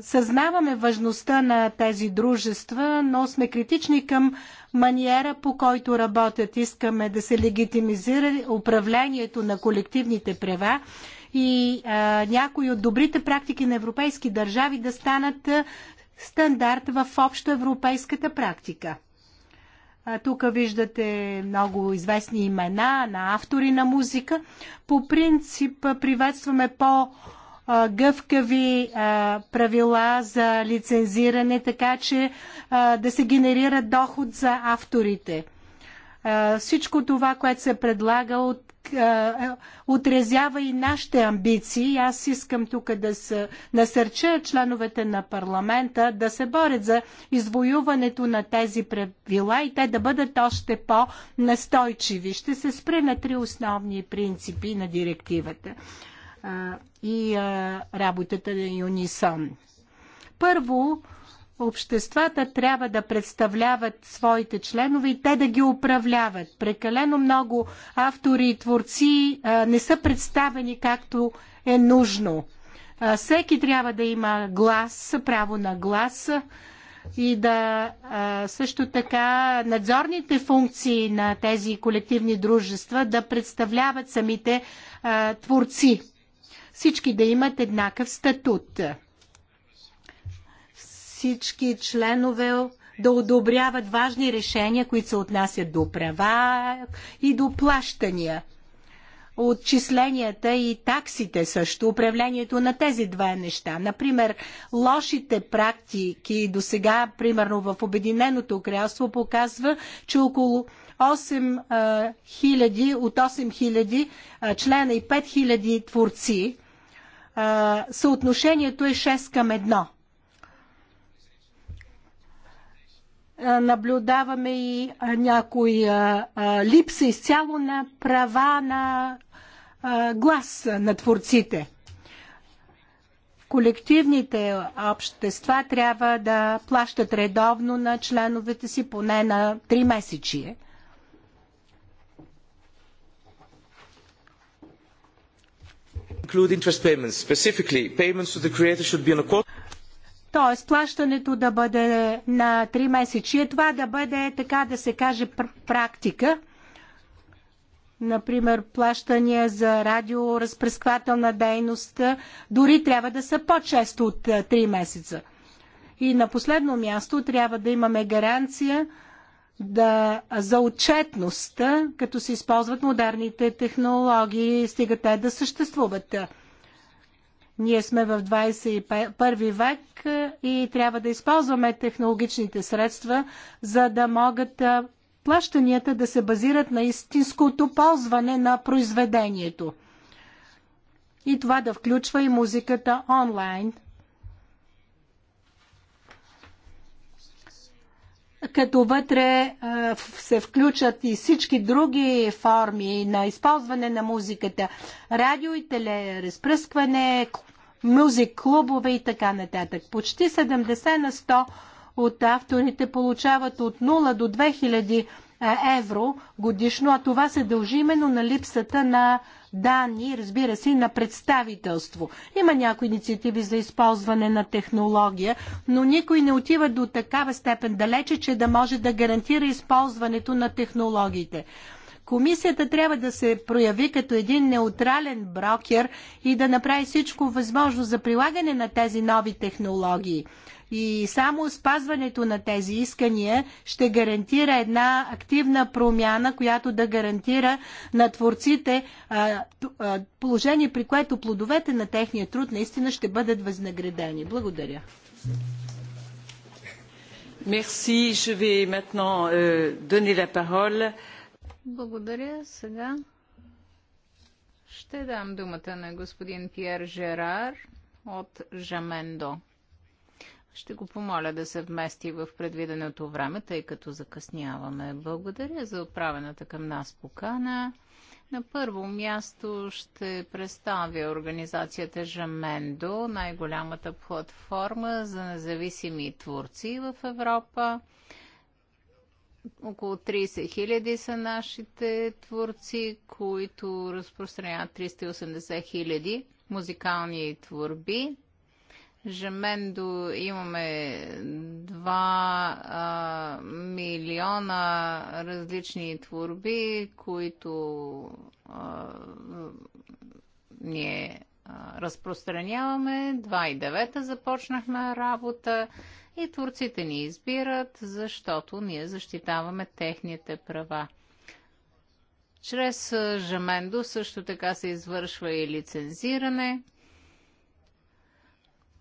съзнаваме важността на тези дружества, но сме критични към маниера по който работят. Искаме да се легитимизира управлението на колективните права и а, някои от добрите практики на европейски държави да станат стандарт в общо европейската практика. А, тук виждате много известни имена на автори на музика. По принцип приветстваме по- гъвкави правила за лицензиране, така че да се генерира доход за авторите. Всичко това, което се предлага от е, отрезява и нашите амбиции. Аз искам тук да се насърча членовете на парламента да се борят за извоюването на тези правила и те да бъдат още по-настойчиви. Ще се спре на три основни принципи на директивата и работата на Юнисон. Първо, обществата трябва да представляват своите членове и те да ги управляват. Прекалено много автори и творци а, не са представени както е нужно. А, всеки трябва да има глас, право на глас и да а, също така надзорните функции на тези колективни дружества да представляват самите творци всички да имат еднакъв статут. Всички членове да одобряват важни решения, които се отнасят до права и до плащания. Отчисленията и таксите също, управлението на тези два неща. Например, лошите практики до сега, примерно в Обединеното кралство, показва, че около 8000, от 8000 члена и 5000 творци съотношението е 6 към 1. наблюдаваме и някои липса изцяло на права на глас на творците. Колективните общества трябва да плащат редовно на членовете си поне на три месечие – include interest payments. Specifically, payments to the creator should be on a quarter... Тоест, плащането да бъде на 3 месечи, е това да бъде, така да се каже, пр- практика. Например, плащания за радиоразпресквателна дейност дори трябва да са по-често от 3 месеца. И на последно място трябва да имаме гаранция, да, за отчетността, като се използват модерните технологии, стига те да съществуват. Ние сме в 21 век и трябва да използваме технологичните средства, за да могат плащанията да се базират на истинското ползване на произведението. И това да включва и музиката онлайн – като вътре се включат и всички други форми на използване на музиката. Радио и теле, разпръскване, музик, клубове и така нататък. Почти 70 на 100 от авторите получават от 0 до 2000 евро годишно, а това се дължи именно на липсата на данни, разбира се, на представителство. Има някои инициативи за използване на технология, но никой не отива до такава степен далече, че да може да гарантира използването на технологиите. Комисията трябва да се прояви като един неутрален брокер и да направи всичко възможно за прилагане на тези нови технологии. И само спазването на тези искания ще гарантира една активна промяна, която да гарантира на творците положение, при което плодовете на техния труд наистина ще бъдат възнаградени. Благодаря. Merci. Je vais maintenant euh, donner la parole. Благодаря. Сега ще дам думата на господин Пьер Жерар от Жамендо. Ще го помоля да се вмести в предвиденото време, тъй като закъсняваме. Благодаря за отправената към нас покана. На първо място ще представя организацията Жамендо, най-голямата платформа за независими творци в Европа. Около 30 000 са нашите творци, които разпространяват 380 хиляди музикални творби Жемендо имаме 2 а, милиона различни творби, които а, ние а, разпространяваме. 2,9 започнахме работа и творците ни избират, защото ние защитаваме техните права. Чрез Жемендо също така се извършва и лицензиране –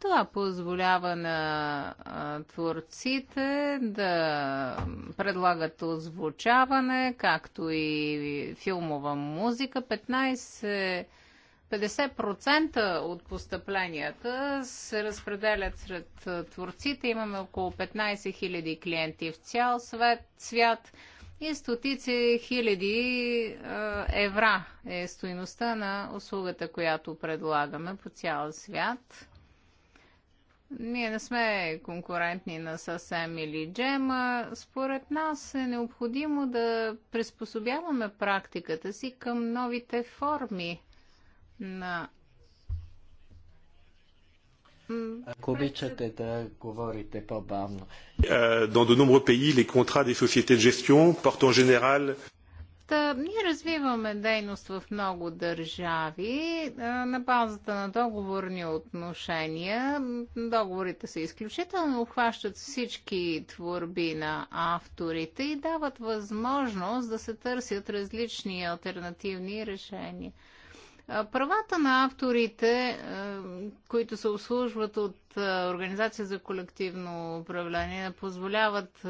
това позволява на а, творците да предлагат озвучаване, както и филмова музика. 15 50% от постъпленията се разпределят сред творците. Имаме около 15 000 клиенти в цял свет, свят и стотици хиляди евра е стоиността на услугата, която предлагаме по цял свят. Ние не сме конкурентни на съвсем или джема. Според нас е необходимо да приспособяваме практиката си към новите форми на. Ако обичате да говорите по-бавно. Dans de nombreux pays, les contrats des sociétés de gestion portent en général Та, ние развиваме дейност в много държави на базата на договорни отношения. Договорите са изключително обхващат всички творби на авторите и дават възможност да се търсят различни альтернативни решения. Правата на авторите, които се обслужват от Организация за колективно управление, позволяват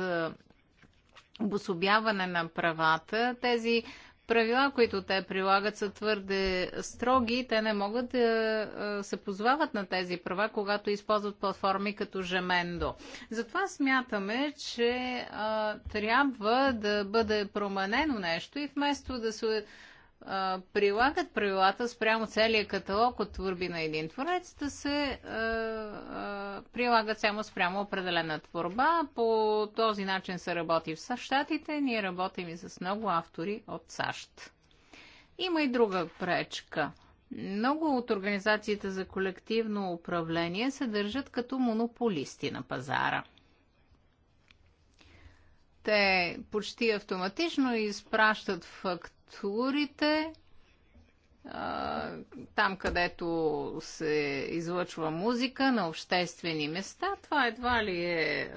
обособяване на правата. Тези правила, които те прилагат, са твърде строги. Те не могат да се позвават на тези права, когато използват платформи като Жемендо. Затова смятаме, че а, трябва да бъде променено нещо и вместо да се прилагат правилата спрямо целият каталог от творби на един творец, да се а, а, прилагат само спрямо определена творба. По този начин се работи в Щатите. Ние работим и с много автори от САЩ. Има и друга пречка. Много от организациите за колективно управление се държат като монополисти на пазара. Те почти автоматично изпращат факт културите, там където се излъчва музика на обществени места, това едва ли е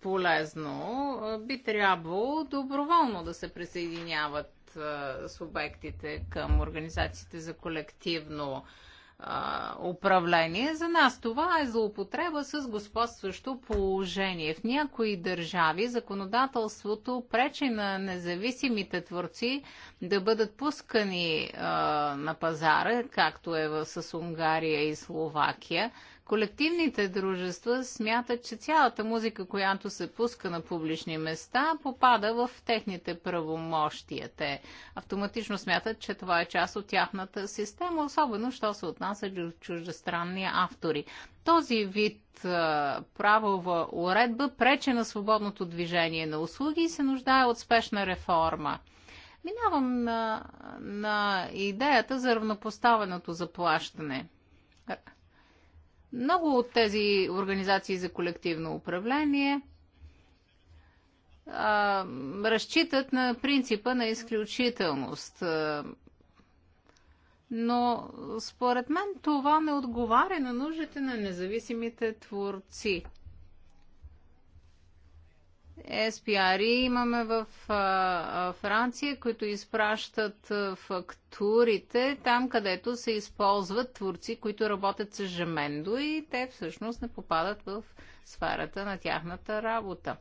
полезно. Би трябвало доброволно да се присъединяват субектите към организациите за колективно управление. За нас това е злоупотреба с господстващо положение. В някои държави законодателството пречи на независимите творци да бъдат пускани а, на пазара, както е с Унгария и Словакия, Колективните дружества смятат, че цялата музика, която се пуска на публични места, попада в техните правомощия. Те автоматично смятат, че това е част от тяхната система, особено що се отнася до чуждестранни автори. Този вид а, правова уредба прече на свободното движение на услуги и се нуждае от спешна реформа. Минавам на, на идеята за равнопоставеното заплащане – много от тези организации за колективно управление а, разчитат на принципа на изключителност. Но според мен това не отговаря на нуждите на независимите творци. SPR имаме в Франция, които изпращат фактурите там, където се използват творци, които работят с жемендо и те всъщност не попадат в сферата на тяхната работа.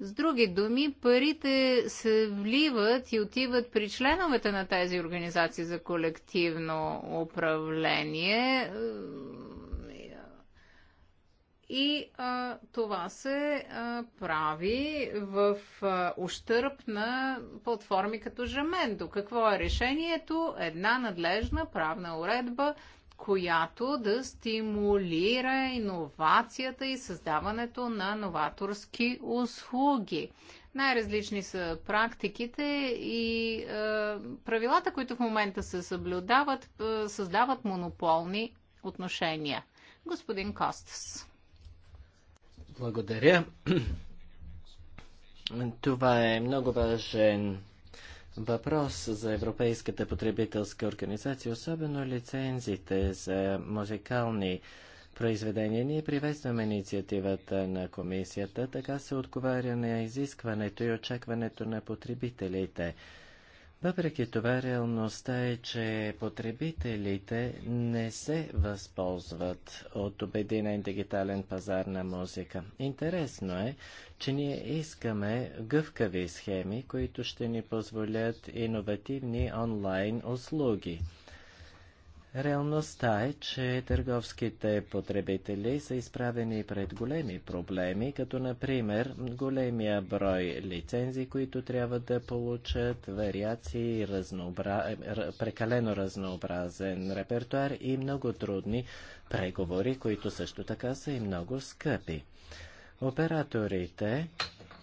С други думи, парите се вливат и отиват при членовете на тези организации за колективно управление и а, това се а, прави в а, ущърп на платформи като Жамендо. Какво е решението? Една надлежна правна уредба, която да стимулира иновацията и създаването на новаторски услуги. Най-различни са практиките и е, правилата, които в момента се съблюдават, е, създават монополни отношения. Господин Костас. Благодаря. Това е много важен въпрос за Европейската потребителска организация, особено лицензите за музикални произведения. Ние приветстваме инициативата на комисията, така се отговаря на изискването и очакването на потребителите. Въпреки това, реалността е, че потребителите не се възползват от обединен дигитален пазар на музика. Интересно е, че ние искаме гъвкави схеми, които ще ни позволят иновативни онлайн услуги – Реалността е, че търговските потребители са изправени пред големи проблеми, като например големия брой лицензии, които трябва да получат, вариации, разнообра... прекалено разнообразен репертуар и много трудни преговори, които също така са и много скъпи. Операторите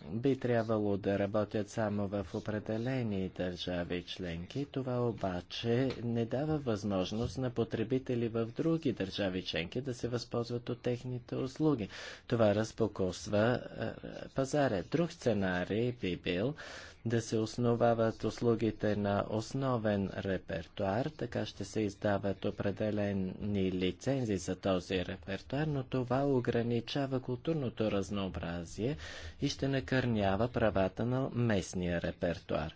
би трябвало да работят само в определени държави членки. Това обаче не дава възможност на потребители в други държави членки да се възползват от техните услуги. Това разпокосва е, пазаре. Друг сценарий би бил да се основават услугите на основен репертуар, така ще се издават определени лицензи за този репертуар, но това ограничава културното разнообразие и ще накърнява правата на местния репертуар.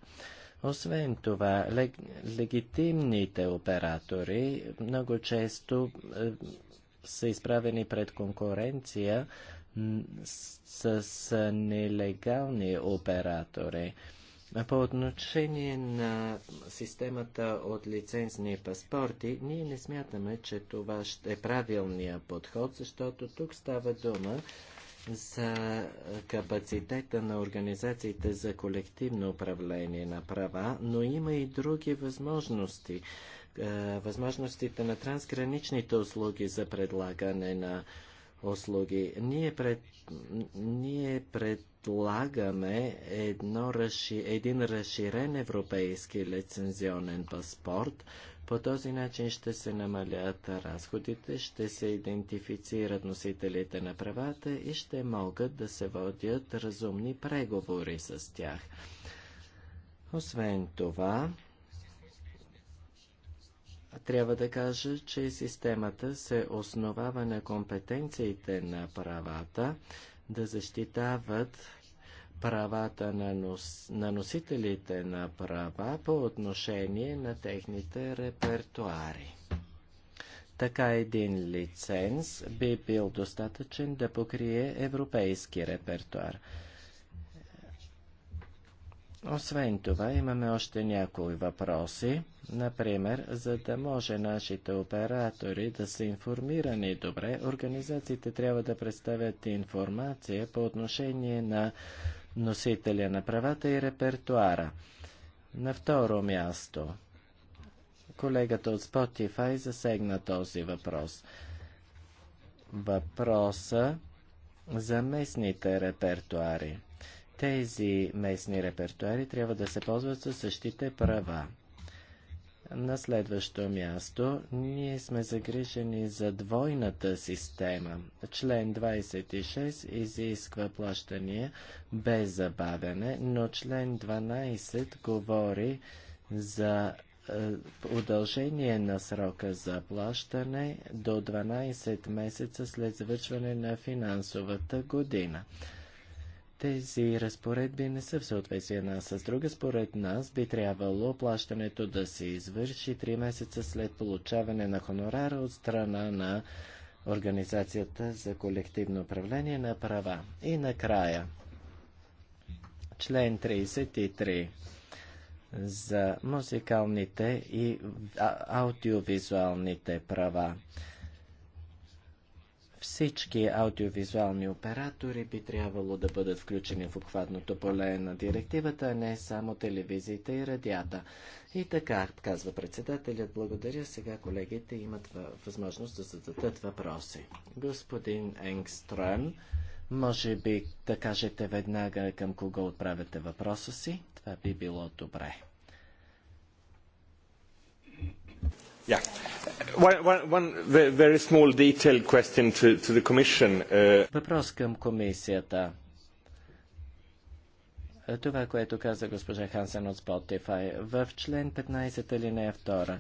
Освен това, лег... легитимните оператори много често е, са изправени пред конкуренция с, с нелегални оператори. По отношение на системата от лицензни паспорти, ние не смятаме, че това ще е правилният подход, защото тук става дума за капацитета на организациите за колективно управление на права, но има и други възможности. Е, възможностите на трансграничните услуги за предлагане на услуги. Ние, пред, ние предлагаме едно, един разширен европейски лицензионен паспорт. По този начин ще се намалят разходите, ще се идентифицират носителите на правата и ще могат да се водят разумни преговори с тях. Освен това, трябва да кажа, че системата се основава на компетенциите на правата да защитават правата на, нос, на носителите на права по отношение на техните репертуари. Така един лиценз би бил достатъчен да покрие европейски репертуар. Освен това, имаме още някои въпроси, например, за да може нашите оператори да са информирани добре, организациите трябва да представят информация по отношение на носителя на правата и репертуара. На второ място, колегата от Spotify засегна този въпрос. Въпроса за местните репертуари. Тези местни репертуари трябва да се ползват със същите права. На следващо място, ние сме загрижени за двойната система. Член 26 изисква плащания без забавяне, но член 12 говори за е, удължение на срока за плащане до 12 месеца след завършване на финансовата година тези разпоредби не са в съответствие една с друга. Според нас би трябвало плащането да се извърши три месеца след получаване на хонорара от страна на Организацията за колективно управление на права. И накрая, член 33 за музикалните и аудиовизуалните права. Всички аудиовизуални оператори би трябвало да бъдат включени в обхватното поле на директивата, а не само телевизиите и радията. И така, казва председателят, благодаря. Сега колегите имат възможност да зададат въпроси. Господин Енгстрън, може би да кажете веднага към кого отправяте въпроса си? Това би било добре. Yeah. One very small detailed question to the Commission. Въпрос към комисията това, което каза госпожа Хансен от Spotify. В член 15 или не е втора.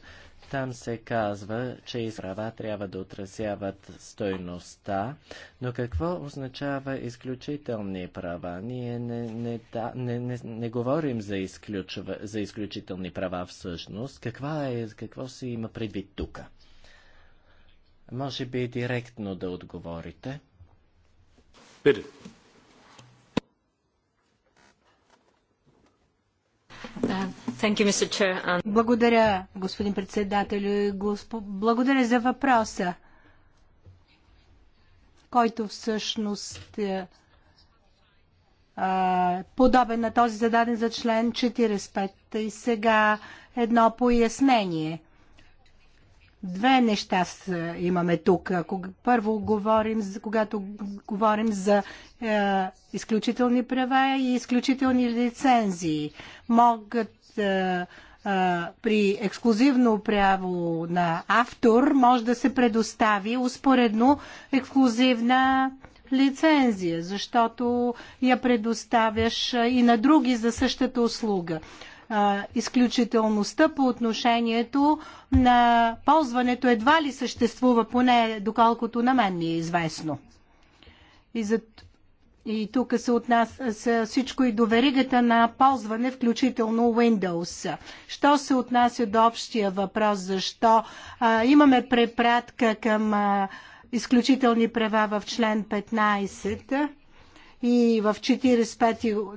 там се казва, че изправа трябва да отразяват стойността, но какво означава изключителни права? Ние не, не, да, не, не, не говорим за, изключва, за изключителни права всъщност. Каква е, какво се има предвид тук? Може би директно да отговорите. Питайте. Uh, благодаря, господин председател. Благодаря за въпроса, който всъщност е подобен на този зададен за член 45. И сега едно пояснение. Две неща е, имаме тук. Първо говорим, за, когато говорим за е, изключителни права и изключителни лицензии. Могат е, е, при ексклюзивно право на автор може да се предостави успоредно ексклюзивна лицензия, защото я предоставяш и на други за същата услуга а, изключителността по отношението на ползването едва ли съществува, поне доколкото на мен ми е известно. И, за... и тук се отнася всичко и до веригата на ползване, включително Windows. Що се отнася до общия въпрос, защо а, имаме препратка към а, изключителни права в член 15 и в 45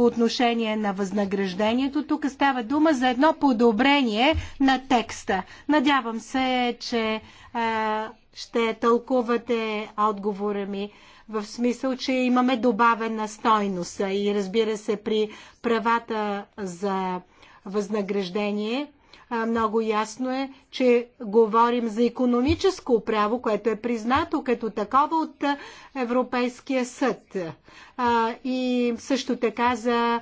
по отношение на възнаграждението. Тук става дума за едно подобрение на текста. Надявам се, че а, ще тълкувате отговора ми в смисъл, че имаме добавена стойност и разбира се при правата за възнаграждение много ясно е, че говорим за економическо право, което е признато като такова от Европейския съд. И също така за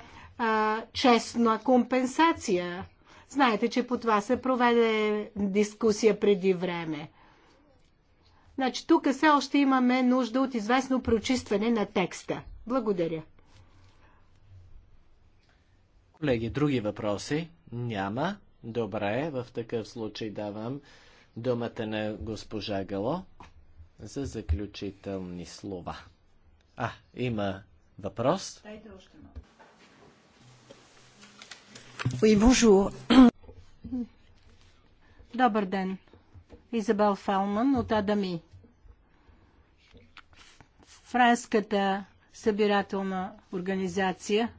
честна компенсация. Знаете, че по това се проведе дискусия преди време. Значи тук все още имаме нужда от известно прочистване на текста. Благодаря. Колеги, други въпроси няма. Добре, в такъв случай давам думата на госпожа Гало за заключителни слова. А, има въпрос? Дайте още малко. Oui, bonjour. Добър ден. Изабел Фалман от Адами. Френската събирателна организация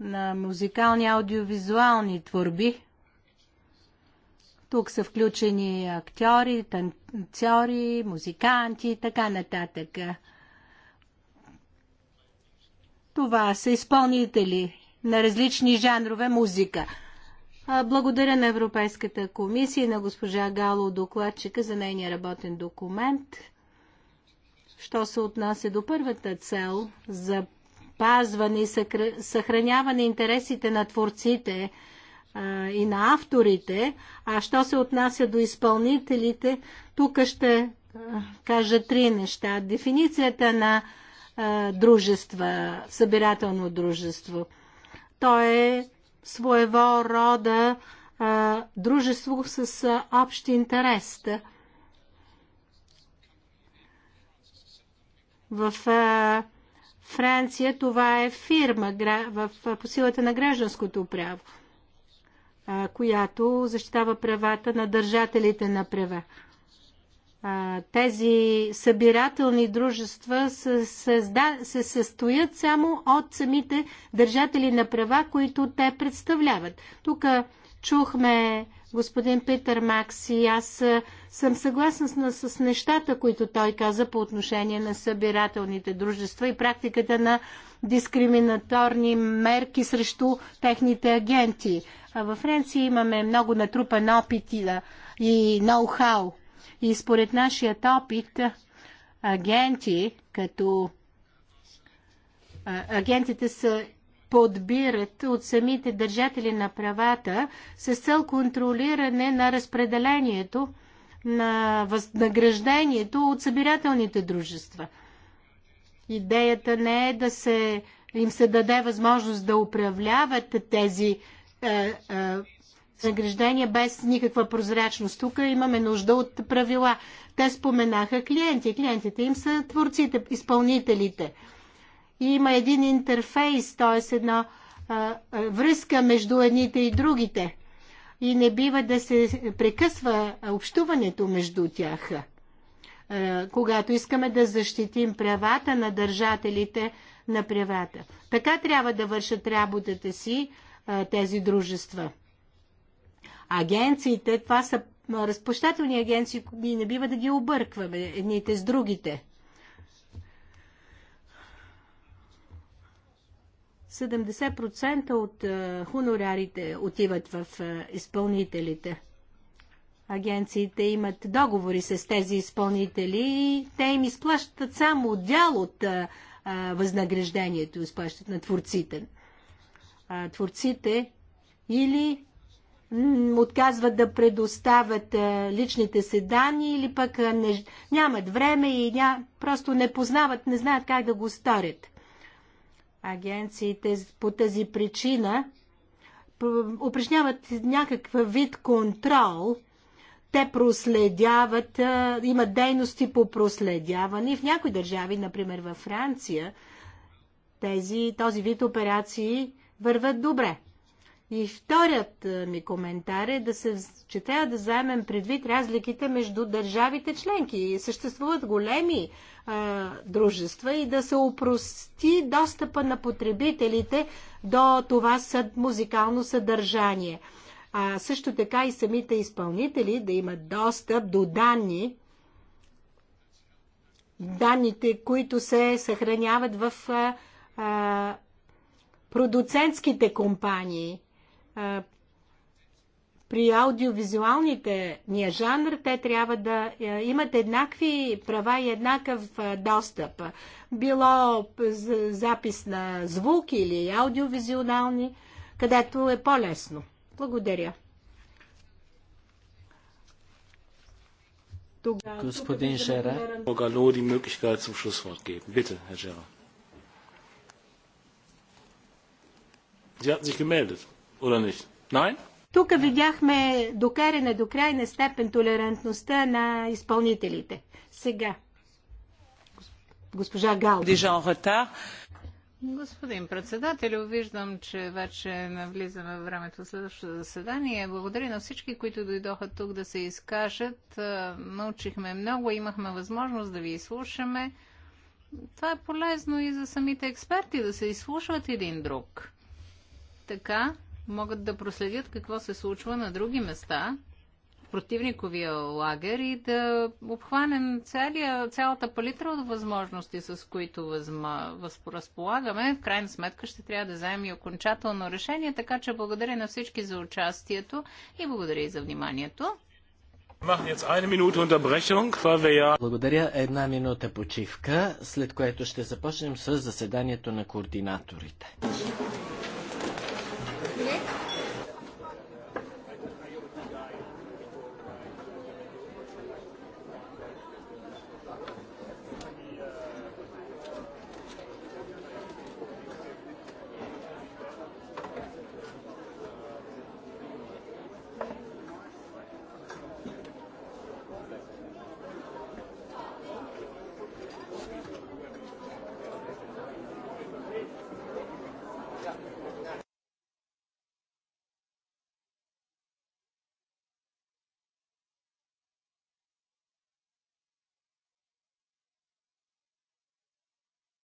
на музикални аудиовизуални творби. Тук са включени актьори, танцори, музиканти и така нататък. Това са изпълнители на различни жанрове музика. Благодаря на Европейската комисия и на госпожа Гало докладчика за нейния работен документ. Що се отнася до първата цел за пазване и съхраняване интересите на творците и на авторите, а що се отнася до изпълнителите, тук ще кажа три неща. Дефиницията на дружества, събирателно дружество. То е своего рода дружество с общ интерес. В Франция това е фирма в, по силата на гражданското право, която защитава правата на държателите на права. Тези събирателни дружества се, създа, се състоят само от самите държатели на права, които те представляват. Тук чухме господин Питър Макс и аз съм съгласна с, с нещата, които той каза по отношение на събирателните дружества и практиката на дискриминаторни мерки срещу техните агенти. А във Франция имаме много натрупан опит и, и ноу-хау. И според нашия опит агенти, като агентите са подбират от самите държатели на правата с цел контролиране на разпределението на възнаграждението от събирателните дружества. Идеята не е да се, им се даде възможност да управляват тези е, е, възнаграждения без никаква прозрачност. Тук имаме нужда от правила. Те споменаха клиенти. Клиентите им са творците, изпълнителите и има един интерфейс, т.е. една а, връзка между едните и другите. И не бива да се прекъсва общуването между тях. А, когато искаме да защитим правата на държателите на правата. Така трябва да вършат работата си а, тези дружества. Агенциите, това са разпощателни агенции, ние не бива да ги объркваме едните с другите. 70% от е, хонорарите отиват в е, изпълнителите. Агенциите имат договори с тези изпълнители и те им изплащат само дял от е, възнаграждението, изплащат на творците. Творците или отказват да предоставят личните си данни или пък не, нямат време и ня, просто не познават, не знаят как да го сторят агенциите по тази причина упражняват някакъв вид контрол. Те проследяват, имат дейности по проследяване. В някои държави, например във Франция, тези, този вид операции върват добре. И вторият ми коментар е, да се, че трябва да заемем предвид разликите между държавите членки. Съществуват големи а, дружества и да се упрости достъпа на потребителите до това съд, музикално съдържание. А също така и самите изпълнители да имат достъп до данни, данните, които се съхраняват в а, а, продуцентските компании при аудиовизуалните ния жанр, те трябва да е, имат еднакви права и еднакъв е, достъп. Било запис на звук или аудиовизуални, където е по-лесно. Благодаря. Господин Жера. Могало die Möglichkeit zum Schlusswort geben. Bitte, Herr Gera. Sie hatten Oder nicht? Nein? Тук видяхме докаране до крайна степен толерантността на изпълнителите. Сега. Госпожа Гал. Господин председател, виждам, че вече навлизаме в времето следващото заседание. Благодаря на всички, които дойдоха тук да се изкажат. Научихме много, имахме възможност да ви изслушаме. Това е полезно и за самите експерти да се изслушват един друг. Така, могат да проследят какво се случва на други места в противниковия лагер и да обхванем цялия, цялата палитра от възможности, с които възма, възпоразполагаме. В крайна сметка ще трябва да вземем и окончателно решение, така че благодаря на всички за участието и благодаря и за вниманието. Благодаря една минута почивка, след което ще започнем с заседанието на координаторите. ね。